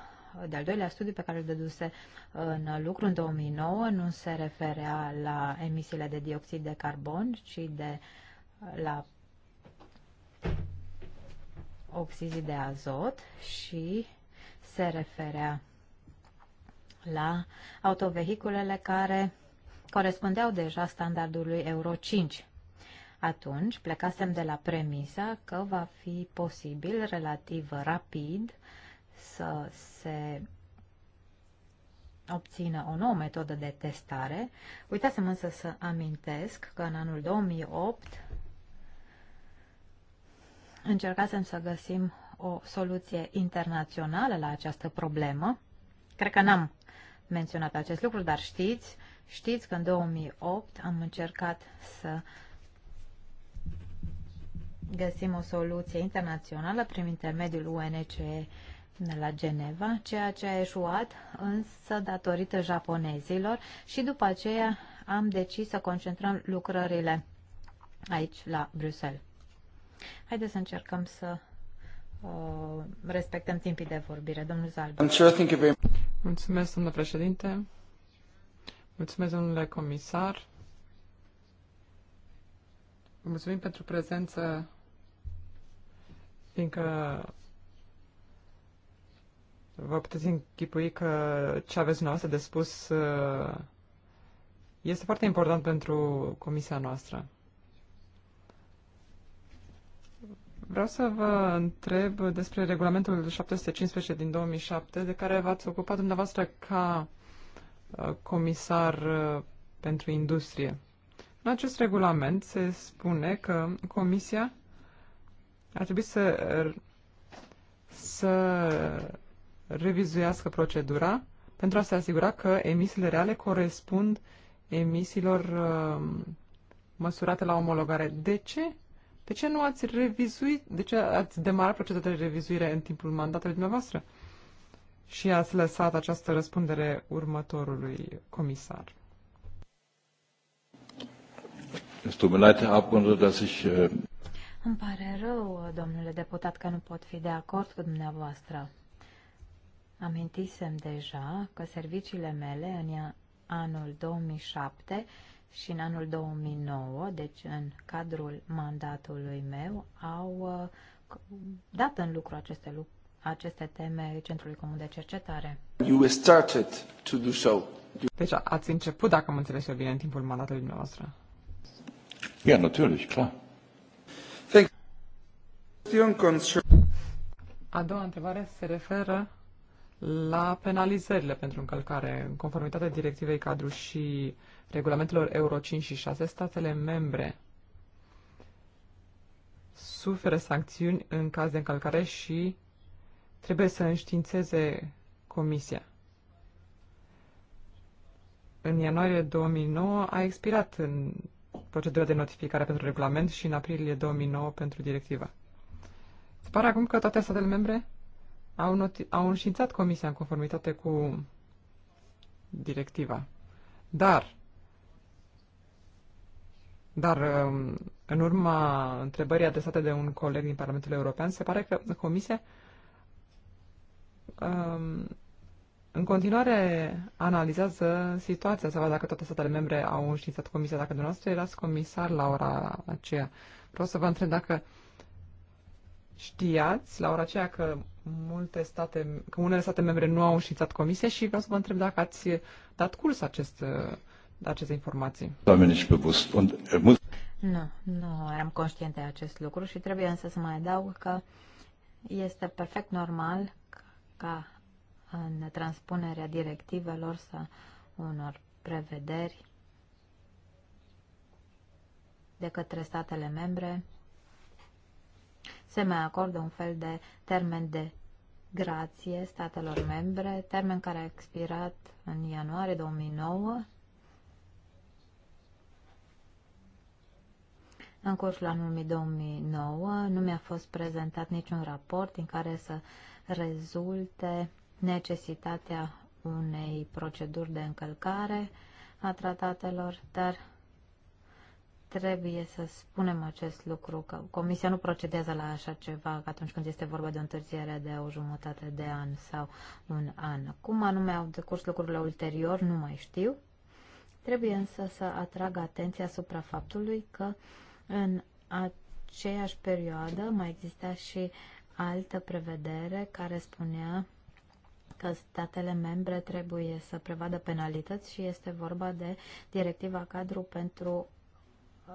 de-al doilea studiu pe care îl dăduse în lucru în 2009 nu se referea la emisiile de dioxid de carbon, ci de la oxizii de azot și se referea la autovehiculele care corespundeau deja standardului Euro 5. Atunci plecasem de la premisa că va fi posibil relativ rapid uh, să se obțină o nouă metodă de testare. Uitasem însă să amintesc că în anul 2008 încercasem să găsim o soluție internațională la această problemă. Cred că n-am menționat acest lucru, dar știți, știți că în 2008 am încercat să găsim o soluție internațională prin intermediul UNCE de la Geneva, ceea ce a eșuat însă datorită japonezilor și după aceea am decis să concentrăm lucrările aici la Bruxelles. Haideți să încercăm să uh, respectăm timpii de vorbire. Domnul Zalbi. Mulțumesc, domnule președinte. Mulțumesc, domnule comisar. Mulțumim pentru prezență fiindcă va puteți închipui că ce aveți noastră de spus este eh, foarte important pentru comisia noastră. Vreau să vă întreb despre regulamentul 715 din 2007, de care v-ați ocupat dumneavoastră ca eh, comisar eh, pentru industrie. În acest regulament se spune că comisia ar trebui să, să revizuiască procedura pentru a se asigura că emisiile reale corespund emisiilor uh, măsurate la omologare. De ce? De ce nu ați revizuit? De ce ați demarat procedura de revizuire în timpul mandatului dumneavoastră? Și ați lăsat această răspundere următorului comisar. Äh, Îmi pare rău, domnule deputat, că nu pot fi de acord cu dumneavoastră. Amintisem deja că serviciile mele în anul 2007 și în anul 2009, deci în cadrul mandatului meu, au uh, dat în lucru aceste, aceste teme Centrului Comun de Cercetare. You started to do so. Deci ați început, dacă mă înțeles eu bine, în timpul mandatului dumneavoastră. Ia, yeah, natürlich, clar. A doua întrebare se referă la penalizările pentru încălcare. În conformitate directivei cadru și regulamentelor Euro 5 și 6, statele membre suferă sancțiuni în caz de încălcare și trebuie să înștiințeze Comisia. În ianuarie 2009 a expirat în procedura de notificare pentru regulament și în aprilie 2009 pentru directiva. Se pare acum că toate statele membre au, noti- au înștiințat Comisia în conformitate cu directiva. Dar, dar um, în urma întrebării adresate de un coleg din Parlamentul European, se pare că Comisia um, în continuare analizează situația să vadă dacă toate statele membre au înștiințat Comisia, dacă dumneavoastră erați comisar la ora aceea. Vreau să vă întreb dacă uh, știați, Laura, aceea că multe state, că unele state membre nu au înștiințat comisia și vreau să vă întreb dacă ați dat curs acest, aceste informații. E, nu, nu eram conștiente de acest lucru și trebuie însă să mai adaug că este perfect normal ca în transpunerea directivelor să unor prevederi de către statele membre se mai acordă un fel de termen de grație statelor membre, termen care a expirat în ianuarie 2009. În cursul anului 2009 nu mi-a fost prezentat niciun raport din care să rezulte necesitatea unei proceduri de încălcare a tratatelor, dar trebuie să spunem acest lucru, că Comisia nu procedează la așa ceva atunci când este vorba de o întârziere de o jumătate de an sau un an. Cum anume au decurs lucrurile ulterior, nu mai știu. Trebuie însă să atrag atenția asupra faptului că în aceeași perioadă mai exista și altă prevedere care spunea că statele membre trebuie să prevadă penalități și este vorba de directiva cadru pentru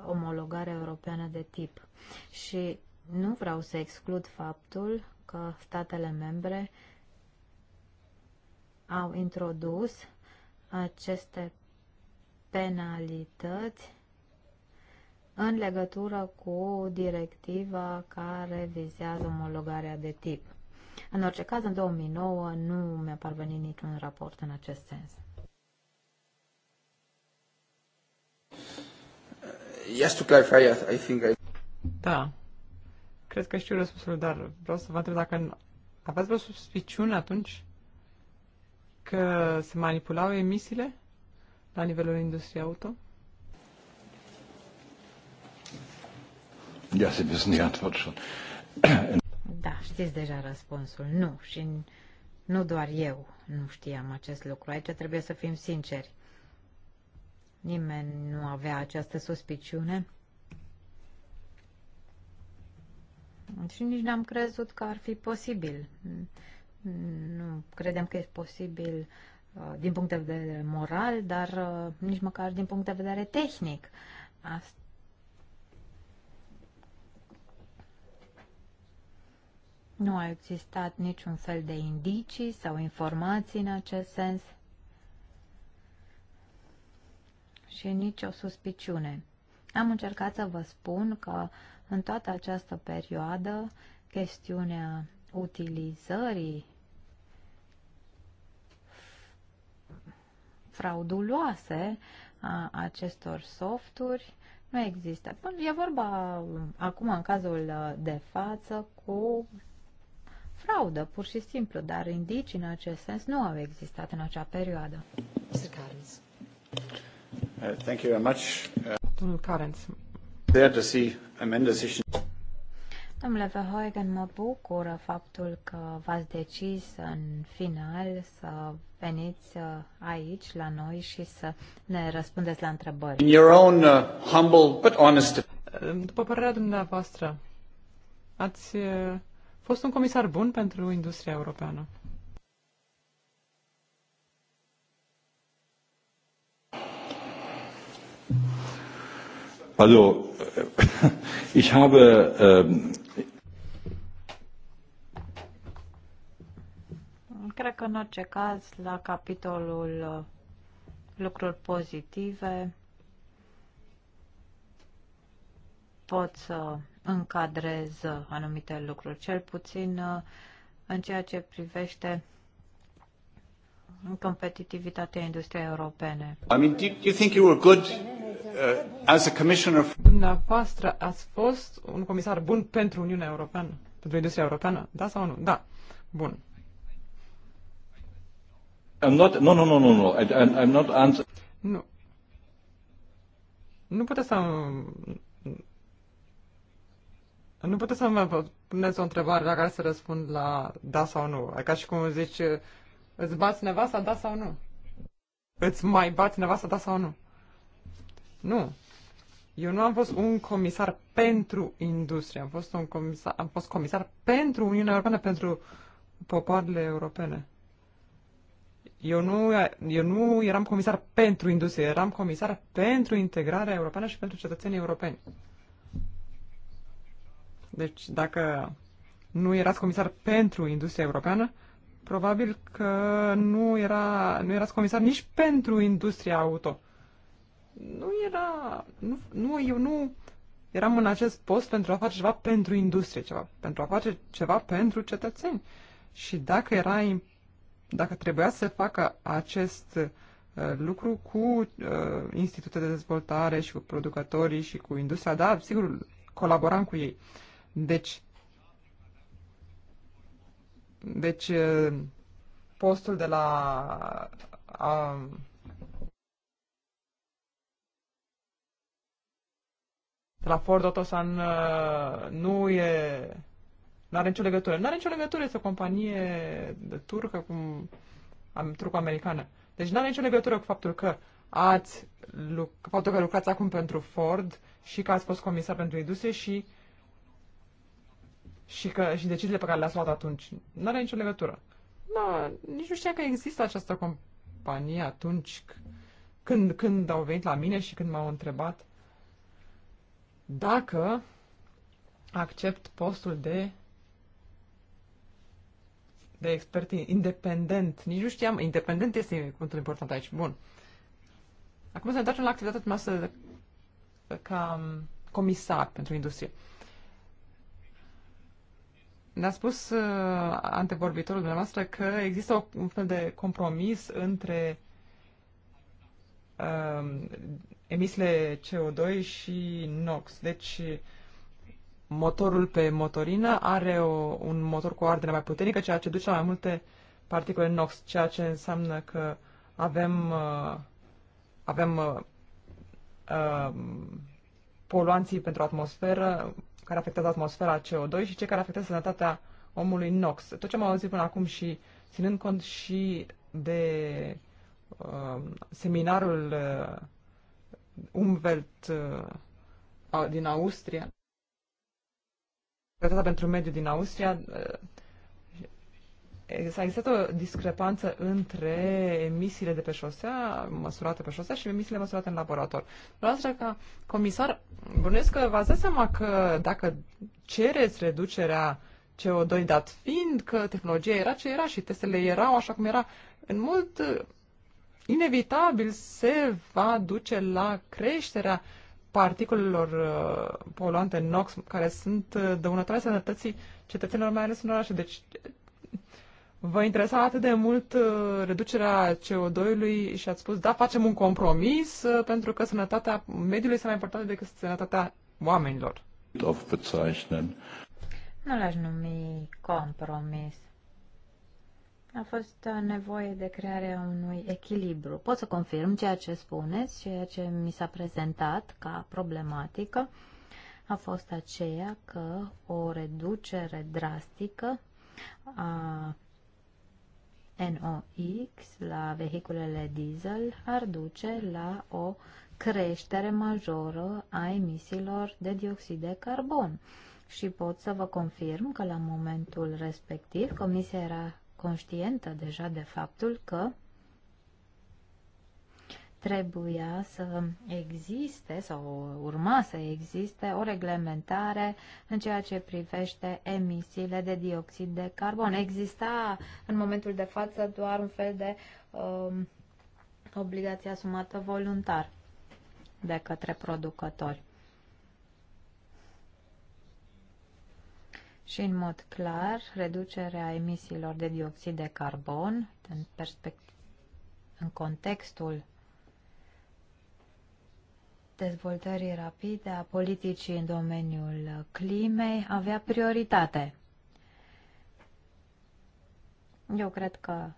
omologare europeană de tip. Și nu vreau să exclud faptul că statele membre au introdus aceste penalități în legătură cu directiva care vizează omologarea de tip. În orice caz, în 2009 nu mi-a parvenit niciun raport în acest sens. Just to clarify, I think I... Da. Cred că știu răspunsul, dar vreau să vă întreb dacă aveți vreo suspiciune atunci că se manipulau emisiile la nivelul industriei auto? Ja, Sie wissen die Antwort schon. Da, știți deja răspunsul. Nu, și nu doar eu nu știam acest lucru. Aici trebuie să fim sinceri. Nimeni nu avea această suspiciune. Și nici n-am crezut că ar fi posibil. Nu credem că e posibil uh, din punct de vedere moral, dar uh, nici măcar din punct de vedere tehnic. Asta Nu a existat niciun fel de indicii sau informații în acest sens. și nicio suspiciune. Am încercat să vă spun că în toată această perioadă, chestiunea utilizării frauduloase a acestor softuri nu există. Bun, e vorba acum în cazul de față cu fraudă, pur și simplu, dar indicii în acest sens nu au existat în acea perioadă. Mr. Carlos. Uh, thank you very much. Uh, Donald Karenz. Glad to see Amanda's decision. Domnule Verheugen, mă bucură faptul că v-ați decis în final să veniți uh, aici la noi și să ne răspundeți la întrebări. In your own humble but honest. După părerea dumneavoastră, ați fost un comisar bun pentru industria europeană. Also äh, ich habe. Ähm Cred că în orice caz, la capitolul uh, lucruri pozitive, pot să încadrez uh, anumite lucruri, cel puțin uh, în ceea ce privește competitivitatea industriei europene. I mean, do you, do you think you were good Uh, Dumneavoastră ați fost un comisar bun pentru Uniunea Europeană, pentru industria europeană, da sau nu? Da. Bun. I'm not, no, no, no, no, no. I, I'm, I'm not answer... Nu. Nu puteți să... Nu puteți să mă puneți o întrebare la care să răspund la da sau nu. E ca și cum zici, îți bați nevasta, da sau nu? Îți mai bați nevasta, da sau nu? Nu. Eu nu am fost un comisar pentru industrie. Am fost, un comisar, am fost comisar pentru Uniunea Europeană, pentru popoarele europene. Eu nu, eu nu eram comisar pentru industrie, eram comisar pentru integrarea europeană și pentru cetățenii europeni. Deci, dacă nu erați comisar pentru industria europeană, probabil că nu, era, nu erați comisar nici pentru industria auto. Uh, nu era, nu, nu, eu nu eram în acest post pentru a face ceva pentru industrie, ceva, pentru a face ceva pentru cetățeni. Și dacă era, dacă trebuia să facă acest uh, lucru cu uh, institute de dezvoltare și cu producătorii și cu industria, da, sigur, colaboram cu ei. Deci, deci uh, postul de la uh, raport tot așa în, uh, nu e... Nu are nicio legătură. Nu are nicio legătură. Este o companie de turcă cu... Am turcă americană. Deci nu are nicio legătură cu faptul că ați luc- faptul că lucrați acum pentru Ford și că ați fost comisar pentru industrie și și, că, și deciziile pe care le-ați luat atunci. Nu are nicio legătură. Da, nici nu știa că există această companie atunci când, când au venit la mine și când m-au întrebat dacă accept postul de de expert independent. Nici nu știam, independent este cuvântul important aici. Bun. Acum să ne întoarcem la activitatea noastră ca um, comisar pentru industrie. Ne-a spus uh, antevorbitorul dumneavoastră că există o, un fel de compromis între uh, emisiile CO2 și NOx. Deci, motorul pe motorină are o, un motor cu o ardere mai puternică, ceea ce duce la mai multe particule NOx, ceea ce înseamnă că avem, uh, avem uh, uh, poluanții pentru atmosferă care afectează atmosfera CO2 și cei care afectează sănătatea omului NOx. Tot ce am auzit până acum și ținând cont și de uh, seminarul uh, Umwelt uh, din Austria. Tratat pentru mediu din Austria. E, e, s-a existat o discrepanță între emisiile de pe șosea, măsurate pe șosea, și emisiile măsurate în laborator. Vreau ca comisar, bănuiesc că v-ați dat seama că dacă cereți reducerea CO2, dat fiind că tehnologia era ce era și testele erau așa cum era, în mult inevitabil se va duce la creșterea particulelor uh, poluante NOX care sunt uh, dăunătoare sănătății cetățenilor, mai ales în orașe. Deci, vă interesa atât de mult uh, reducerea CO2-ului și ați spus, da, facem un compromis pentru că sănătatea mediului este mai importantă decât sănătatea oamenilor. Nu l-aș numi compromis. A fost uh, nevoie de crearea unui echilibru. Pot să confirm ceea ce spuneți, ceea ce mi s-a prezentat ca problematică a fost aceea că o reducere drastică a NOx la vehiculele diesel ar duce la o creștere majoră a emisiilor de dioxid de carbon. Și pot să vă confirm că la momentul respectiv Comisia era conștientă deja de faptul că trebuia să existe sau urma să existe o reglementare în ceea ce privește emisiile de dioxid de carbon. Exista în momentul de față doar un fel de um, obligație asumată voluntar de către producători. și în mod clar reducerea emisiilor de dioxid de carbon în, perspect- în contextul dezvoltării rapide a politicii în domeniul climei avea prioritate. Eu cred că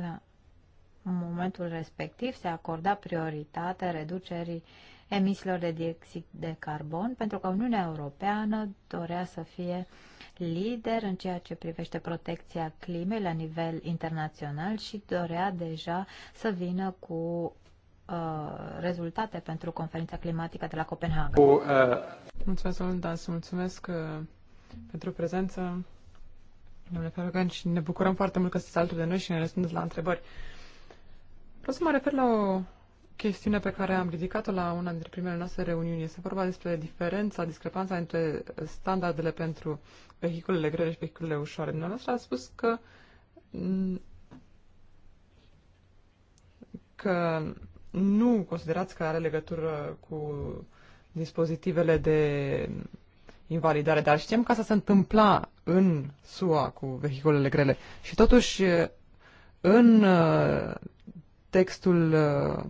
la momentul respectiv se acorda prioritate reducerii emisiilor de dioxid de carbon, pentru că Uniunea Europeană dorea să fie lider în ceea ce privește protecția climei la nivel internațional și dorea deja să vină cu uh, rezultate pentru conferința climatică de la Copenhaga. Cu, uh... Mulțumesc, Olinda, să mulțumesc uh, pentru prezență, domnule Ferogan, și ne bucurăm foarte mult că sunteți alături de noi și ne răspundeți la întrebări. Vreau să mă refer la o, chestiune pe care am ridicat-o la una dintre primele noastre reuniuni. Este vorba despre diferența, discrepanța între standardele pentru vehiculele grele și vehiculele ușoare. Dumneavoastră a spus că că nu considerați că are legătură cu dispozitivele de invalidare, dar știm că asta se întâmpla în SUA cu vehiculele grele. Și totuși, în uh, textul uh,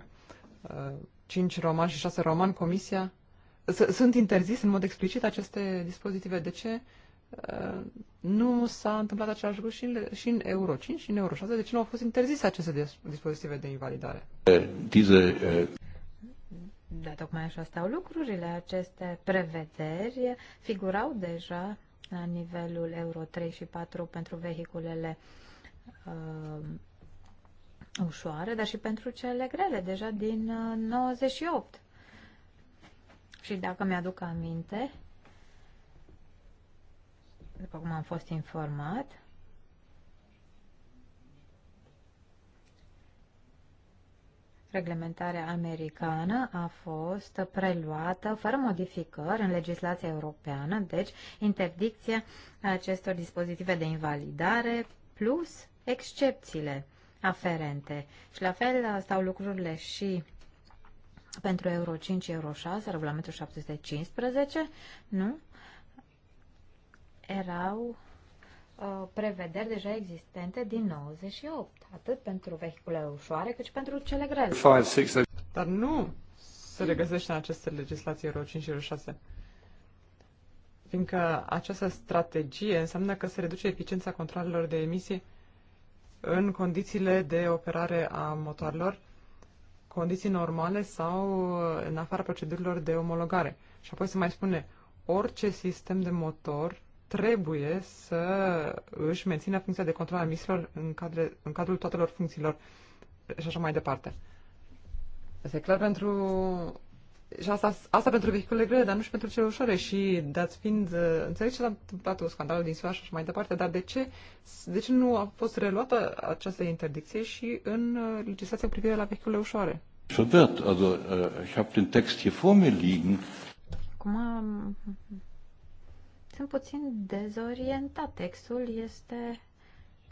5 uh, romani și 6 romani, comisia. Sunt interzis în mod explicit aceste dispozitive. De ce uh, nu s-a întâmplat același lucru și în, și în Euro 5 și în Euro 6? De ce nu au fost interzise aceste dispozitive de invalidare? E, e. Da, tocmai așa stau lucrurile. Aceste prevederi figurau deja la nivelul Euro 3 și 4 pentru vehiculele uh, ușoare, dar și pentru cele grele, deja din 98. Uh, și dacă mi-aduc aminte, după cum am fost informat, reglementarea americană a fost preluată fără modificări în legislația europeană, deci interdicția acestor dispozitive de invalidare plus excepțiile aferente. Și la fel uh, stau lucrurile și pentru Euro 5, Euro 6, regulamentul 715, nu? Erau uh, prevederi deja existente din 98, atât pentru vehicule ușoare, cât și pentru cele grele. Dar nu se regăsește în aceste legislații Euro 5 și Euro 6. Fiindcă această strategie înseamnă că se reduce eficiența controlelor de emisie în condițiile de operare a motoarelor, condiții normale sau în afara procedurilor de omologare. Și apoi se mai spune, orice sistem de motor trebuie să își mențină funcția de control a misiilor în, cadre, în cadrul toatelor funcțiilor și așa mai departe. Este clar pentru Și asta, asta pentru vehiculele grele, dar nu și pentru cele ușoare. Și dați fiind, uh, înțeleg ce s-a întâmplat un scandal din Suașa și mai departe, dar de ce, de ce nu a fost reluată această interdicție și în uh, legislația privire la vehiculele ușoare? Și dat, uh, ich habe den Text hier vor mir liegen. Acum, mm, sunt puțin dezorientat. Textul este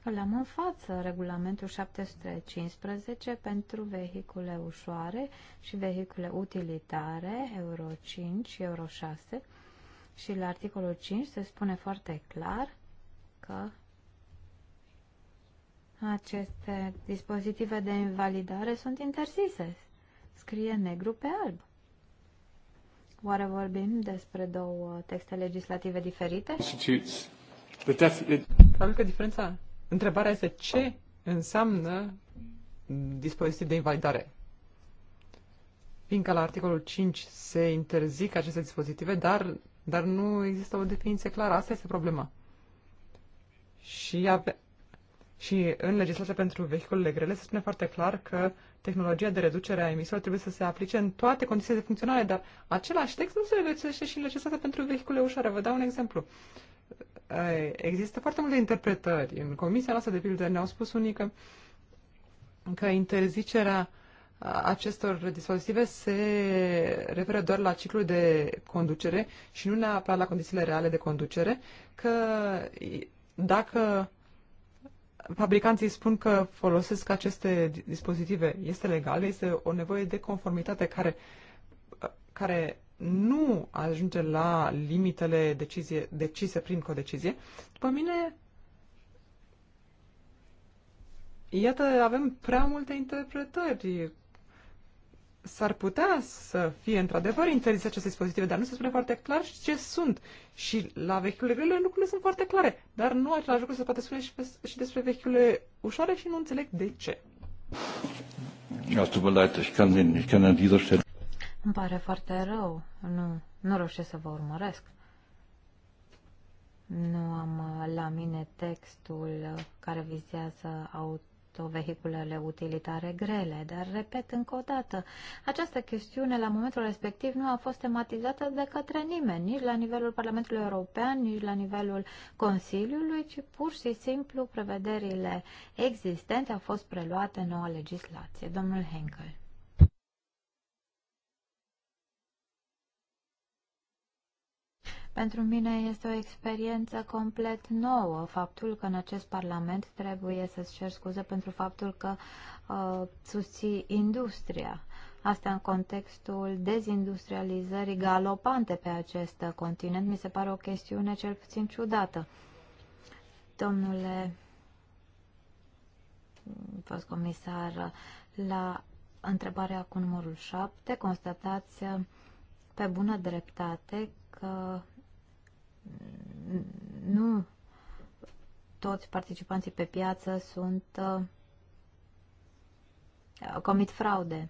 Avem în față regulamentul 715 pentru vehicule ușoare și vehicule utilitare, Euro 5 și Euro 6. Și la articolul 5 se spune foarte clar că aceste dispozitive de invalidare sunt interzise. Scrie negru pe alb. Oare vorbim despre două texte legislative diferite? Probabil că diferența Întrebarea este ce înseamnă dispozitiv de invalidare? Fiindcă la articolul 5 se interzic aceste dispozitive, dar, dar nu există o definiție clară. Asta este problema. Și, ave- și în legislația pentru vehiculele grele se spune foarte clar că tehnologia de reducere a emisiilor trebuie să se aplice în toate condițiile de funcționare, dar același text nu se regăsește și în legislația pentru vehicule ușoare. Vă dau un exemplu. Uh, există foarte multe interpretări. În comisia noastră, de pildă, ne-au spus unii că, că interzicerea acestor dispozitive se referă doar la ciclul de conducere și nu neapărat la condițiile reale de conducere, că dacă fabricanții spun că folosesc aceste dispozitive, este legal, este o nevoie de conformitate care, care nu ajunge la limitele decizie, decise prin codecizie, după mine, iată, avem prea multe interpretări. S-ar putea să fie într-adevăr interzise aceste dispozitive, dar nu se spune foarte clar ce sunt. Și la vehiculele grele lucrurile sunt foarte clare, dar nu același lucru se poate spune și, pe, și despre vehiculele ușoare și nu înțeleg de ce. Ja, tut mir leid, ich kann, den, ich kann an dieser Stelle. Îmi pare foarte rău. Nu, nu reușesc să vă urmăresc. Nu am uh, la mine textul uh, care vizează autovehiculele utilitare grele, dar repet încă o dată, această chestiune la momentul respectiv nu a fost tematizată de către nimeni, nici la nivelul Parlamentului European, nici la nivelul Consiliului, ci pur și simplu prevederile existente au fost preluate în noua legislație. Domnul Henkel. Pentru mine este o experiență complet nouă faptul că în acest Parlament trebuie să-ți cer scuze pentru faptul că uh, susții industria. Asta în contextul dezindustrializării galopante pe acest continent mi se pare o chestiune cel puțin ciudată. Domnule fost comisar, la întrebarea cu numărul 7 constatați pe bună dreptate că nu toți participanții pe piață sunt uh, comit fraude.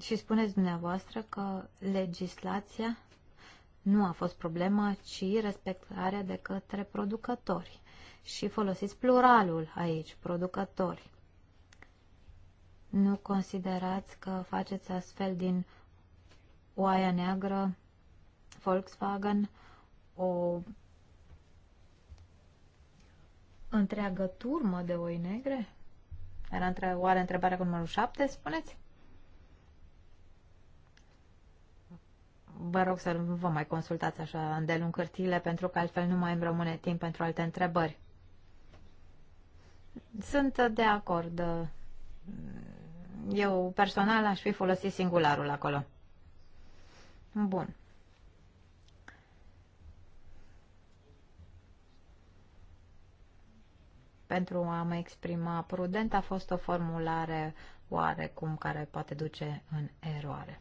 Și spuneți dumneavoastră că legislația nu a fost problema, ci respectarea de către producători. Și folosiți pluralul aici, producători. Nu considerați că faceți astfel din o aia neagră, Volkswagen, o întreagă turmă de oi negre? Era între, oare întrebarea cu numărul 7, spuneți? Vă rog să nu vă mai consultați așa îndelung cărțile, pentru că altfel nu mai îmi rămâne timp pentru alte întrebări. Sunt de acord. Eu personal aș fi folosit singularul acolo. Bun. Pentru a mă exprima prudent, a fost o formulare oarecum care poate duce în eroare.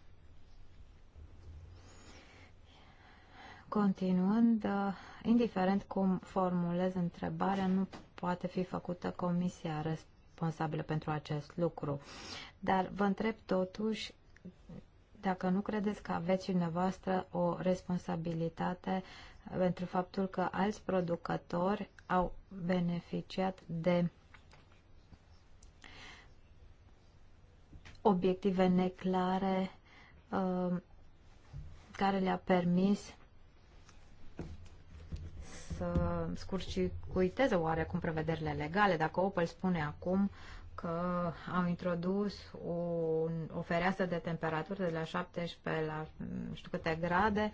Continuând, indiferent cum formulez întrebarea, nu poate fi făcută comisia responsabilă pentru acest lucru. Dar vă întreb totuși dacă nu credeți că aveți dumneavoastră o responsabilitate pentru faptul că alți producători au beneficiat de obiective neclare um, care le-a permis să scurcicuiteze oarecum prevederile legale. Dacă Opel spune acum uh, că au introdus o, o fereastră de temperatură de la 17 la știu câte grade.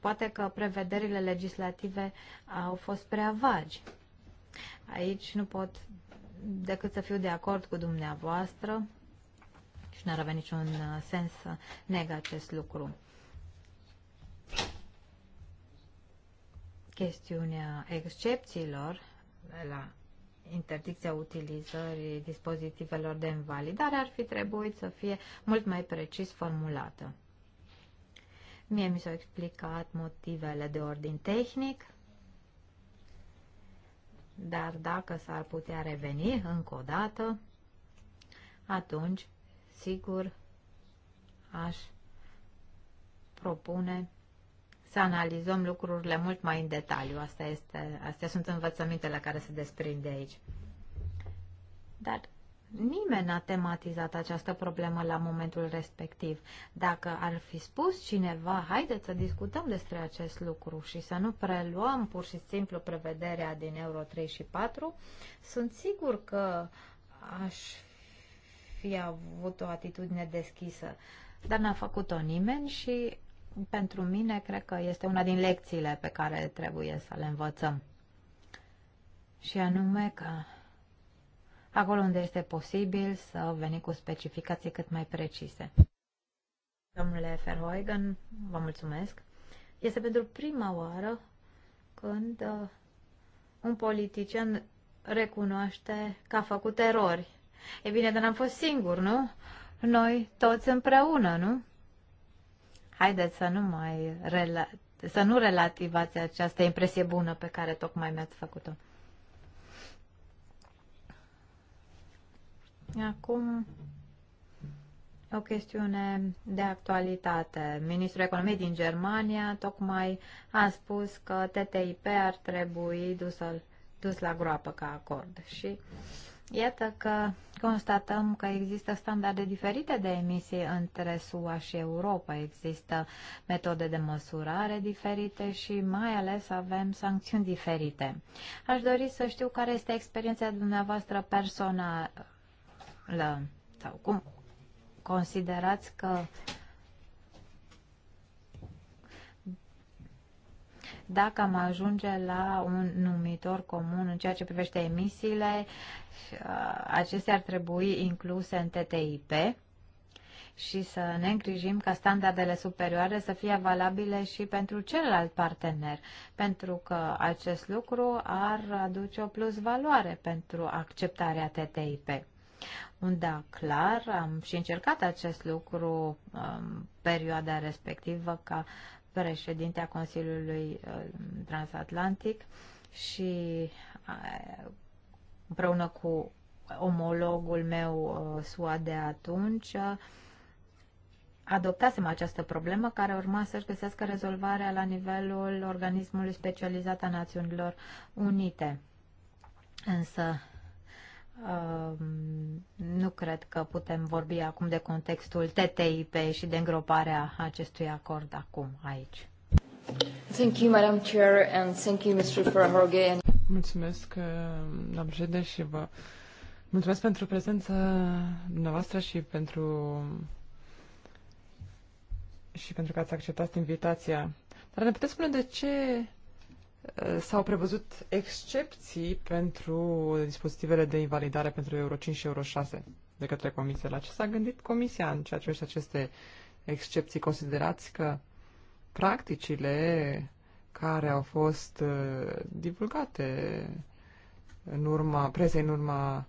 Poate că prevederile legislative au fost prea vagi. Aici nu pot decât să fiu de acord cu dumneavoastră și n-ar avea niciun uh, sens să neg acest lucru. Chestiunea excepțiilor la interdicția utilizării dispozitivelor de invalidare ar fi trebuit să fie mult mai precis formulată. Mie mi s-au explicat motivele de ordin tehnic, dar dacă s-ar putea reveni încă o dată, atunci, sigur, aș propune să analizăm lucrurile mult mai în detaliu. Asta este, astea sunt învățămintele care se desprind de aici. Dar nimeni n-a tematizat această problemă la momentul respectiv. Dacă ar fi spus cineva, haideți să discutăm despre acest lucru și să nu preluăm pur și simplu prevederea din Euro 3 și 4, sunt sigur că aș fi avut o atitudine deschisă. Dar n-a făcut-o nimeni și pentru mine, cred că este una din lecțiile pe care trebuie să le învățăm. Și anume că acolo unde este posibil să veni cu specificații cât mai precise. Domnule Verhoeven, vă mulțumesc. Este pentru prima oară când uh, un politician recunoaște că a făcut erori. E bine, dar n-am fost singur, nu? Noi toți împreună, nu? haideți să nu mai rela- să nu relativați această impresie bună pe care tocmai mi-ați făcut-o. Acum o chestiune de actualitate. Ministrul Economiei din Germania tocmai a spus că TTIP ar trebui dus, dus la groapă ca acord. Și uh, Iată că constatăm că există standarde diferite de emisii între SUA și Europa. Există metode de măsurare diferite și mai ales avem sancțiuni diferite. Aș dori să știu care este experiența dumneavoastră personală sau cum considerați că dacă am ajunge la un numitor comun în ceea ce privește emisiile, uh, acestea ar trebui incluse în TTIP și să ne îngrijim ca standardele superioare să fie valabile și pentru celălalt partener, pentru că acest lucru ar aduce o plus valoare pentru acceptarea TTIP. Da, clar, am și încercat acest lucru în um, perioada respectivă ca președintea Consiliului uh, Transatlantic și uh, împreună cu omologul meu uh, SUA de atunci adoptasem această problemă care urma să-și găsească rezolvarea la nivelul organismului specializat a Națiunilor Unite. Însă Um, nu cred că putem vorbi acum de contextul TTIP și de îngroparea acestui acord acum aici. Thank you, Madam Chair, and thank you, Mr. Farage. Mulțumesc, uh, doamnă președinte, și vă mulțumesc pentru prezența dumneavoastră și pentru și pentru că ați acceptat invitația. Dar ne puteți spune de ce Eh, s-au prevăzut excepții pentru dispozitivele de invalidare pentru Euro 5 și Euro 6 de către Comisie. La ce s-a gândit Comisia în ceea ce privește aceste excepții? Considerați că practicile care au fost eh, divulgate în urma, prese în urma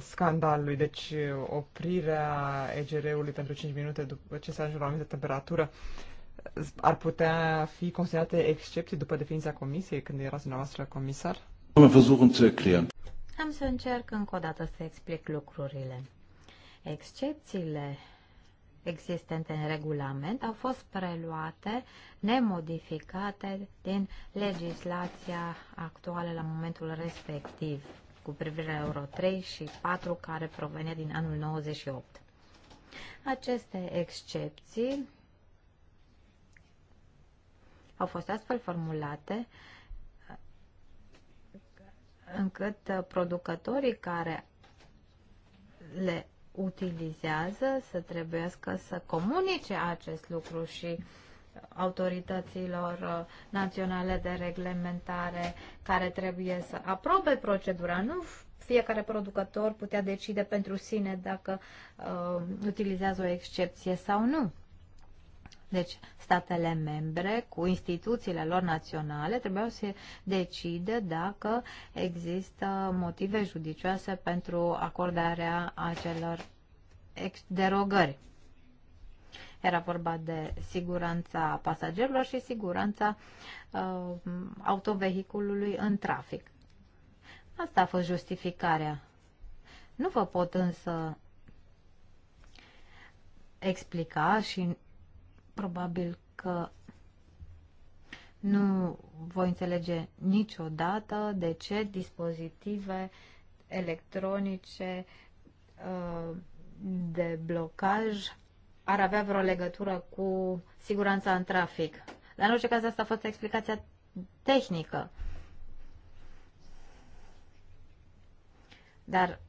scandalului, deci oprirea EGR-ului pentru 5 minute după ce se ajunge la o anumită temperatură, uh, ar putea fi considerate excepții după definiția comisiei când erați dumneavoastră comisar? Am văzut cum se client. Am să încerc încă o dată să explic lucrurile. Excepțiile existente în regulament au fost preluate, nemodificate din legislația actuală la momentul respectiv cu privire la Euro 3 și 4 care provenea din anul 98. Aceste excepții au fost astfel formulate încât producătorii care le utilizează să trebuiască să comunice acest lucru și autorităților naționale de reglementare care trebuie să aprobe procedura. Nu fiecare producător putea decide pentru sine dacă uh, utilizează o excepție sau nu. Deci, statele membre cu instituțiile lor naționale trebuiau să decidă dacă există motive judicioase pentru acordarea acelor derogări. Era vorba de siguranța pasagerilor și siguranța uh, autovehiculului în trafic. Asta a fost justificarea. Nu vă pot însă explica și probabil că nu voi înțelege niciodată de ce dispozitive electronice uh, de blocaj ar avea vreo legătură cu siguranța în trafic. Dar în orice caz asta a fost explicația tehnică. Dar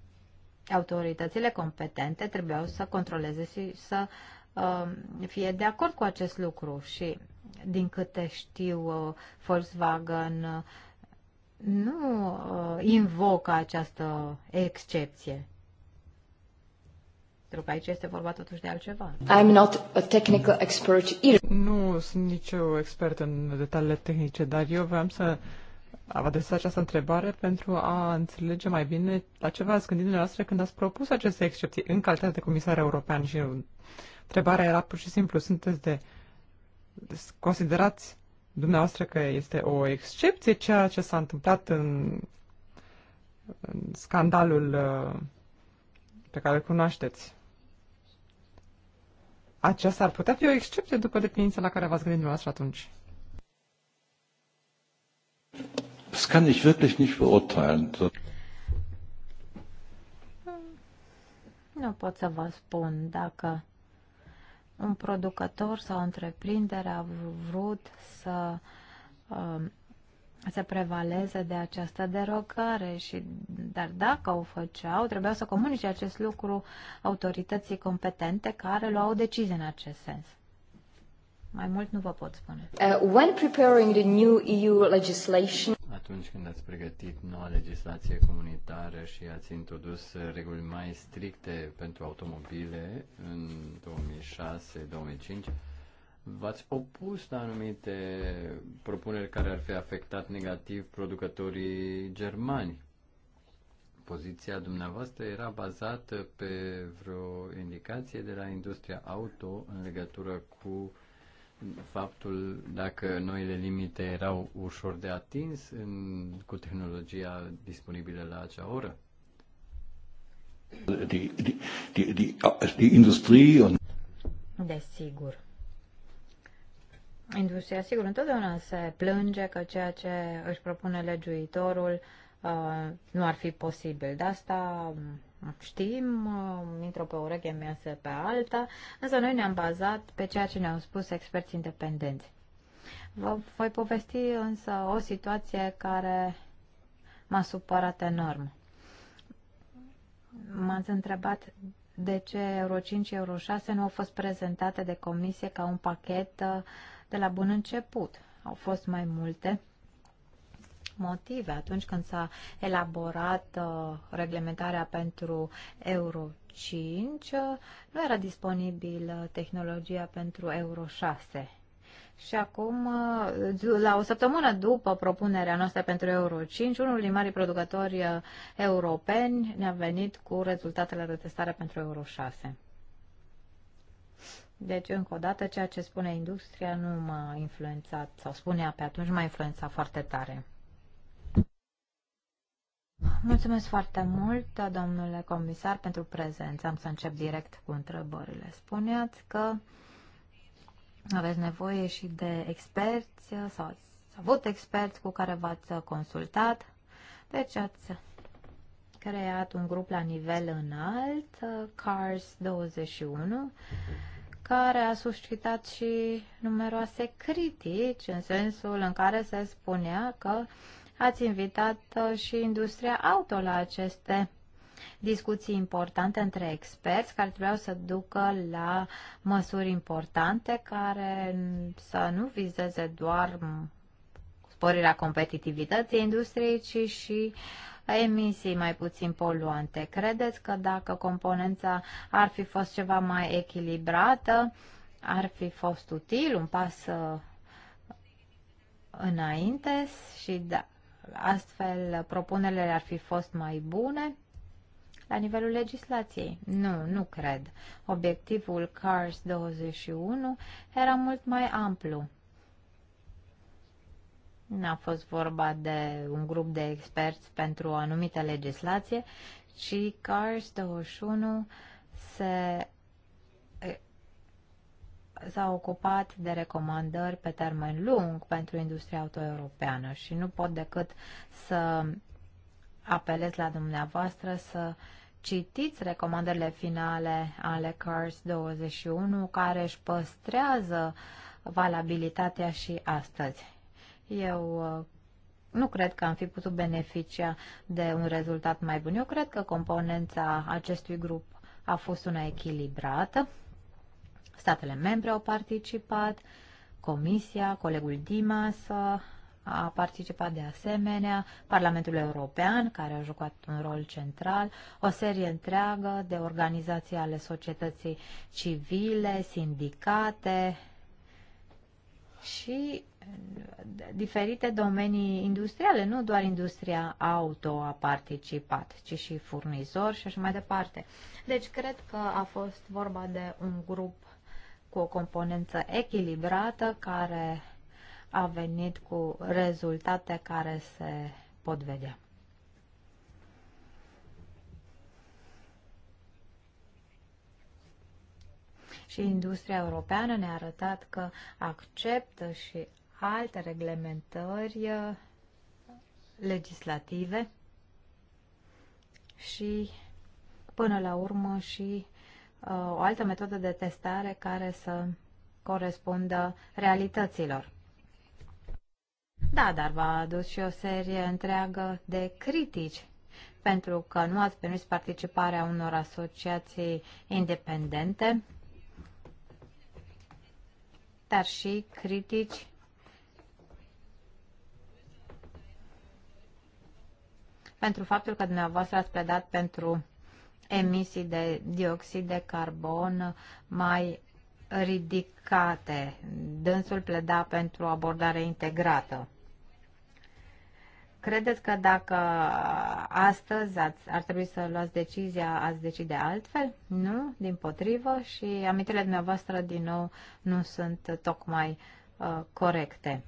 autoritățile competente trebuiau să controleze și să uh, Um, fie de acord cu acest lucru și din câte știu uh, Volkswagen uh, nu uh, invocă această excepție. Pentru că aici este vorba totuși de altceva. I'm not a technical expert either. Nu sunt nici eu expert în detaliile tehnice, dar eu vreau să adresez această întrebare pentru a înțelege mai bine la ce v-ați gândit dumneavoastră când ați propus aceste excepții în calitate de comisar european și întrebarea era pur și simplu, sunteți de, de considerați dumneavoastră că este o excepție ceea ce s-a întâmplat în, în scandalul uh, pe care îl cunoașteți. Aceasta ar putea fi o excepție după definiția la care v-ați gândit dumneavoastră atunci. Das kann ich wirklich nicht beurteilen. So. Nu pot să vă spun dacă un producător sau o întreprindere a vrut să um, se prevaleze de această derogare și, dar dacă o făceau, trebuiau să comunice acest lucru autorității competente care luau decizii în acest sens. Mai mult nu vă pot spune. Uh, when preparing the new EU legislation, atunci când ați pregătit noua legislație comunitară și ați introdus reguli mai stricte pentru automobile în 2006-2005, v-ați opus la anumite propuneri care ar fi afectat negativ producătorii germani. Poziția dumneavoastră era bazată pe vreo indicație de la industria auto în legătură cu uh, faptul dacă noile limite erau ușor de atins în, cu tehnologia disponibilă la acea oră? Desigur. Industria, sigur, întotdeauna se plânge că ceea ce își propune legiuitorul uh, nu ar fi posibil. De asta știm, intră pe o ureche, miese pe alta, însă noi ne-am bazat pe ceea ce ne-au spus experți independenți. Vă voi povesti însă o situație care m-a supărat enorm. M-ați întrebat de ce Euro 5 și Euro 6 nu au fost prezentate de comisie ca un pachet uh, de la bun început. Au fost mai multe motive atunci când s-a elaborat uh, reglementarea pentru Euro 5, uh, nu era disponibilă tehnologia pentru Euro 6. Și acum, uh, la o săptămână după propunerea noastră pentru Euro 5, unul din marii producători uh, europeni ne-a venit cu rezultatele de testare pentru Euro 6. Deci, încă o dată, ceea ce spune industria nu m-a influențat, sau spunea pe atunci, m-a influențat foarte tare. Mulțumesc foarte mult, domnule comisar, pentru prezență. Am să încep direct cu întrebările. Spuneați că aveți nevoie și de experți sau ați avut experți cu care v-ați consultat. Deci ați creat un grup la nivel înalt, CARS 21, care a suscitat și numeroase critici în sensul în care se spunea că ați invitat uh, și industria auto la aceste discuții importante între experți care trebuiau să ducă la măsuri importante care să nu vizeze doar sporirea competitivității industriei, ci și emisii mai puțin poluante. Credeți că dacă componența ar fi fost ceva mai echilibrată, ar fi fost util un pas uh, înainte și da, astfel propunerile ar fi fost mai bune la nivelul legislației. Nu, nu cred. Obiectivul CARS 21 era mult mai amplu. Nu a fost vorba de un grup de experți pentru o anumită legislație, ci CARS 21 se s-a ocupat de recomandări pe termen lung pentru industria autoeuropeană și nu pot decât să apelez la dumneavoastră să citiți recomandările finale ale CARS 21 care își păstrează valabilitatea și astăzi. Eu uh, nu cred că am fi putut beneficia de un rezultat mai bun. Eu cred că componența acestui grup a fost una echilibrată statele membre au participat, Comisia, colegul Dimas uh, a participat de asemenea, Parlamentul European, care a jucat un rol central, o serie întreagă de organizații ale societății civile, sindicate și uh, diferite domenii industriale, nu doar industria auto a participat, ci și furnizori și așa mai departe. Deci cred că a fost vorba de un grup cu o componență echilibrată care a venit cu rezultate care se pot vedea. Și industria europeană ne-a arătat că acceptă și alte reglementări uh, legislative și până la urmă și Uh, o altă metodă de testare care să corespundă realităților. Da, dar v-a adus și o serie întreagă de critici pentru că nu ați permis participarea unor asociații independente, dar și critici pentru faptul că dumneavoastră ați predat pentru emisii de dioxid de carbon mai ridicate. Dânsul pleda pentru o abordare integrată. Credeți că dacă astăzi ați, ar trebui să luați decizia, ați decide altfel? Nu, din potrivă și amintele dumneavoastră din nou nu sunt tocmai uh, corecte.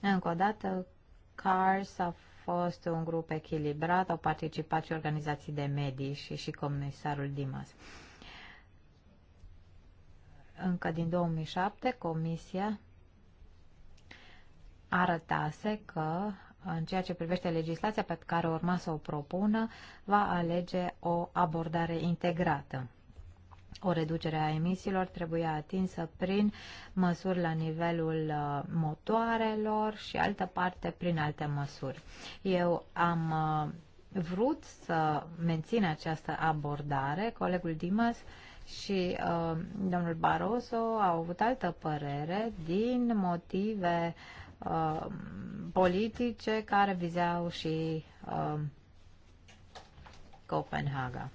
Încă o dată, cars of fost un grup echilibrat, au participat și organizații de medii și, și comisarul Dimas. Încă din 2007, comisia arătase că în ceea ce privește legislația pe care urma să o propună, va alege o abordare integrată o reducere a emisiilor trebuia atinsă prin măsuri la nivelul uh, motoarelor și altă parte prin alte măsuri. Eu am uh, vrut să mențin această abordare, colegul Dimas și uh, domnul Barroso au avut altă părere din motive uh, politice care vizeau și uh, Copenhaga.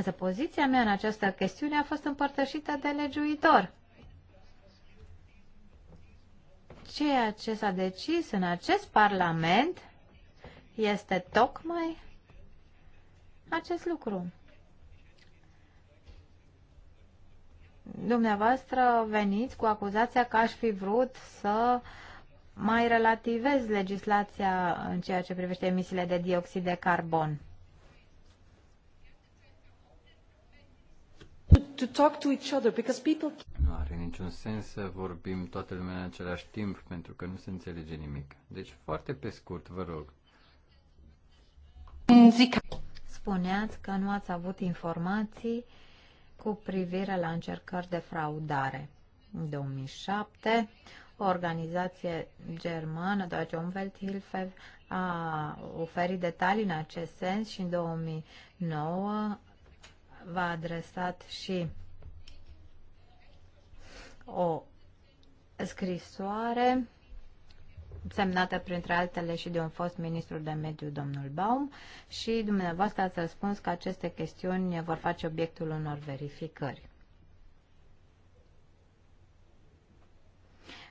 Însă poziția mea în această chestiune a fost împărtășită de legiuitor. Ceea ce s-a decis în acest parlament este tocmai acest lucru. Dumneavoastră veniți cu acuzația că aș fi vrut să mai relativez legislația în ceea ce privește emisiile de dioxid de carbon. to talk to each other because people Nu are niciun sens să vorbim toată lumea în același timp pentru că nu se înțelege nimic. Deci foarte pe scurt, vă rog. Zica. Spuneați că nu ați avut informații cu privire la încercări de fraudare. În 2007, o organizație germană, Deutsche Umwelthilfe, a oferit detalii în acest sens și în 2009 va adresat și o scrisoare semnată printre altele și de un fost ministru de mediu, domnul Baum, și dumneavoastră ați răspuns că aceste chestiuni vor face obiectul unor verificări.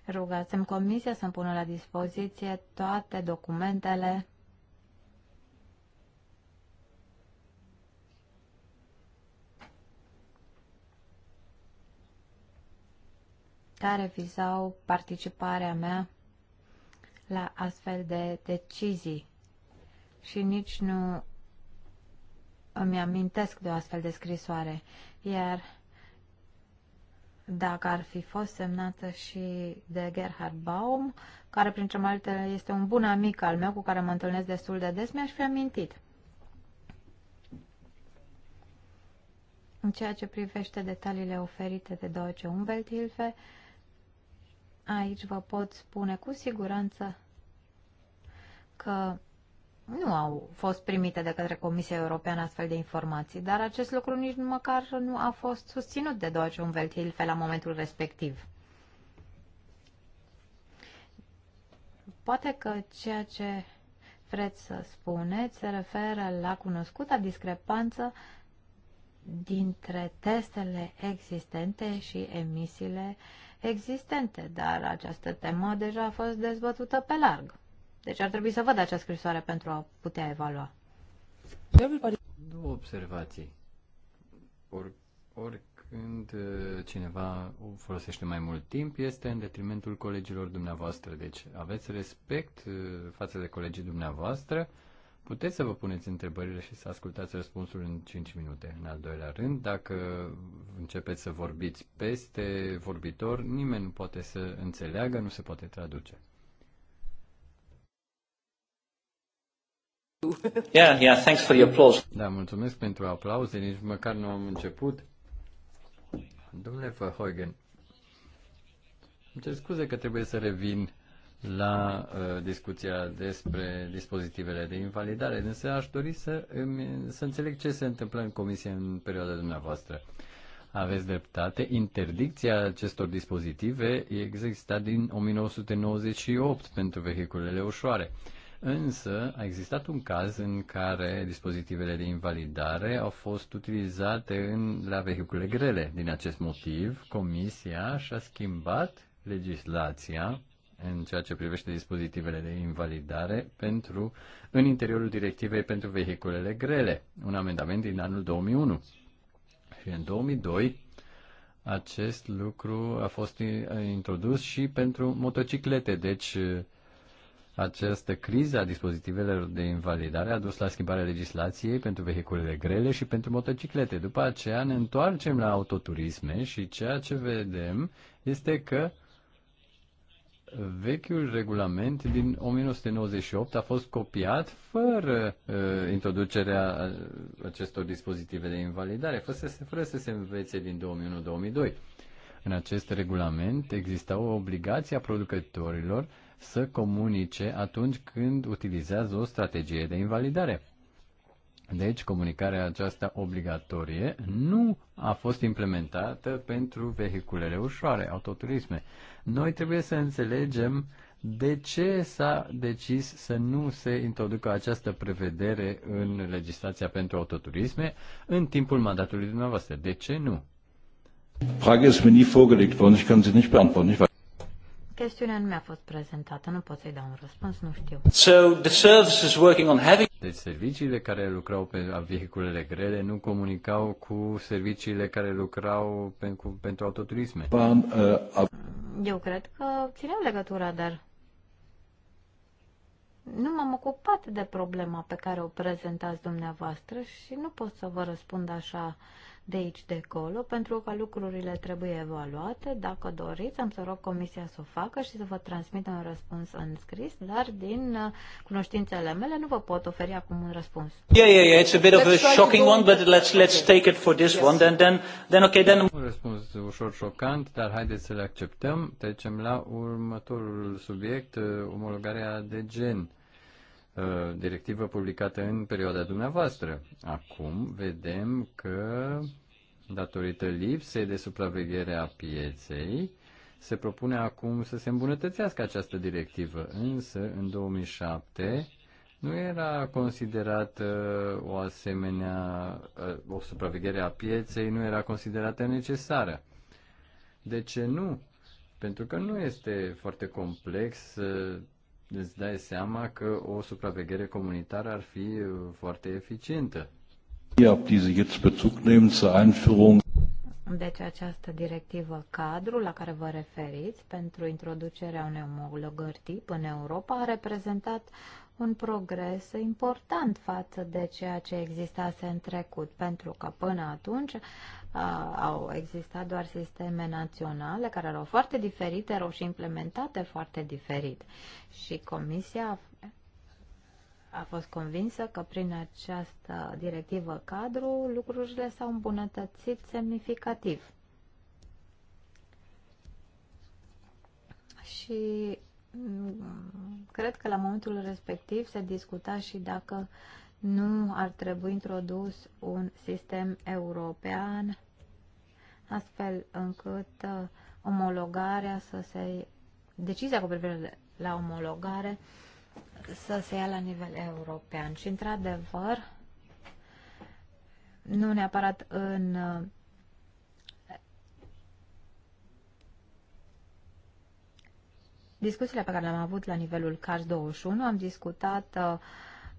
Rugați-mi comisia să-mi pună la dispoziție toate documentele care vizau participarea mea la astfel de decizii și nici nu îmi amintesc de o astfel de scrisoare, iar dacă ar fi fost semnată și de Gerhard Baum, care printre multe este un bun amic al meu cu care mă întâlnesc destul de des, mi-aș fi amintit. În ceea ce privește detaliile oferite de Deutsche Umwelthilfe, Hilfe, aici vă pot spune cu siguranță că nu au fost primite de către Comisia Europeană astfel de informații, dar acest lucru nici măcar nu a fost susținut de Deutsche Umwelt Hilfe la momentul respectiv. Poate că ceea ce vreți să spuneți se referă la cunoscuta discrepanță dintre testele existente și emisiile uh, existente, dar această temă deja a fost dezbătută pe larg. Deci ar trebui să văd această scrisoare pentru a putea evalua. Două observații. Or, oricând uh, cineva folosește mai mult timp, este în detrimentul colegilor dumneavoastră. Deci aveți respect uh, față de colegii dumneavoastră, uh, Puteți să vă puneți întrebările și să ascultați răspunsul în 5 minute, în al doilea rând. Dacă începeți să vorbiți peste vorbitor, nimeni nu poate să înțeleagă, nu se poate traduce. Yeah, yeah, thanks for the applause. Da, mulțumesc pentru aplauze, nici măcar nu am început. Domnule Verheugen, îmi cer scuze că trebuie să revin la uh, discuția despre dispozitivele de invalidare. Însă aș dori să, să înțeleg ce se întâmplă în comisie în perioada dumneavoastră. Aveți dreptate, interdicția acestor dispozitive exista din 1998 pentru vehiculele ușoare. Însă a existat un caz în care dispozitivele de invalidare au fost utilizate în, la vehicule grele. Din acest motiv, Comisia și-a schimbat legislația în ceea ce privește dispozitivele de invalidare pentru, în interiorul directivei pentru vehiculele grele, un amendament din anul 2001. Și în 2002 acest lucru a fost introdus și pentru motociclete, deci această criză a dispozitivelor de invalidare a dus la schimbarea legislației pentru vehiculele grele și pentru motociclete. După aceea ne întoarcem la autoturisme și ceea ce vedem este că uh, vechiul regulament din 1998 a fost copiat fără uh, introducerea uh, acestor dispozitive de invalidare, fără să, se, fără să se învețe din 2001-2002. În acest regulament exista o obligație a producătorilor să comunice atunci când utilizează o strategie de invalidare. Deci, comunicarea aceasta obligatorie nu a fost implementată pentru vehiculele ușoare, autoturisme. Noi trebuie să înțelegem de ce s-a decis să nu se introducă această prevedere în legislația pentru autoturisme în timpul mandatului dumneavoastră. De ce nu? Frage este mi vorgelegt worden, ich kann sie nicht beantworten. Chestiunea nu mi-a fost prezentată, nu pot să-i dau un răspuns, nu știu. So the services working on heavy... Deci serviciile care lucrau pe vehiculele grele nu comunicau cu serviciile care lucrau pentru, pentru autoturisme. Um, uh, uh... Eu cred că țineau legătura, dar nu m-am ocupat de problema pe care o prezentați dumneavoastră și nu pot să vă răspund așa de aici, de acolo, pentru că lucrurile trebuie evaluate. Dacă doriți, am să rog comisia să o facă și să vă transmit un răspuns în scris, dar din uh, cunoștințele mele nu vă pot oferi acum un răspuns. Yeah, yeah, yeah, it's a bit of a shocking one, but let's, let's take it for this one, then, then, then okay, then... Un răspuns ușor șocant, dar haideți să le acceptăm. Trecem la următorul subiect, uh, omologarea de gen. Uh, directivă publicată în perioada dumneavoastră. Acum vedem că datorită lipsei de supraveghere a pieței, se propune acum să se îmbunătățească această directivă. Însă, în 2007, nu era considerată o asemenea, o supraveghere a pieței nu era considerată necesară. De ce nu? Pentru că nu este foarte complex să îți dai seama că o supraveghere comunitară ar fi foarte eficientă ob diese jetzt Bezug nehmen zur Einführung. Deci această directivă cadru la care vă referiți pentru introducerea unei omologări tip în Europa a reprezentat un progres important față de ceea ce existase în trecut, pentru că până atunci a, au existat doar sisteme naționale care erau foarte diferite, erau și implementate foarte diferit. Și Comisia a fost convinsă că prin această directivă cadru lucrurile s-au îmbunătățit semnificativ. Și mm, cred că la momentul respectiv se discuta și dacă nu ar trebui introdus un sistem european astfel încât uh, omologarea să se... decizia cu privire la omologare uh, să se ia la nivel european. Și într-adevăr, nu neapărat în uh, discuțiile pe care le-am avut la nivelul CARS 21, am discutat uh,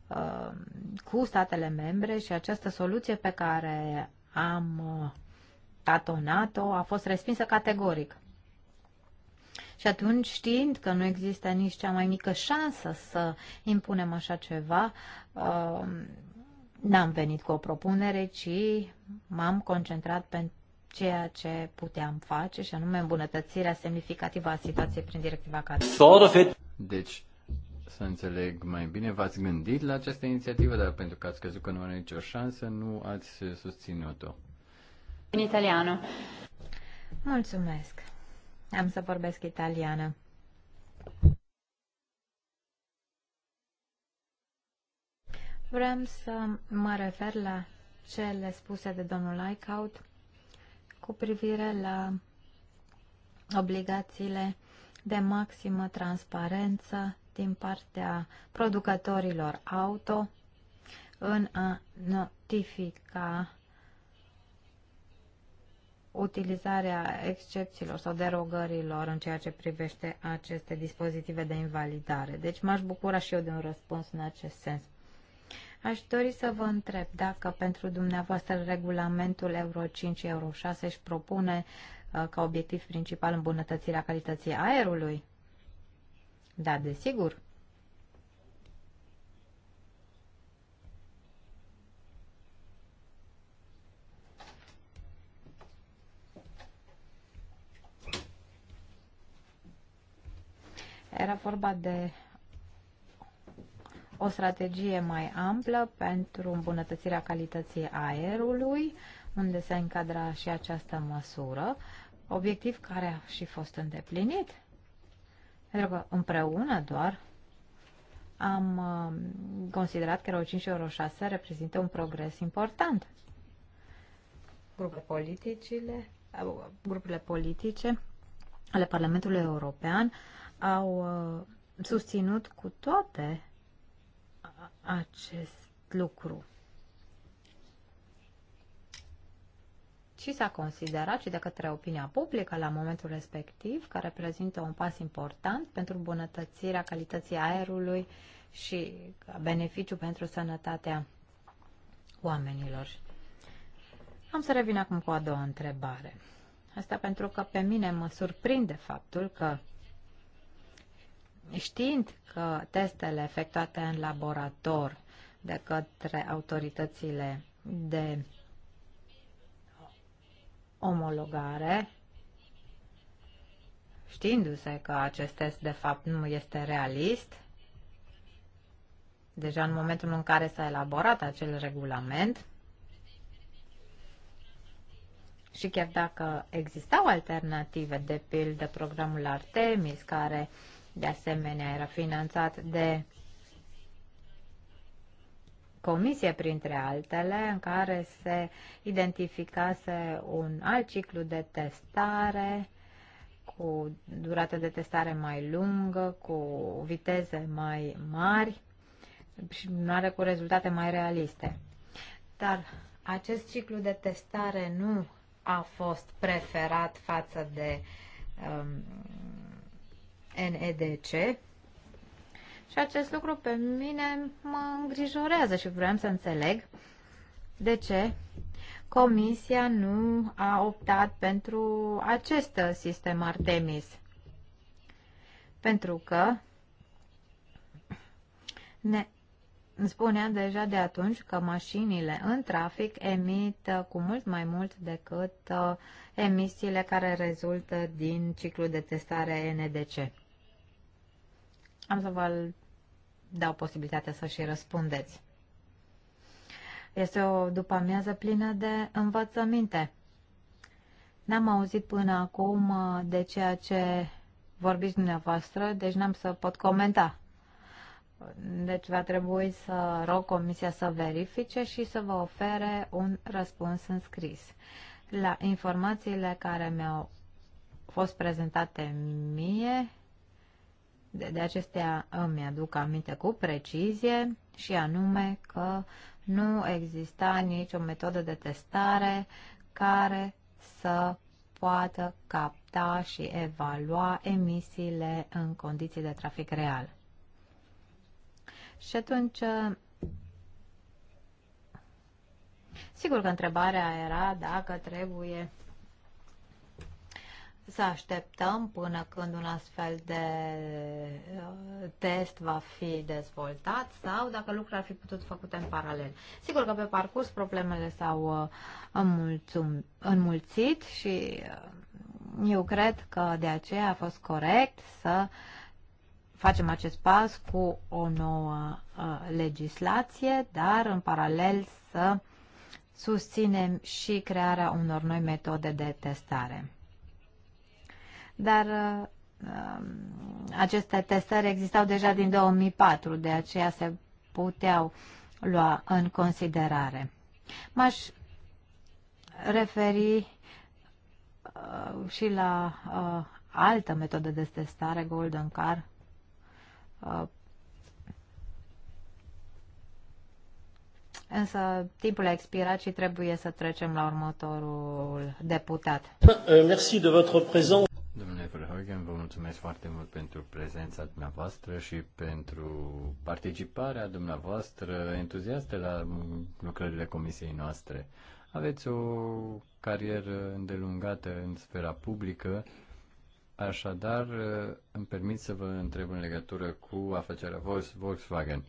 uh, cu statele membre și această soluție pe care am tatonat-o a fost respinsă categoric. Și atunci, știind că nu există nici cea mai mică șansă să impunem așa ceva, um, n-am venit cu o propunere, ci m-am concentrat pe ceea ce puteam face, și anume îmbunătățirea semnificativă a situației prin directiva cadru. Deci, să înțeleg mai bine, v-ați gândit la această inițiativă, dar pentru că ați crezut că nu are nicio șansă, nu ați susținut-o. În italiano. Mulțumesc. Am să vorbesc italiană. Vrem să mă refer la cele spuse de domnul Eichhout cu privire la obligațiile de maximă transparență din partea producătorilor auto în a notifica utilizarea excepțiilor sau derogărilor în ceea ce privește aceste dispozitive de invalidare. Deci m-aș bucura și eu de un răspuns în acest sens. Aș dori să vă întreb dacă pentru dumneavoastră regulamentul Euro 5 Euro 6 își propune uh, ca obiectiv principal îmbunătățirea calității aerului? Da, desigur. Era vorba de o strategie mai amplă pentru îmbunătățirea calității aerului, unde se încadra și această măsură, obiectiv care a și fost îndeplinit, pentru că împreună doar am uh, considerat că Euro 5 și Euro 6 reprezintă un progres important. Grupurile, politicile, uh, grupurile politice ale Parlamentului European au uh, susținut cu toate uh, acest lucru. Și s-a considerat și de către opinia publică la momentul respectiv că reprezintă un pas important pentru bunătățirea calității aerului și beneficiu pentru sănătatea oamenilor. Am să revin acum cu a doua întrebare. Asta pentru că pe mine mă surprinde faptul că știind că testele efectuate în laborator de către autoritățile de omologare, știindu-se că acest test de fapt nu este realist, deja în momentul în care s-a elaborat acel regulament, și chiar dacă existau alternative, de pildă programul Artemis, care uh, De asemenea, era finanțat de comisie, printre altele, în care se identificase un alt ciclu de testare cu durată de testare mai lungă, cu viteze mai mari și mare cu rezultate mai realiste. Dar acest ciclu de testare nu a fost preferat față de um, NEDC. Și acest lucru pe mine mă îngrijorează și vreau să înțeleg de ce Comisia nu a optat pentru acest sistem Artemis. Pentru că ne spunea deja de atunci că mașinile în trafic emit cu mult mai mult decât uh, emisiile care rezultă din ciclul de testare NDC. E am să vă dau posibilitatea să și răspundeți. Este o după amiază plină de învățăminte. N-am auzit până acum uh, de ceea ce vorbiți dumneavoastră, deci n-am să pot comenta. Deci va trebui să rog comisia să verifice și să vă ofere un răspuns în scris. La informațiile care mi-au fost prezentate mie, de, de acestea îmi aduc aminte cu precizie și anume că nu exista nicio metodă de testare care să poată capta și evalua emisiile în condiții de trafic real. Și atunci, sigur că întrebarea era dacă trebuie să așteptăm până când un astfel de uh, test va fi dezvoltat sau dacă lucrurile ar fi putut făcute în paralel. Sigur că pe parcurs problemele s-au uh, înmulțit și uh, eu cred că de aceea a fost corect să facem acest pas cu o nouă legislație, dar în paralel să susținem și crearea unor noi metode de testare dar um, aceste testări existau deja din 2004, de aceea se puteau lua în considerare. M-aș referi uh, și la uh, altă metodă de testare, Golden Car. Uh, însă timpul a expirat și trebuie să trecem la următorul deputat. Merci de votre prezent. Domnule Verhoeven, vă mulțumesc foarte mult pentru prezența dumneavoastră și pentru participarea dumneavoastră entuziastă la lucrările comisiei noastre. Aveți o carieră îndelungată în sfera publică, așadar îmi permit să vă întreb în legătură cu afacerea Volkswagen.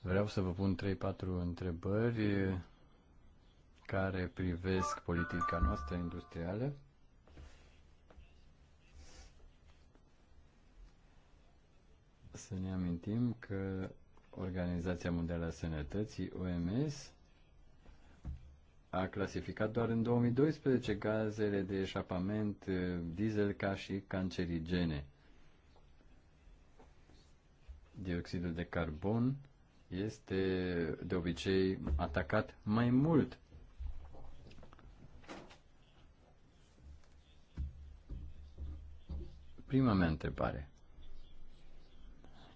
Vreau să vă pun 3-4 întrebări care privesc politica noastră industrială. să ne amintim că Organizația Mondială a Sănătății, OMS, a clasificat doar în 2012 gazele de eșapament eh, diesel ca și cancerigene. Dioxidul de carbon este de obicei atacat mai mult. Prima mea întrebare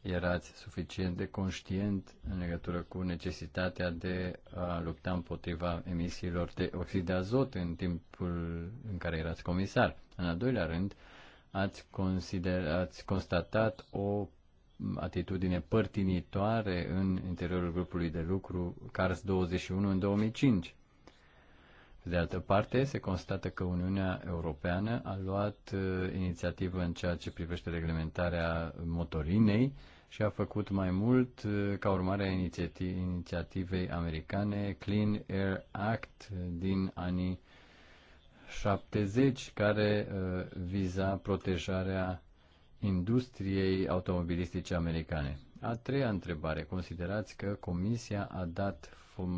erați suficient de conștient în legătură cu necesitatea de a lupta împotriva emisiilor de oxid de azot în timpul în care erați comisar. În al doilea rând, ați, consider, ați constatat o atitudine părtinitoare în interiorul grupului de lucru CARS 21 în 2005. De altă parte, se constată că Uniunea Europeană a luat uh, inițiativă în ceea ce privește reglementarea motorinei uh, și a făcut mai mult uh, ca urmare a inițiati- inițiativei americane Clean Air Act din anii 70, care uh, viza protejarea industriei automobilistice americane. A treia întrebare. Considerați că Comisia a dat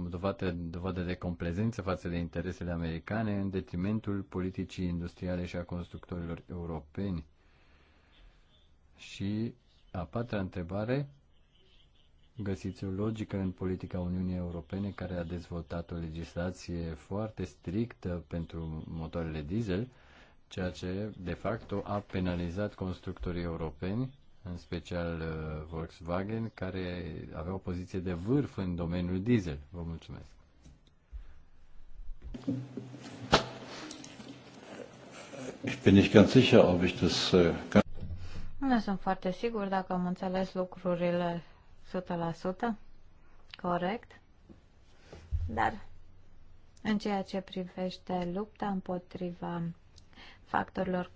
dovadă, dovadă de complezență față de interesele americane în detrimentul politicii industriale și a constructorilor europeni? Și A patra întrebare, găsiți o logică în politica Uniunii Europene care a dezvoltat o legislație foarte strictă pentru motoarele diesel, ceea ce de fapt a penalizat constructorii europeni, în special uh, Volkswagen, care avea o poziție de vârf în domeniul diesel. Vă mulțumesc! Ich bin nicht ganz sicher, ob ich das kann. Uh, Nu sunt foarte sigur dacă am înțeles lucrurile 100% corect, dar în ceea ce privește lupta împotriva factorilor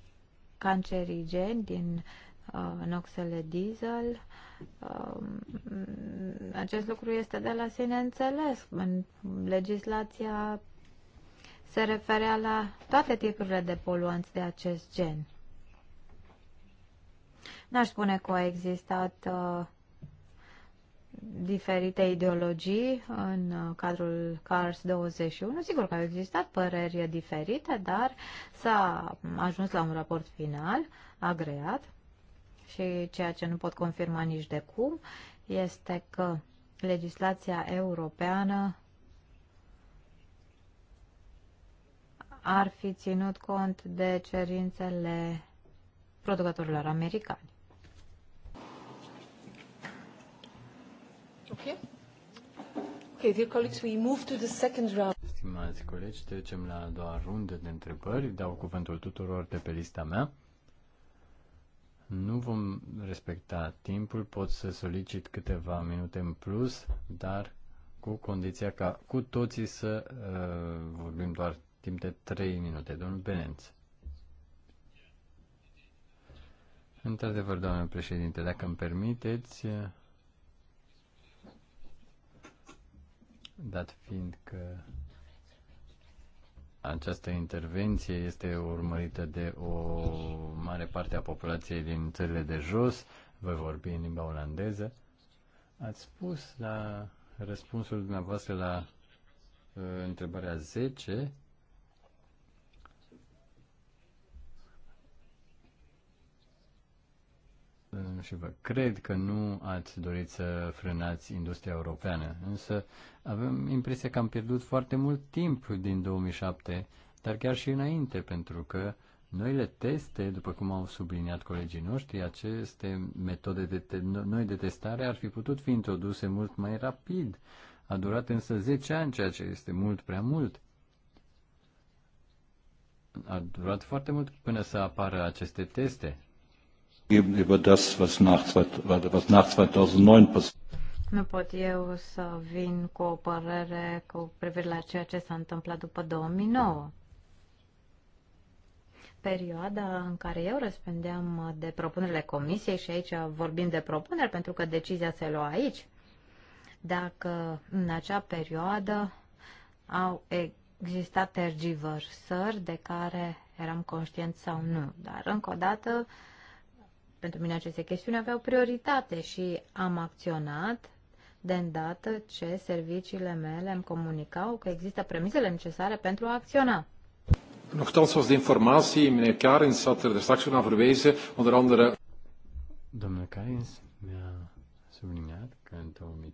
cancerigeni din uh, noxele diesel, uh, acest lucru este de la sine înțeles. În legislația se referea la toate tipurile de poluanți de acest gen. N-aș spune că au existat uh, diferite ideologii în uh, cadrul CARS 21. Sigur că au existat păreri diferite, dar s-a ajuns la un raport final agreat și ceea ce nu pot confirma nici de cum este că legislația europeană ar fi ținut cont de cerințele producătorilor americani. Ok. Okay, dear colleagues, we move to the second round. Stimați colegi, trecem la a doua rundă de întrebări. Dau cuvântul tuturor de pe lista mea. Nu vom respecta timpul, pot să solicit câteva minute în plus, dar cu condiția ca cu toții să uh, vorbim doar timp de 3 minute. Domnul Benenț. Uh, Într-adevăr, doamne președinte, dacă îmi permiteți, dat fiind că această intervenție este urmărită de o mare parte a populației din țările de jos, voi vorbi în limba olandeză, ați spus la răspunsul dumneavoastră la uh, întrebarea 10, și vă cred că nu ați dorit să frânați industria europeană, însă avem impresia că am pierdut foarte mult timp din 2007, dar chiar și înainte, pentru că noile teste, după cum au subliniat colegii noștri, aceste metode de te- no, noi de testare ar fi putut fi introduse mult mai rapid. A durat însă 10 ani, ceea ce este mult prea mult. A durat foarte mult până să apară aceste teste geben über das, was nach, was nach 2009 passiert. Nu pot eu să vin cu o părere cu privire la ceea ce s-a întâmplat după 2009. Perioada în care eu răspândeam de propunerile comisiei și aici vorbim de propuneri pentru că decizia se lua aici. Dacă în acea perioadă au existat tergiversări de care eram conștient sau nu. Dar încă o dată pentru mine aceste chestiuni aveau prioritate și am acționat de îndată ce serviciile mele îmi comunicau că există premisele necesare pentru a acționa. Nochtans was de informatie, meneer Karins had er straks naar verwezen, onder andere... Domnul Karins mi-a subliniat că în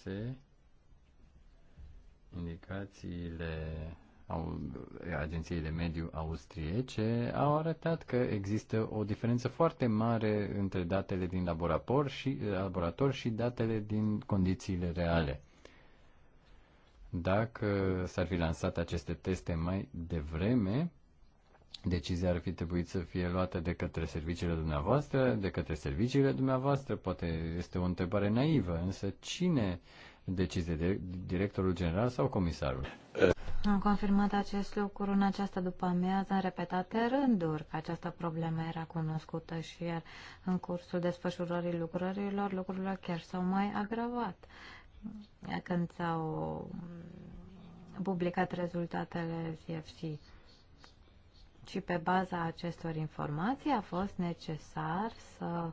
2005-2006 indicațiile agenției de mediu austriece au arătat că există o diferență foarte mare între datele din laborator și, laborator și datele din condițiile reale. Dacă s-ar fi lansat aceste teste mai devreme, decizia ar fi trebuit să fie luată de către serviciile dumneavoastră, de către serviciile dumneavoastră, poate este o întrebare naivă, însă cine decizie de directorul general sau comisarul. Am confirmat acest lucru în această după amiază, în repetate rânduri, că această problemă era cunoscută și iar în cursul desfășurării lucrărilor, lucrurile chiar s-au mai agravat. Când s-au publicat rezultatele CFC și pe baza acestor informații a fost necesar să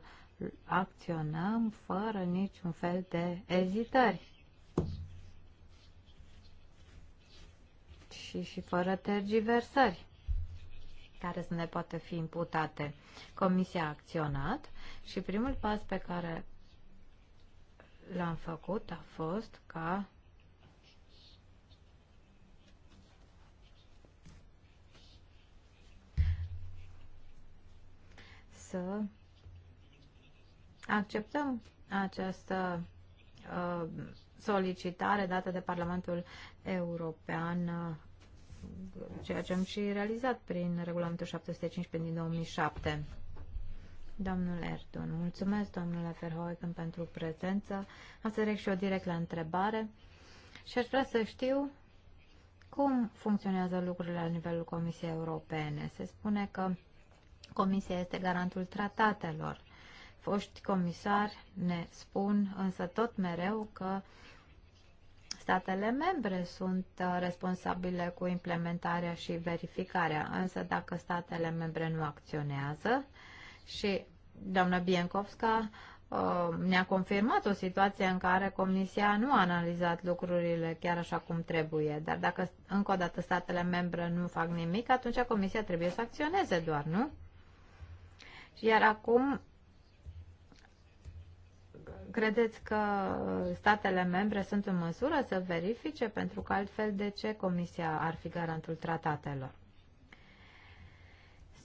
acționăm fără niciun fel de ezitări. și, și fără tergiversări care să ne poate fi imputate. Comisia a acționat și primul pas pe care l-am făcut a fost ca să acceptăm această uh, solicitare dată de Parlamentul European, ceea ce am și realizat prin regulamentul 715 din 2007. Domnul Erdun, mulțumesc, domnule Ferhoeken, pentru prezență. Am să trec și eu direct la întrebare și aș vrea să știu cum funcționează lucrurile la nivelul Comisiei Europene. Se spune că Comisia este garantul tratatelor. Foști comisari ne spun însă tot mereu că uh, statele membre sunt uh, responsabile cu implementarea și verificarea, însă dacă statele membre nu acționează și doamna Biencovska uh, ne-a confirmat o situație în care Comisia nu a analizat lucrurile chiar așa cum trebuie, dar dacă încă o dată statele membre nu fac nimic, atunci Comisia trebuie să acționeze doar, nu? Iar acum credeți că statele membre sunt în măsură să verifice, pentru că altfel de ce Comisia ar fi garantul tratatelor?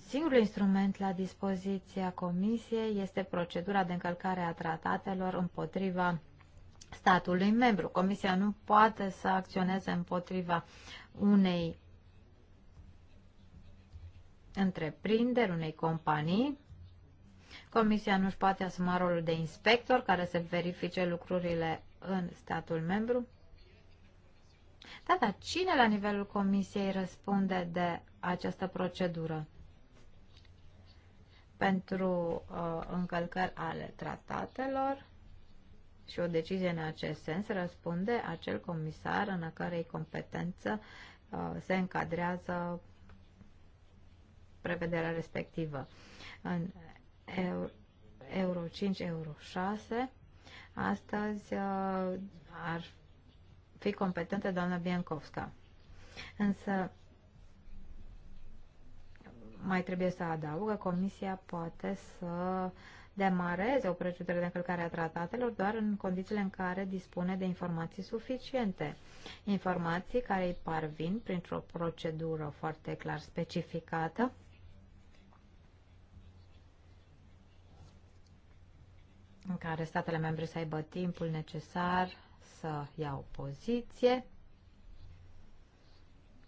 Singurul instrument la dispoziția Comisiei este procedura de încălcare a tratatelor împotriva statului membru. Comisia nu poate să acționeze împotriva unei întreprinderi, unei companii, Comisia nu își poate asuma rolul de inspector care să verifice lucrurile în statul membru? Da, dar cine la nivelul Comisiei răspunde de această procedură pentru uh, încălcări ale tratatelor? Și o decizie în acest sens răspunde acel comisar în a cărei competență uh, se încadrează prevederea respectivă. În, euro 5, euro 6. Astăzi uh, ar fi competentă doamna Biancovska. Însă mai trebuie să adaugă, comisia poate să demareze o procedură de încălcare a tratatelor doar în condițiile în care dispune de informații suficiente. Informații care îi parvin printr-o procedură foarte clar specificată, în care statele membre să aibă timpul necesar să ia o poziție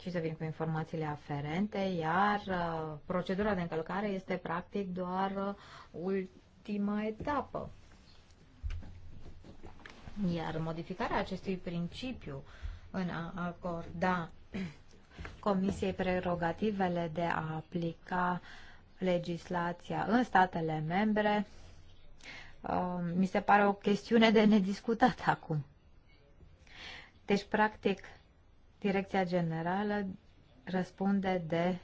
și să vin cu informațiile aferente, iar uh, procedura de încălcare este practic doar uh, ultima etapă. Iar modificarea acestui principiu în a acorda Comisiei prerogativele de a aplica legislația în statele membre Um, mi se pare o chestiune de nediscutat acum. Deci, practic, direcția generală răspunde de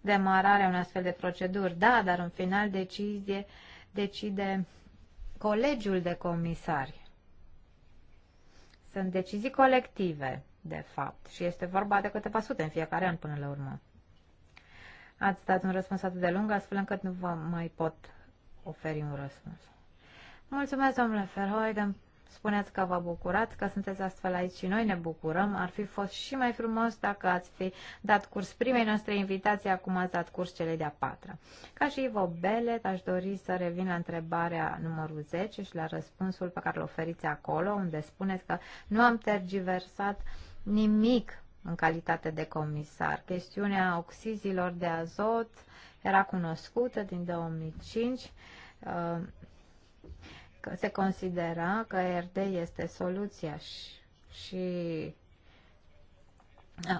demararea unui astfel de proceduri. Da, dar în final decizie, decide colegiul de comisari. Sunt decizii colective, de fapt, și este vorba de câteva sute în fiecare an până la urmă. Ați dat un răspuns atât de lung, astfel încât nu vă mai pot oferi un răspuns. Mulțumesc, domnule Ferhoiden. Spuneți că vă bucurați, că sunteți astfel aici și noi ne bucurăm. Ar fi fost și mai frumos dacă ați fi dat curs primei noastre invitații, acum ați dat curs cele de-a patra. Ca și Ivo Belet, aș dori să revin la întrebarea numărul 10 și la răspunsul pe care îl oferiți acolo, unde spuneți că nu am tergiversat nimic în calitate de comisar. Chestiunea oxizilor de azot era cunoscută din 2005. Uh, se considera că RD este soluția și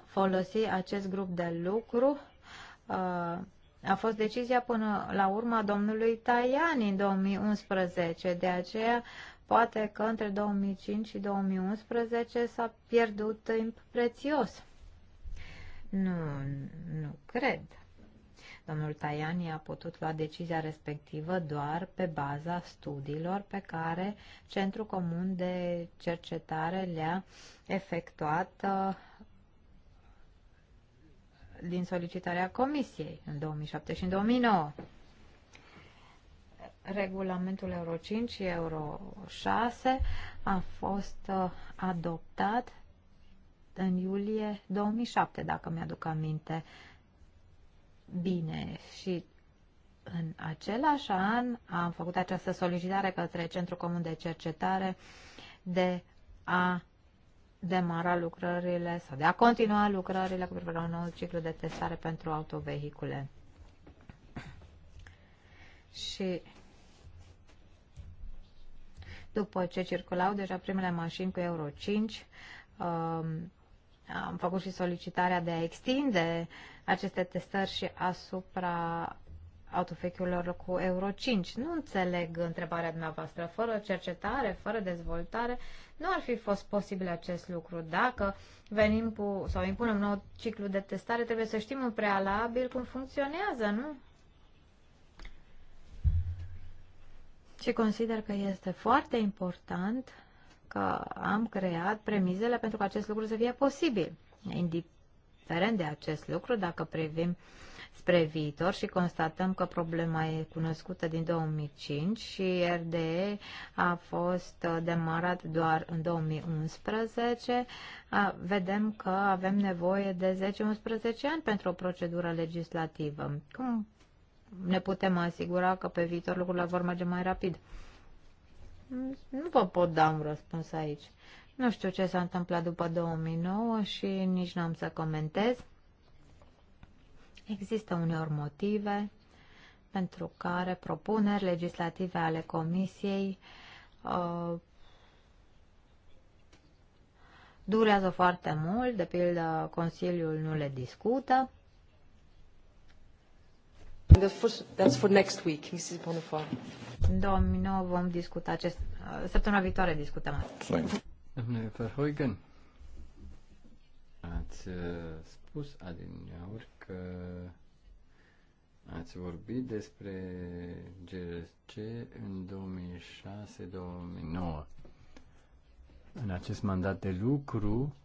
folosi acest grup de lucru uh, a fost decizia până la urma domnului Taian în 2011. De aceea poate că între 2005 și 2011 s-a pierdut timp prețios. Nu, nu cred. Domnul Taiani a putut lua decizia respectivă doar pe baza studiilor pe care Centrul Comun de Cercetare le-a efectuat uh, din solicitarea Comisiei în 2007 și în 2009 regulamentul Euro 5 și Euro 6 a fost uh, adoptat în iulie 2007, dacă mi-aduc aminte bine. Și în același an am făcut această solicitare către Centrul Comun de Cercetare de a demara lucrările sau de a continua lucrările cu privire la un nou ciclu de testare pentru autovehicule. Și după ce circulau deja primele mașini cu Euro 5, um, am făcut și solicitarea de a extinde aceste testări și asupra autofechiurilor cu Euro 5. Nu înțeleg întrebarea dumneavoastră. Fără cercetare, fără dezvoltare, nu ar fi fost posibil acest lucru. Dacă venim cu, sau impunem nou ciclu de testare, trebuie să știm în prealabil cum funcționează, nu? Și consider că este foarte important că am creat premizele pentru ca acest lucru să fie posibil. Indiferent de acest lucru, dacă privim spre viitor și constatăm că problema e cunoscută din 2005 și RDE a fost demarat doar în 2011, vedem că avem nevoie de 10-11 ani pentru o procedură legislativă. Cum ne putem asigura că pe viitor lucrurile vor merge mai rapid. Nu vă pot da un răspuns aici. Nu știu ce s-a întâmplat după 2009 și nici n-am să comentez. Există uneori motive pentru care propuneri legislative ale Comisiei uh, durează foarte mult, de pildă Consiliul nu le discută. 2009 vom discuta acest... Uh, săptămâna viitoare discutăm asta. Domnule Verheugen, ați uh, spus adineauri că ați vorbit despre GRSC în 2006-2009. În acest mandat de lucru,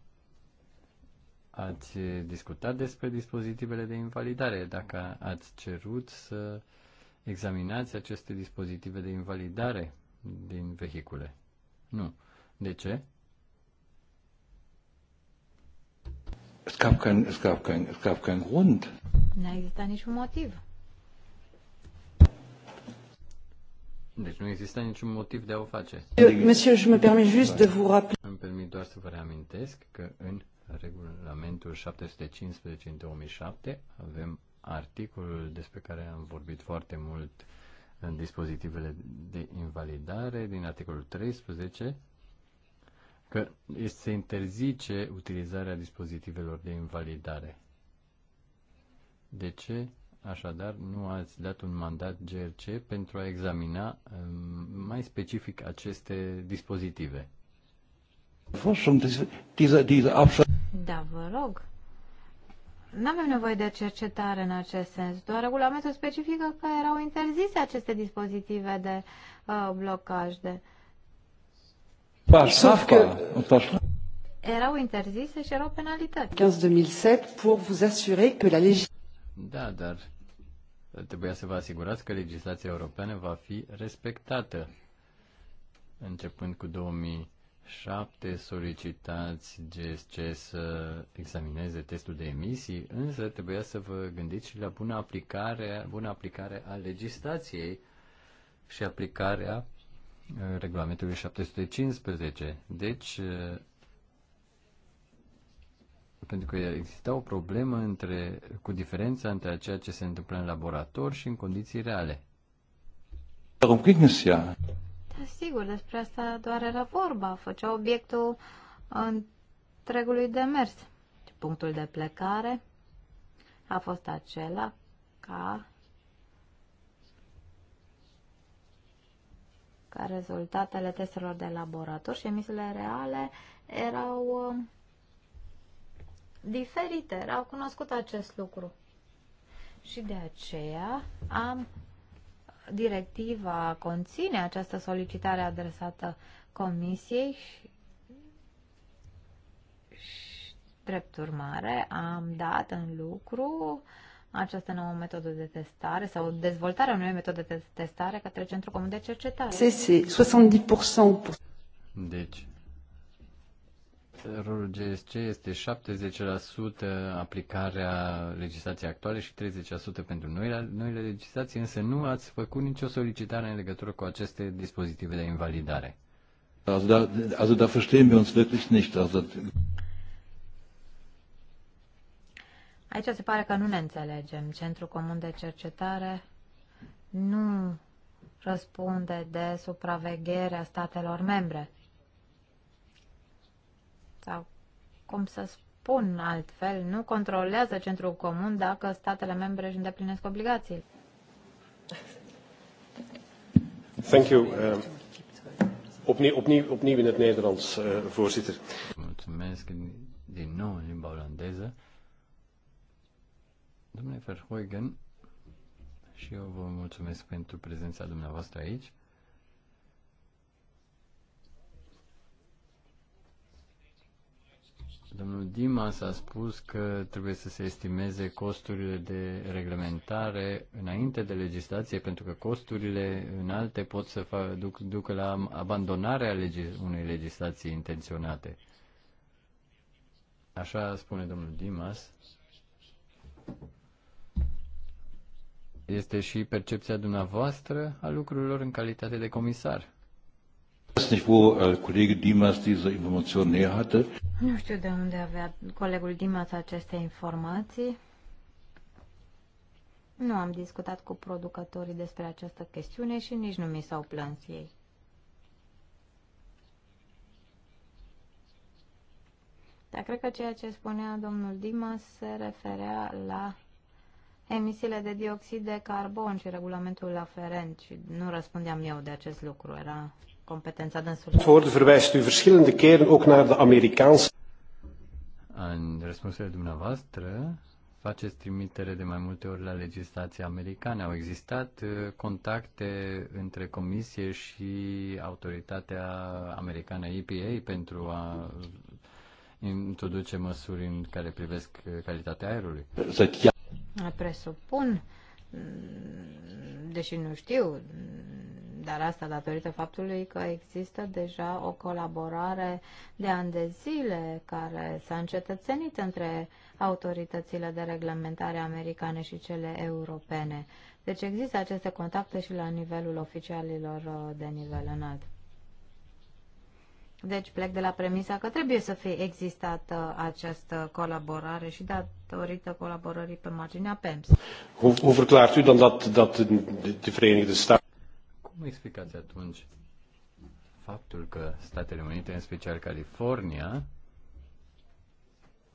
ați discutat despre dispozitivele de invalidare, dacă ați cerut să examinați aceste dispozitive de invalidare din vehicule. Nu. De ce? Es gab kein, es gab kein, es gab kein Grund. N-a existat niciun motiv. Deci nu există niciun motiv de a o face. Monsieur, je me permets juste de vous rappeler. Îmi permit doar să vă reamintesc că în regulamentul 715 în 2007, avem articolul despre care am vorbit foarte mult în dispozitivele de invalidare, din articolul 13, că se interzice utilizarea dispozitivelor de invalidare. De ce? Așadar, nu ați dat un mandat GRC pentru a examina um, mai specific aceste dispozitive. Forschung, diese, diese, diese Abschaltung. Da, vă rog. Nu avem nevoie de cercetare în acest sens. Doar regulamentul specifică că erau interzise aceste dispozitive de uh, blocaj. De... Erau interzise și erau penalități. 15.007 pour vous assurer que la Da, dar trebuia să vă asigurați că legislația europeană va fi respectată începând cu 2000 șapte solicitați GSC să examineze testul de emisii, însă trebuia să vă gândiți și la bună aplicare, bună aplicare a legislației și aplicarea uh, regulamentului 715. Deci, uh, pentru că exista o problemă între, cu diferența între ceea ce se întâmplă în laborator și în condiții reale. Darum ging es ja. Da, sigur, despre asta doar era vorba. Făcea obiectul întregului demers. Punctul de plecare a fost acela ca, ca rezultatele testelor de laborator și emisiile reale erau uh, diferite. Erau cunoscut acest lucru. Și de aceea am directiva conține această solicitare adresată Comisiei și, și drept urmare, am dat în lucru această nouă metodă de testare sau dezvoltarea unei metode de testare către Centrul Comun de Cercetare. Deci, Rolul GSC este 70% aplicarea legislației actuale și 30% pentru noile, noile legislații, însă nu ați făcut nicio solicitare în legătură cu aceste dispozitive de invalidare. Also da, also da verstehen wir uns wirklich nicht. Also... Aici se pare că nu ne înțelegem. Centrul Comun de Cercetare nu răspunde de supravegherea statelor membre sau cum să spun altfel, nu controlează centrul comun dacă statele membre își îndeplinesc obligațiile. Thank you. Um... Eh, opnieuw, opnieuw, opnieuw in het Nederlands, uh, voorzitter. Mensen die nou in Bolandese. Meneer Verhoeken, ik wil u bedanken voor de presentie van de meneer Wastra hier. Dimas a spus că trebuie să se estimeze costurile de reglementare înainte de legislație, pentru că costurile înalte pot să fac, duc, ducă la abandonarea legis, unei legislații intenționate. Așa spune domnul Dimas. Este și percepția dumneavoastră a lucrurilor în calitate de comisar. Ich weiß nicht, wo äh, eh, Kollege Dimas diese Information her hatte. Nu știu de unde avea colegul Dimas aceste informații. Nu am discutat cu producătorii despre această chestiune și nici nu mi s-au plâns ei. Dar cred că ceea ce spunea domnul Dimas se referea la emisiile de dioxid de carbon și regulamentul aferent și nu răspundeam eu de acest lucru. Era competența dânsului. Het woord verwijst u verschillende keren ook naar de Amerikaanse. În răspunsurile dumneavoastră faceți trimitere de mai multe ori la legislația americană. Au existat uh, contacte între comisie și autoritatea americană EPA pentru a introduce măsuri în care privesc uh, calitatea aerului? Presupun, mm, deși nu știu, dar asta datorită faptului că există deja o colaborare de ani de zile care s-a încetățenit între autoritățile de reglementare americane și cele europene. Deci există aceste contacte și la nivelul oficialilor uh, de nivel înalt. Deci plec de la premisa că trebuie să fie existată uh, această colaborare și datorită colaborării pe marginea PEMS. Hoe verklaart u dan dat dat de Verenigde Staten cum explicați atunci faptul că Statele Unite, în special California,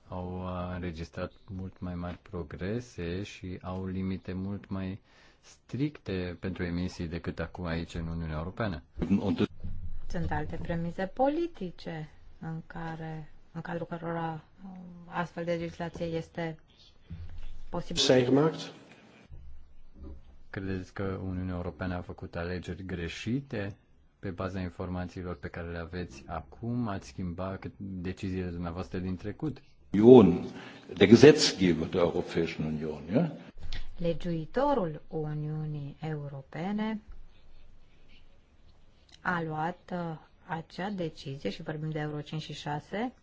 au înregistrat mult mai mari progrese și au limite mult mai stricte pentru emisii decât acum aici în Uniunea Europeană? Sunt alte premize politice în care, în cadrul cărora astfel de legislație este posibil credeți că Uniunea Europeană a făcut alegeri greșite pe baza informațiilor pe care le aveți acum? Ați schimba deciziile dumneavoastră din trecut? Union, de Gesetzgeber der Europäischen Union, ja? Legiuitorul Uniunii Europene a luat uh, acea decizie și vorbim de Euro 5 și 6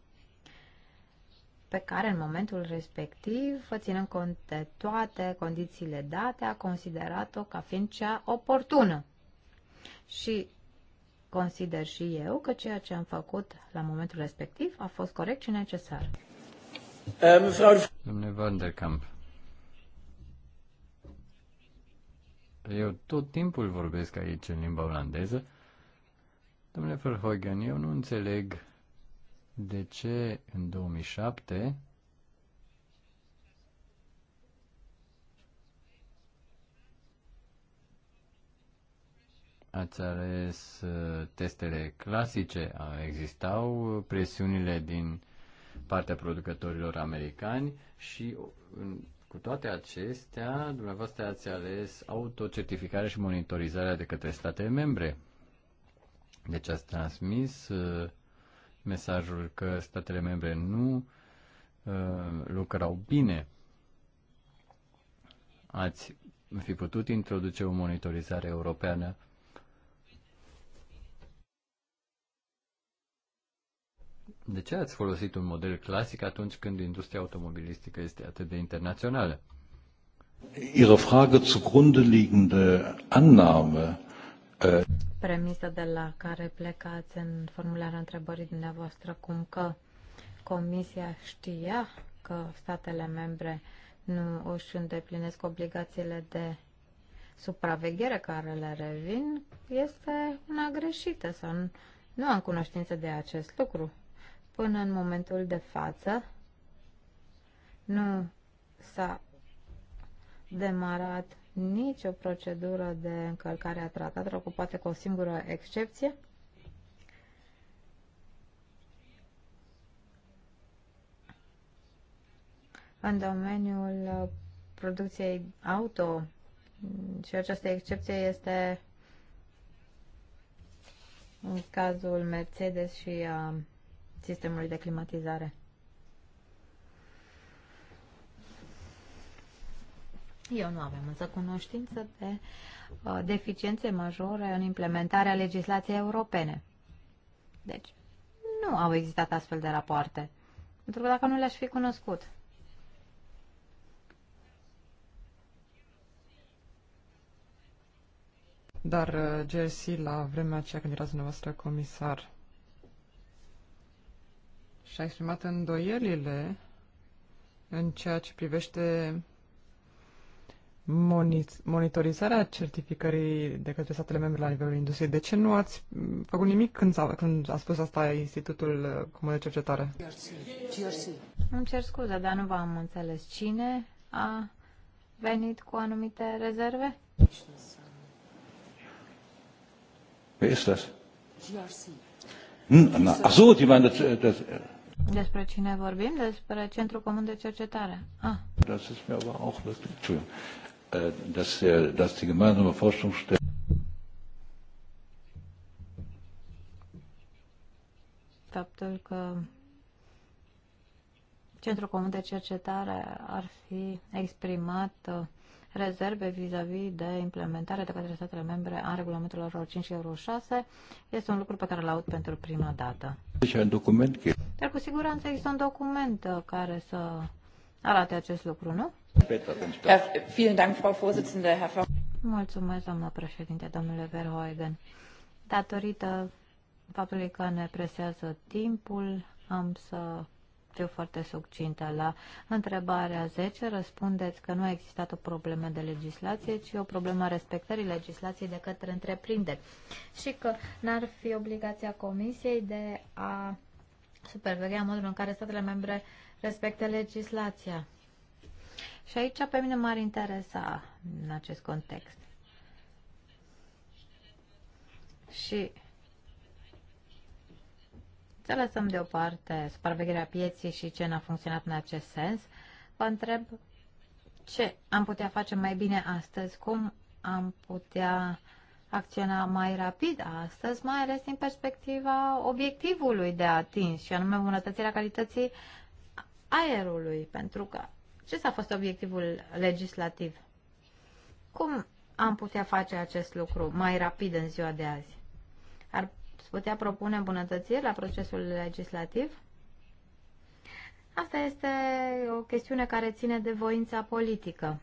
pe care în momentul respectiv, ținând cont de toate condițiile date, a considerat-o ca fiind cea oportună. Și consider și eu că ceea ce am făcut la momentul respectiv a fost corect și necesar. Ehm, Domnule Van der Kamp, eu tot timpul vorbesc aici în limba olandeză. Domnule Verhoeven, eu nu înțeleg De ce în 2007 ați ales uh, testele clasice? Existau presiunile din partea producătorilor americani și uh, în, cu toate acestea, dumneavoastră ați ales autocertificarea și monitorizarea de către statele membre. Deci ați transmis uh, mesajul că statele membre nu uh, lucrau bine. Ați fi putut introduce o monitorizare europeană? De ce ați folosit un model clasic atunci când industria automobilistică este atât de internațională? Ihre Frage zugrunde liegende Annahme. Äh, premisă de la care plecați în formularea întrebării dumneavoastră, cum că Comisia știa că statele membre nu își îndeplinesc obligațiile de supraveghere care le revin, este una greșită sau nu, nu am cunoștință de acest lucru. Până în momentul de față, nu s-a demarat nicio procedură de încălcare a tratatelor, cu poate cu o singură excepție. În domeniul producției auto, și această excepție este în cazul Mercedes și a sistemului de climatizare. Eu nu avem însă cunoștință de uh, deficiențe majore în implementarea legislației europene. Deci, nu au existat astfel de rapoarte. Pentru că dacă nu le-aș fi cunoscut. Dar uh, GSC, la vremea aceea când erați dumneavoastră comisar, și-a exprimat îndoielile în ceea ce privește monitorizarea certificării de către statele membre la nivelul industriei. De ce nu ați făcut nimic când a, când a spus asta Institutul Comun de Cercetare? Îmi cer scuze, dar nu v-am înțeles cine a venit cu anumite rezerve. Ce este asta? GRC. Despre cine vorbim? Despre Centrul Comun de Cercetare. Ah. Das ist mir aber auch wirklich, Entschuldigung dass, der, dass die gemeinsame Forschungsstelle faptul că Centrul Comun de Cercetare ar fi exprimat uh, rezerve vis-a-vis -vis de implementare de către statele membre a regulamentelor Euro 5 și Euro 6 este un lucru pe care l-aud pentru prima dată. Deci un document. Dar cu siguranță există un document uh, care să arate acest lucru, nu? Mulțumesc, doamnă președinte, domnule Verhoeven. Datorită faptului că ne presează timpul, am să fiu foarte succintă la întrebarea 10. Răspundeți că nu a existat o problemă de legislație, ci o problemă a respectării legislației de către întreprinderi. Și că n-ar fi obligația Comisiei de a supraveghea modul în care statele membre uh, respecte legislația. Și aici pe mine m-ar interesa în acest context. Și să lăsăm deoparte supravegherea pieții și ce n-a funcționat în acest sens, vă întreb ce am putea face mai bine astăzi, cum am putea acționa mai rapid astăzi, mai ales din perspectiva obiectivului de atins și anume bunătățirea calității aerului, pentru că ce s-a fost obiectivul legislativ? Cum am putea face acest lucru mai rapid în ziua de azi? Ar putea propune îmbunătățiri la procesul legislativ? Asta este o chestiune care ține de voința politică.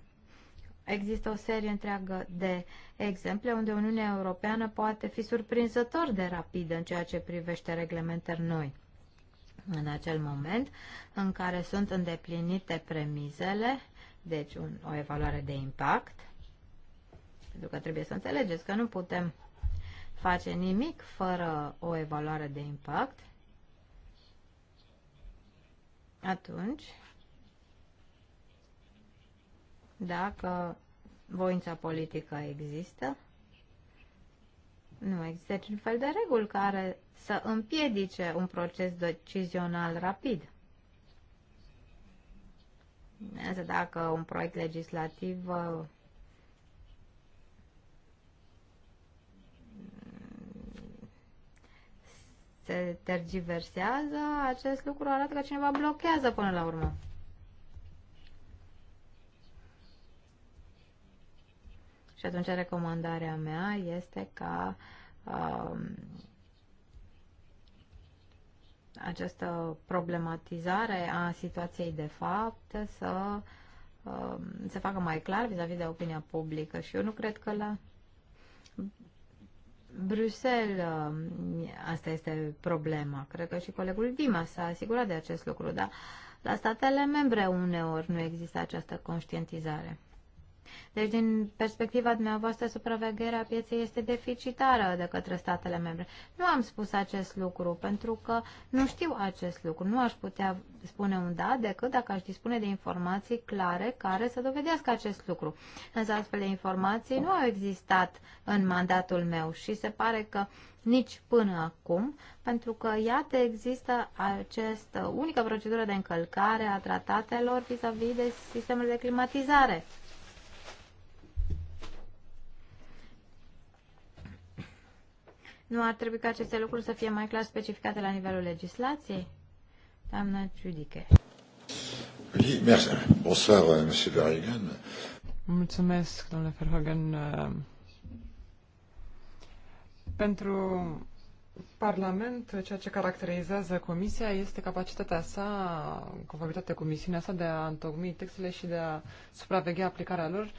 Există o serie întreagă de exemple unde Uniunea Europeană poate fi surprinzător de rapidă în ceea ce privește reglementări noi în acel moment în care sunt îndeplinite premizele, deci un, o evaluare de impact, pentru că trebuie să înțelegeți că nu putem face nimic fără o evaluare de impact, atunci, dacă voința politică există, nu exerci un fel de reguli care să împiedice un proces decizional rapid. Asta dacă un proiect legislativ uh, se tergiversează, acest lucru arată că cineva blochează până la urmă. Și atunci recomandarea mea este ca um, această problematizare a situației de fapt să um, se facă mai clar vis-a-vis de opinia publică. Și eu nu cred că la Bruxelles um, asta este problema. Cred că și colegul Dima s-a asigurat de acest lucru, dar la statele membre uneori nu există această conștientizare. Deci, din perspectiva dumneavoastră, supravegherea pieței este deficitară de către statele membre. Nu am spus acest lucru pentru că nu știu acest lucru. Nu aș putea spune un da decât dacă aș dispune de informații clare care să dovedească acest lucru. Însă astfel de informații nu au existat în mandatul meu și se pare că nici până acum, pentru că iată există această unică procedură de încălcare a tratatelor vis-a-vis de sistemul de climatizare. Nu ar trebui ca aceste lucruri să fie mai clar specificate la nivelul legislației? Doamna Judică. Oui, merci. Bonsoir, euh, monsieur Verhagen. Mulțumesc, domnule Verhagen. Pentru Parlament, ceea ce caracterizează Comisia este capacitatea sa, conformitate cu misiunea sa, de a întocmi textele și de a supraveghea aplicarea lor. Uh,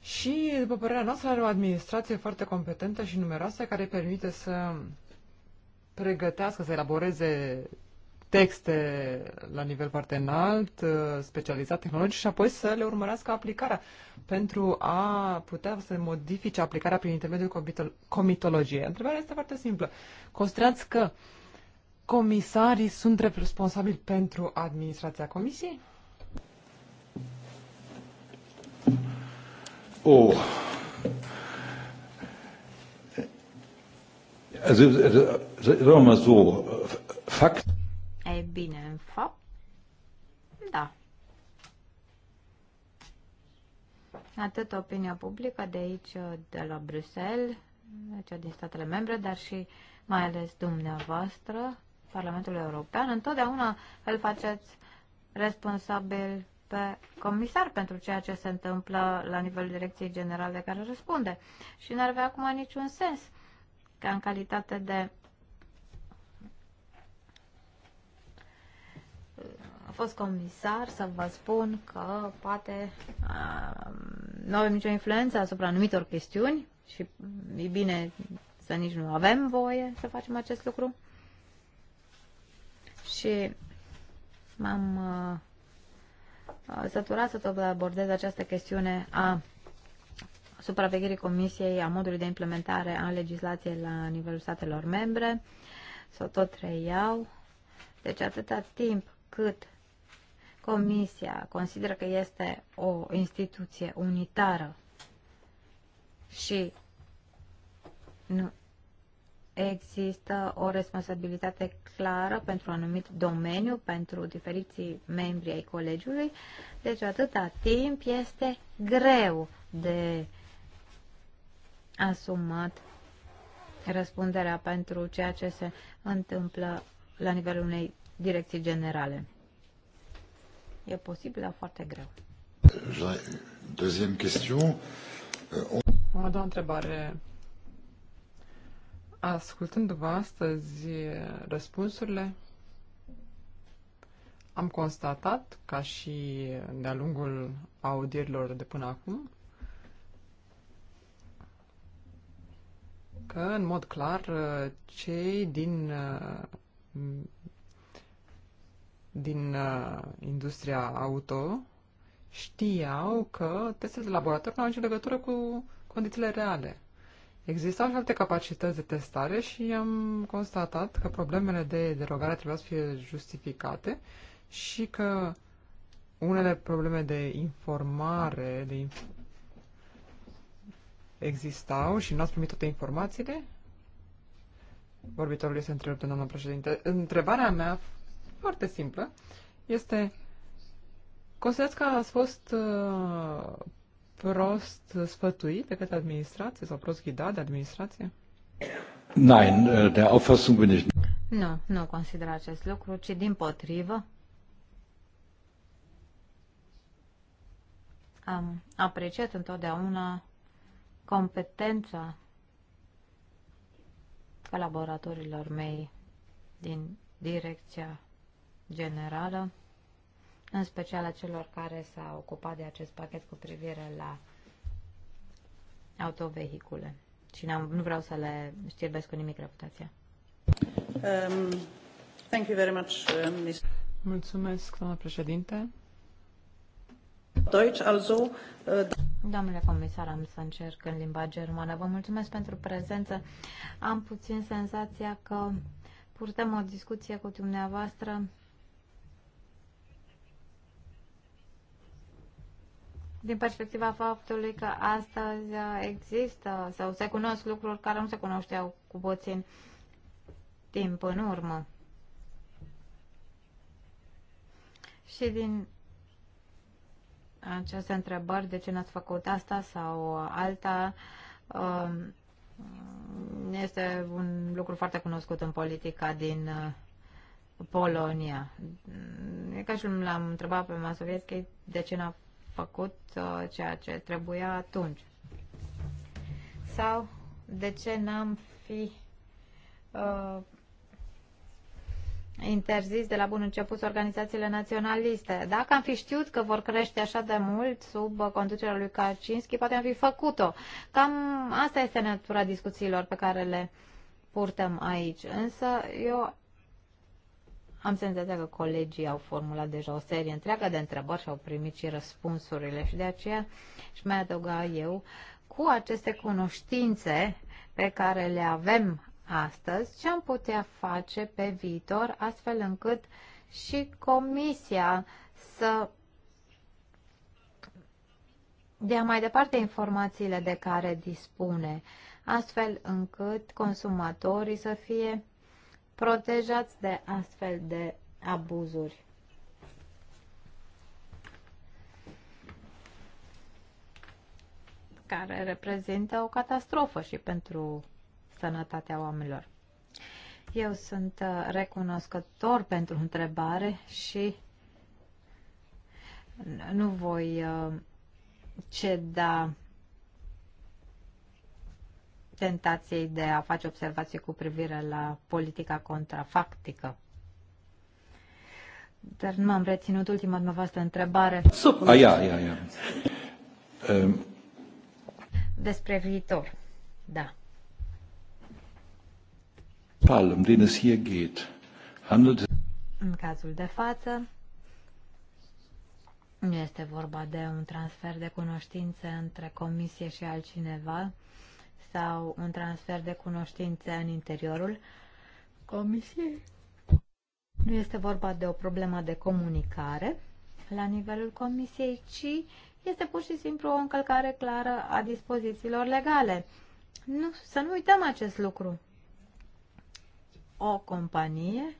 Și, după părerea noastră, are o administrație foarte competentă și numeroasă care permite să pregătească, să elaboreze texte la nivel foarte înalt, uh, specializat, tehnologic și apoi să le urmărească aplicarea pentru a putea să modifice aplicarea prin intermediul comitologiei. Întrebarea este foarte simplă. Considerați că comisarii sunt responsabili pentru administrația comisiei? Oh. Also, sagen wir mal so, Fakt. Ey, Biene, Fab. Da. Atât opinia publică de aici, de la Bruxelles, cea din statele membre, dar și mai ales dumneavoastră, Parlamentul European, no, întotdeauna îl faceți responsabil pe comisar pentru ceea ce se întâmplă la nivelul direcției generale care răspunde. Și n-ar avea acum niciun sens ca în calitate de a fost comisar să vă spun că poate a, um, nu avem nicio influență asupra anumitor chestiuni și e bine să nici nu avem voie să facem acest lucru. Și m-am uh, săturat să tot abordez această chestiune a supravegherii Comisiei, a modului de implementare a legislației la nivelul statelor membre. Să s-o tot reiau. Deci atâta timp cât Comisia consideră că este o instituție unitară și nu există o responsabilitate clară pentru un anumit domeniu, pentru diferiții membri ai colegiului. Deci, atâta timp este greu de asumat răspunderea pentru ceea ce se întâmplă la nivelul unei direcții generale. E posibil, dar foarte greu. Deuxième question. O întrebare Ascultându-vă astăzi răspunsurile, am constatat, ca și de-a lungul audierilor de până acum, că, în mod clar, cei din, din industria auto știau că testele de laborator nu au nicio legătură cu condițiile reale Există în alte capacități de testare și am constatat că problemele de derogare trebuia să fie justificate și că unele probleme de informare de inf- existau și nu ați primit toate informațiile? Vorbitorul este întrerupt de doamna președinte. Întrebarea mea, foarte simplă, este considerați că ați fost uh, prost sfătuit de către administrație sau prost ghidat de administrație? Nein, äh, der Auffassung bin ich Nu, nu consider acest lucru, ci din potrivă am apreciat întotdeauna competența colaboratorilor mei din direcția generală în special a celor care s-au ocupat de acest pachet cu privire la autovehicule. Și nu vreau să le știrbesc cu nimic reputația. Um, thank you very much, uh, Ms. Mulțumesc, doamna președinte. Deutsch, also, uh, Domnule comisar, am să încerc în limba germană. Vă mulțumesc pentru prezență. Am puțin senzația că purtăm o discuție cu dumneavoastră din perspectiva faptului că astăzi există sau se cunosc lucruri care nu se cunoșteau cu puțin timp în urmă. Și din aceste întrebări, de ce n-ați făcut asta sau alta, um, este un lucru foarte cunoscut în politica din uh, Polonia. E ca și l-am întrebat pe Masovietski de ce n-a făcut uh, ceea ce trebuia atunci? Sau de ce n-am fi uh, interzis de la bun început organizațiile naționaliste? Dacă am fi știut că vor crește așa de mult sub uh, conducerea lui Kaczynski, poate am fi făcut-o. Cam asta este natura discuțiilor pe care le purtăm aici. Însă eu Am senzația că colegii au formulat deja o serie întreagă de întrebări și au primit și răspunsurile și de aceea și mai adăuga eu cu aceste cunoștințe pe care le avem astăzi, ce am putea face pe viitor astfel încât și comisia să dea mai departe informațiile de care dispune, astfel încât consumatorii să fie protejați de astfel de abuzuri. care reprezintă o catastrofă și pentru sănătatea oamenilor. Eu sunt uh, recunoscător pentru întrebare și nu voi uh, ceda tentației de a face observații cu privire la politica contrafactică. Dar nu m-am reținut ultima dumneavoastră întrebare. Aia, ah, aia, aia. Ehm. Despre viitor, da. Palm, din es hier geht, handelt... În cazul de față, nu este vorba de un transfer de cunoștințe între comisie și altcineva, sau un transfer de cunoștințe în interiorul comisiei. Nu este vorba de o problemă de comunicare la nivelul comisiei, ci este pur și simplu o încălcare clară a dispozițiilor legale. Nu, să nu uităm acest lucru. O companie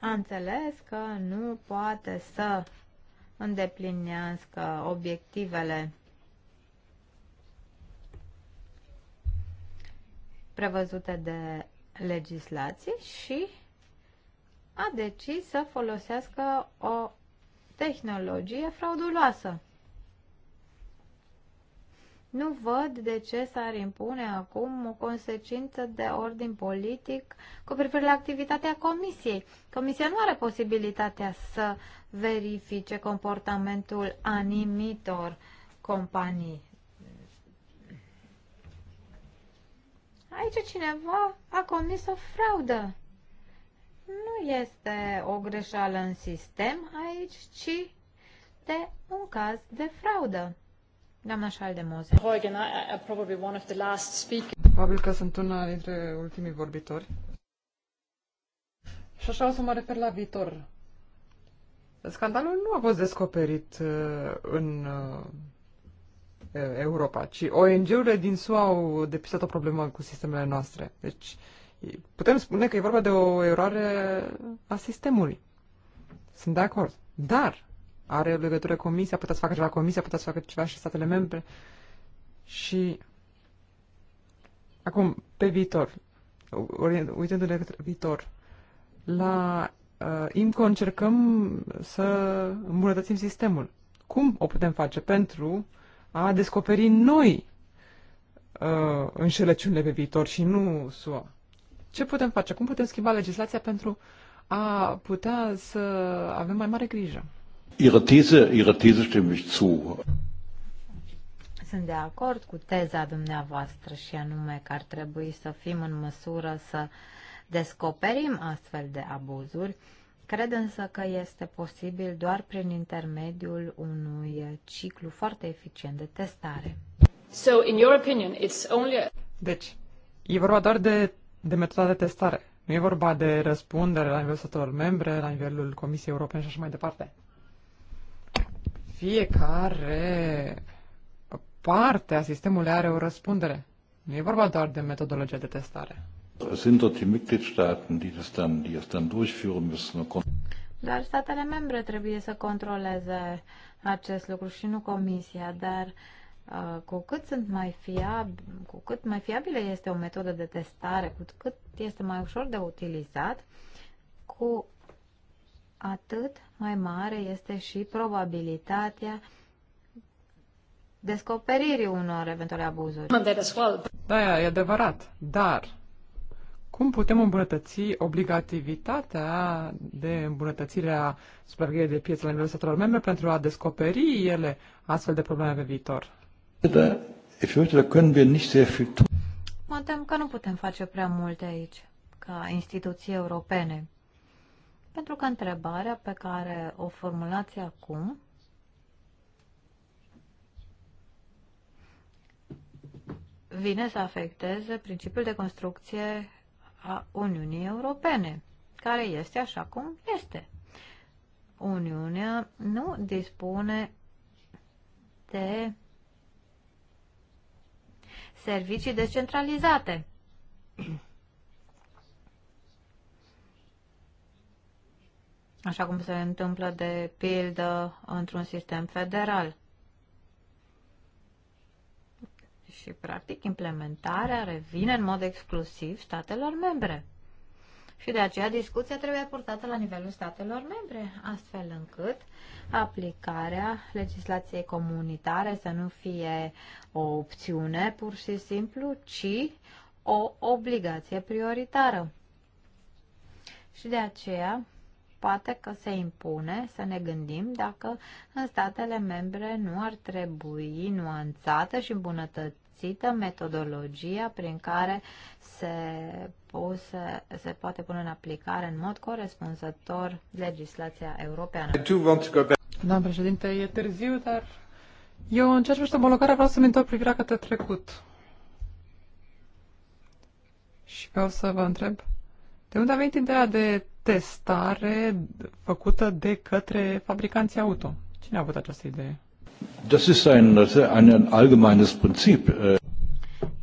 a înțeles că nu poate să îndeplinească obiectivele prevăzute de legislație și a decis să folosească o tehnologie frauduloasă. Nu văd de ce s-ar impune acum o consecință de ordin politic cu privire la activitatea Comisiei. Comisia nu are posibilitatea să verifice comportamentul anumitor companii. Aici cineva a comis o fraudă. Nu este o greșeală în sistem aici, ci de un caz de fraudă. Doamna Schaldemose. Probabil că sunt una dintre ultimii vorbitori. Și așa o să mă refer la viitor. Scandalul nu a fost descoperit uh, în uh, e, Europa, ci ONG-urile din SUA au depistat o problemă cu sistemele noastre. Deci e, putem spune că e vorba de o eroare a sistemului. Sunt de acord. Dar are o legătură cu misia, puteți să facă ceva cu misia, puteți să facă ceva și statele membre. Și acum, pe viitor, uitându-ne către viitor, la uh, IMCO încercăm să îmbunătățim sistemul. Cum o putem face pentru a descoperi noi uh, înșelăciunile pe viitor și nu SUA? Ce putem face? Cum putem schimba legislația pentru a putea să avem mai mare grijă? Ihre These, Ihre These stimme ich zu. Sunt de acord cu teza dumneavoastră și anume că ar trebui să fim în măsură să descoperim astfel de abuzuri. Cred însă că este posibil doar prin intermediul unui ciclu foarte eficient de testare. So, in your opinion, it's only a... Deci, e vorba doar de, de metoda de testare. Nu e vorba de răspundere la nivelul statelor membre, la nivelul Comisiei Europene și așa mai departe fiecare parte a sistemului are o răspundere. Nu e vorba doar de metodologia de testare. Sunt toți Mitgliedstaaten, die das dann durchführen müssen. Dar statele membre trebuie să controleze acest lucru și nu comisia, dar uh, cu cât sunt mai fiab, cu cât mai fiabilă este o metodă de testare, cu cât este mai ușor de utilizat, cu atât mai mare este și probabilitatea descoperirii unor eventuale abuzuri. Da, e adevărat, dar cum putem îmbunătăți obligativitatea de îmbunătățire a supravegherii de piețe la nivelul statelor membre pentru a descoperi ele astfel de probleme pe viitor? Mă tem că nu putem face prea multe aici, ca instituții europene pentru că întrebarea pe care o formulați acum vine să afecteze principiul de construcție a Uniunii Europene, care este așa cum este. Uniunea nu dispune de servicii descentralizate. așa cum se întâmplă de pildă într-un sistem federal. Și, practic, implementarea revine în mod exclusiv statelor membre. Și de aceea discuția trebuie purtată la nivelul statelor membre, astfel încât aplicarea legislației comunitare să nu fie o opțiune pur și simplu, ci o obligație prioritară. Și de aceea poate că se impune să ne gândim dacă în statele membre nu ar trebui nuanțată și îmbunătățită metodologia prin care se, pose, se poate pune în aplicare în mod corespunzător legislația europeană. Da, președinte, e târziu, dar eu în ceea ce privește omologarea vreau să-mi întorc privirea către trecut. Și vreau să vă întreb Segunda venit ideea de testare făcută de către fabricanții auto. Cine a avut această idee? Das ist ein, ein, ein allgemeines Prinzip. Äh.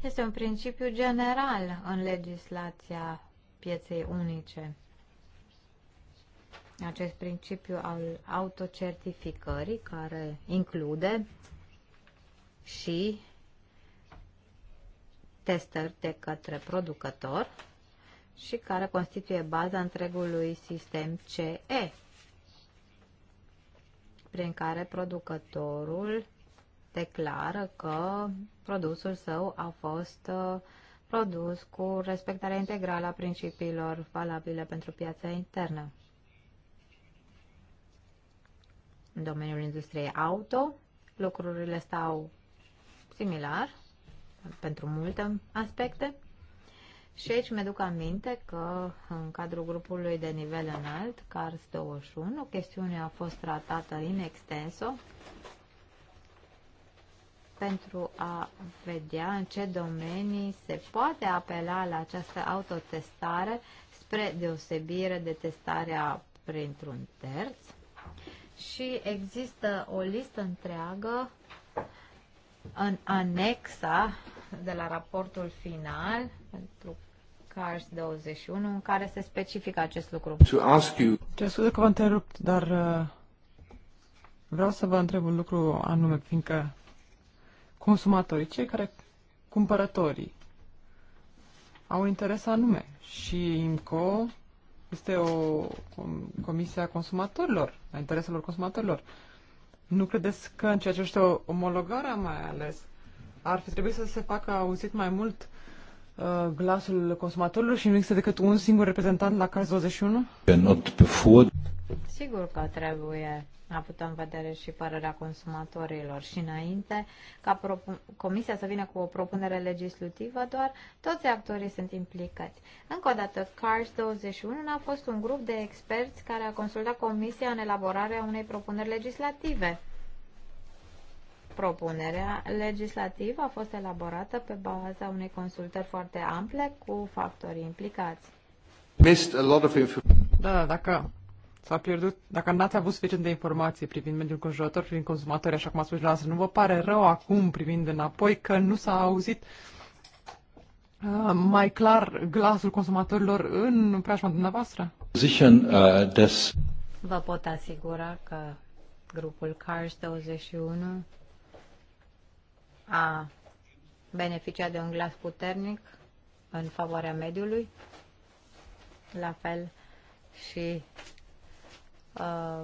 Este un principiu general în legislația pieței unice. Acest principiu al autocertificării care include și testări de către producător și care constituie baza întregului sistem CE, prin care producătorul declară că produsul său a fost uh, produs cu respectarea integrală a principiilor valabile pentru piața internă. În domeniul industriei auto, lucrurile stau similar pentru multe aspecte. Și aici mi-aduc aminte că în cadrul grupului de nivel înalt, CARS 21, chestiunea a fost tratată in extenso pentru a vedea în ce domenii se poate apela la această autotestare spre deosebire de testarea printr-un terț. Și există o listă întreagă în anexa de la raportul final pentru CARS 21 în care se specifică acest lucru. To ask you... Ce scuze că vă întrerup, dar uh, vreau să vă întreb un lucru anume, fiindcă consumatorii, cei care cumpărătorii au interes anume și INCO este o comisie a consumatorilor, a intereselor consumatorilor. Nu credeți că în ceea ce este omologarea mai ales ar fi trebuit să se facă auzit mai mult uh, glasul consumatorilor și nu există decât un singur reprezentant la caz 21? Sigur că trebuie avut în vedere și părerea consumatorilor și înainte ca comisia să vină cu o propunere legislativă, doar toți actorii sunt implicați. Încă o dată, CARS 21 a fost un grup de experți care a consultat comisia în elaborarea unei propuneri legislative. Propunerea legislativă a fost elaborată pe baza unei consultări foarte ample cu factorii implicați. Da, da, dacă s-a pierdut, dacă n-ați avut suficient de informații privind mediul conjurător, privind consumatori, așa cum a spus la nu vă pare rău acum privind înapoi că nu s-a auzit uh, mai clar glasul consumatorilor în preajma dumneavoastră? Sichern, uh, des... Vă pot asigura că grupul Cars 21 a beneficia de un glas puternic în favoarea mediului, la fel și uh,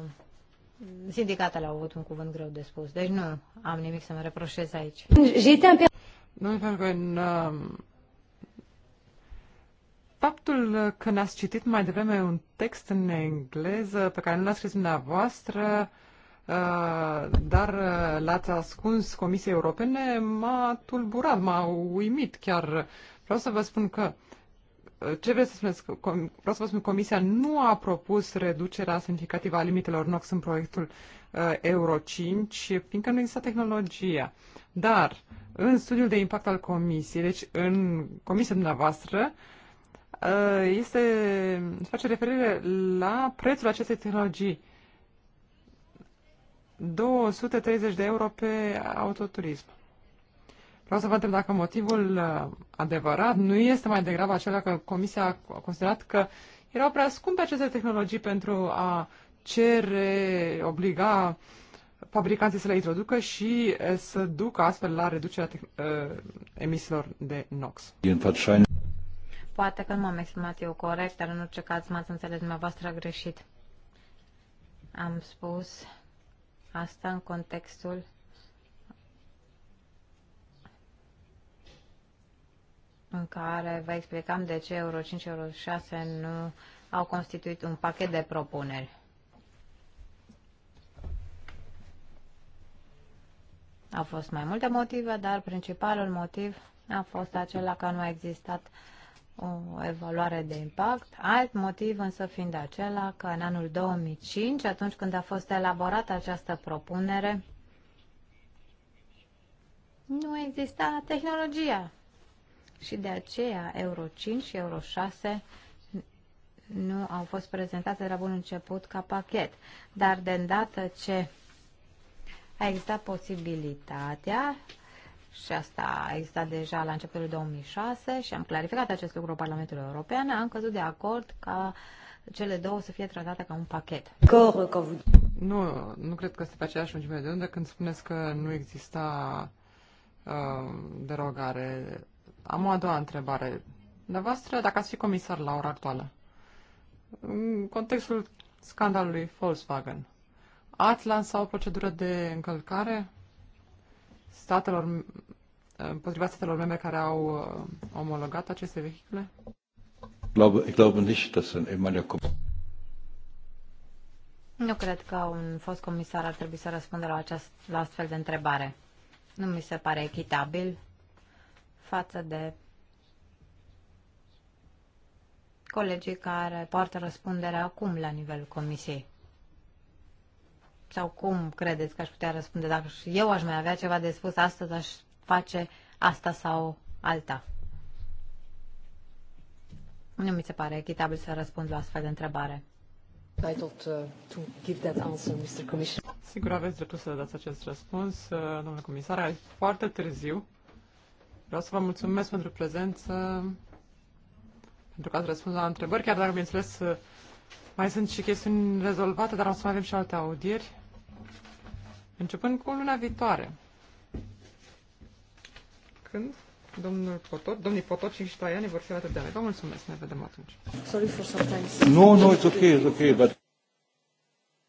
sindicatele au avut un cuvânt greu de spus. Deci nu am nimic să mă reproșez aici. Nu, pentru că în um, faptul că n-ați citit mai devreme un text în engleză pe care nu l-ați scris dumneavoastră, uh, Eh, dar eh, l-ați ascuns Comisiei Europene, m-a tulburat, m-a uimit chiar. Vreau să vă spun că eh, ce vreți să spuneți? Vreau să vă spun, Comisia nu a propus reducerea semnificativă a limitelor NOx în proiectul Euro 5, fiindcă nu există tehnologia. Dar în studiul de impact al Comisiei, deci în Comisia dumneavoastră, este, se face referire la prețul acestei tehnologii. 230 de euro pe autoturism. Vreau să vă întreb dacă motivul uh, adevărat nu este mai degrabă acela că Comisia a considerat că erau prea scumpe aceste tehnologii pentru a cere, obliga fabricanții să le introducă și eh, să ducă astfel la reducerea te- eh, emisiilor de NOx. Poate că nu m-am exprimat eu corect, dar în orice caz m-ați înțeles dumneavoastră greșit. Am spus asta în contextul în care vă explicam de ce Euro 5, Euro 6 nu au constituit un pachet de propuneri. Au fost mai multe motive, dar principalul motiv a fost acela că nu a existat uh, o evaluare de impact, alt motiv însă fiind acela că în anul 2005, atunci când a fost elaborată această propunere, nu exista tehnologia. Și de aceea Euro 5 și Euro 6 nu au fost prezentate de la bun început ca pachet. Dar de îndată ce a existat posibilitatea și asta a existat deja la începutul 2006 și am clarificat acest lucru Parlamentului European, am căzut de acord ca cele două să fie tratate ca un pachet. Nu, nu cred că se face așa un de unde când spuneți că nu exista uh, derogare. Am o a doua întrebare. De voastră, dacă ați fi comisar la ora actuală, în contextul scandalului Volkswagen, ați lansat o procedură de încălcare statelor, împotriva eh, statelor membre care au eh, omologat aceste vehicule? Nu cred că un fost comisar ar trebui să răspundă la, această, la astfel de întrebare. Nu mi se pare echitabil față de colegii care poartă răspunderea acum la nivelul comisiei sau cum credeți că aș putea răspunde dacă și eu aș mai avea ceva de spus astăzi, aș face asta sau alta? Nu mi se pare echitabil să răspund la astfel de întrebare. Uh, Sigur aveți dreptul să dați acest răspuns, uh, domnule comisar. E foarte târziu. Vreau să vă mulțumesc pentru prezență, pentru că ați răspuns la întrebări, chiar dacă, bineînțeles, uh, mai sunt și chestiuni rezolvate, dar o să mai avem și alte audieri. Începând cu luna viitoare. Când domnul Potot, domnii Potot și Ștaiani vor fi alături de noi. Vă mulțumesc, ne vedem atunci. Sorry for sometimes. No, no, it's okay, it's okay, but...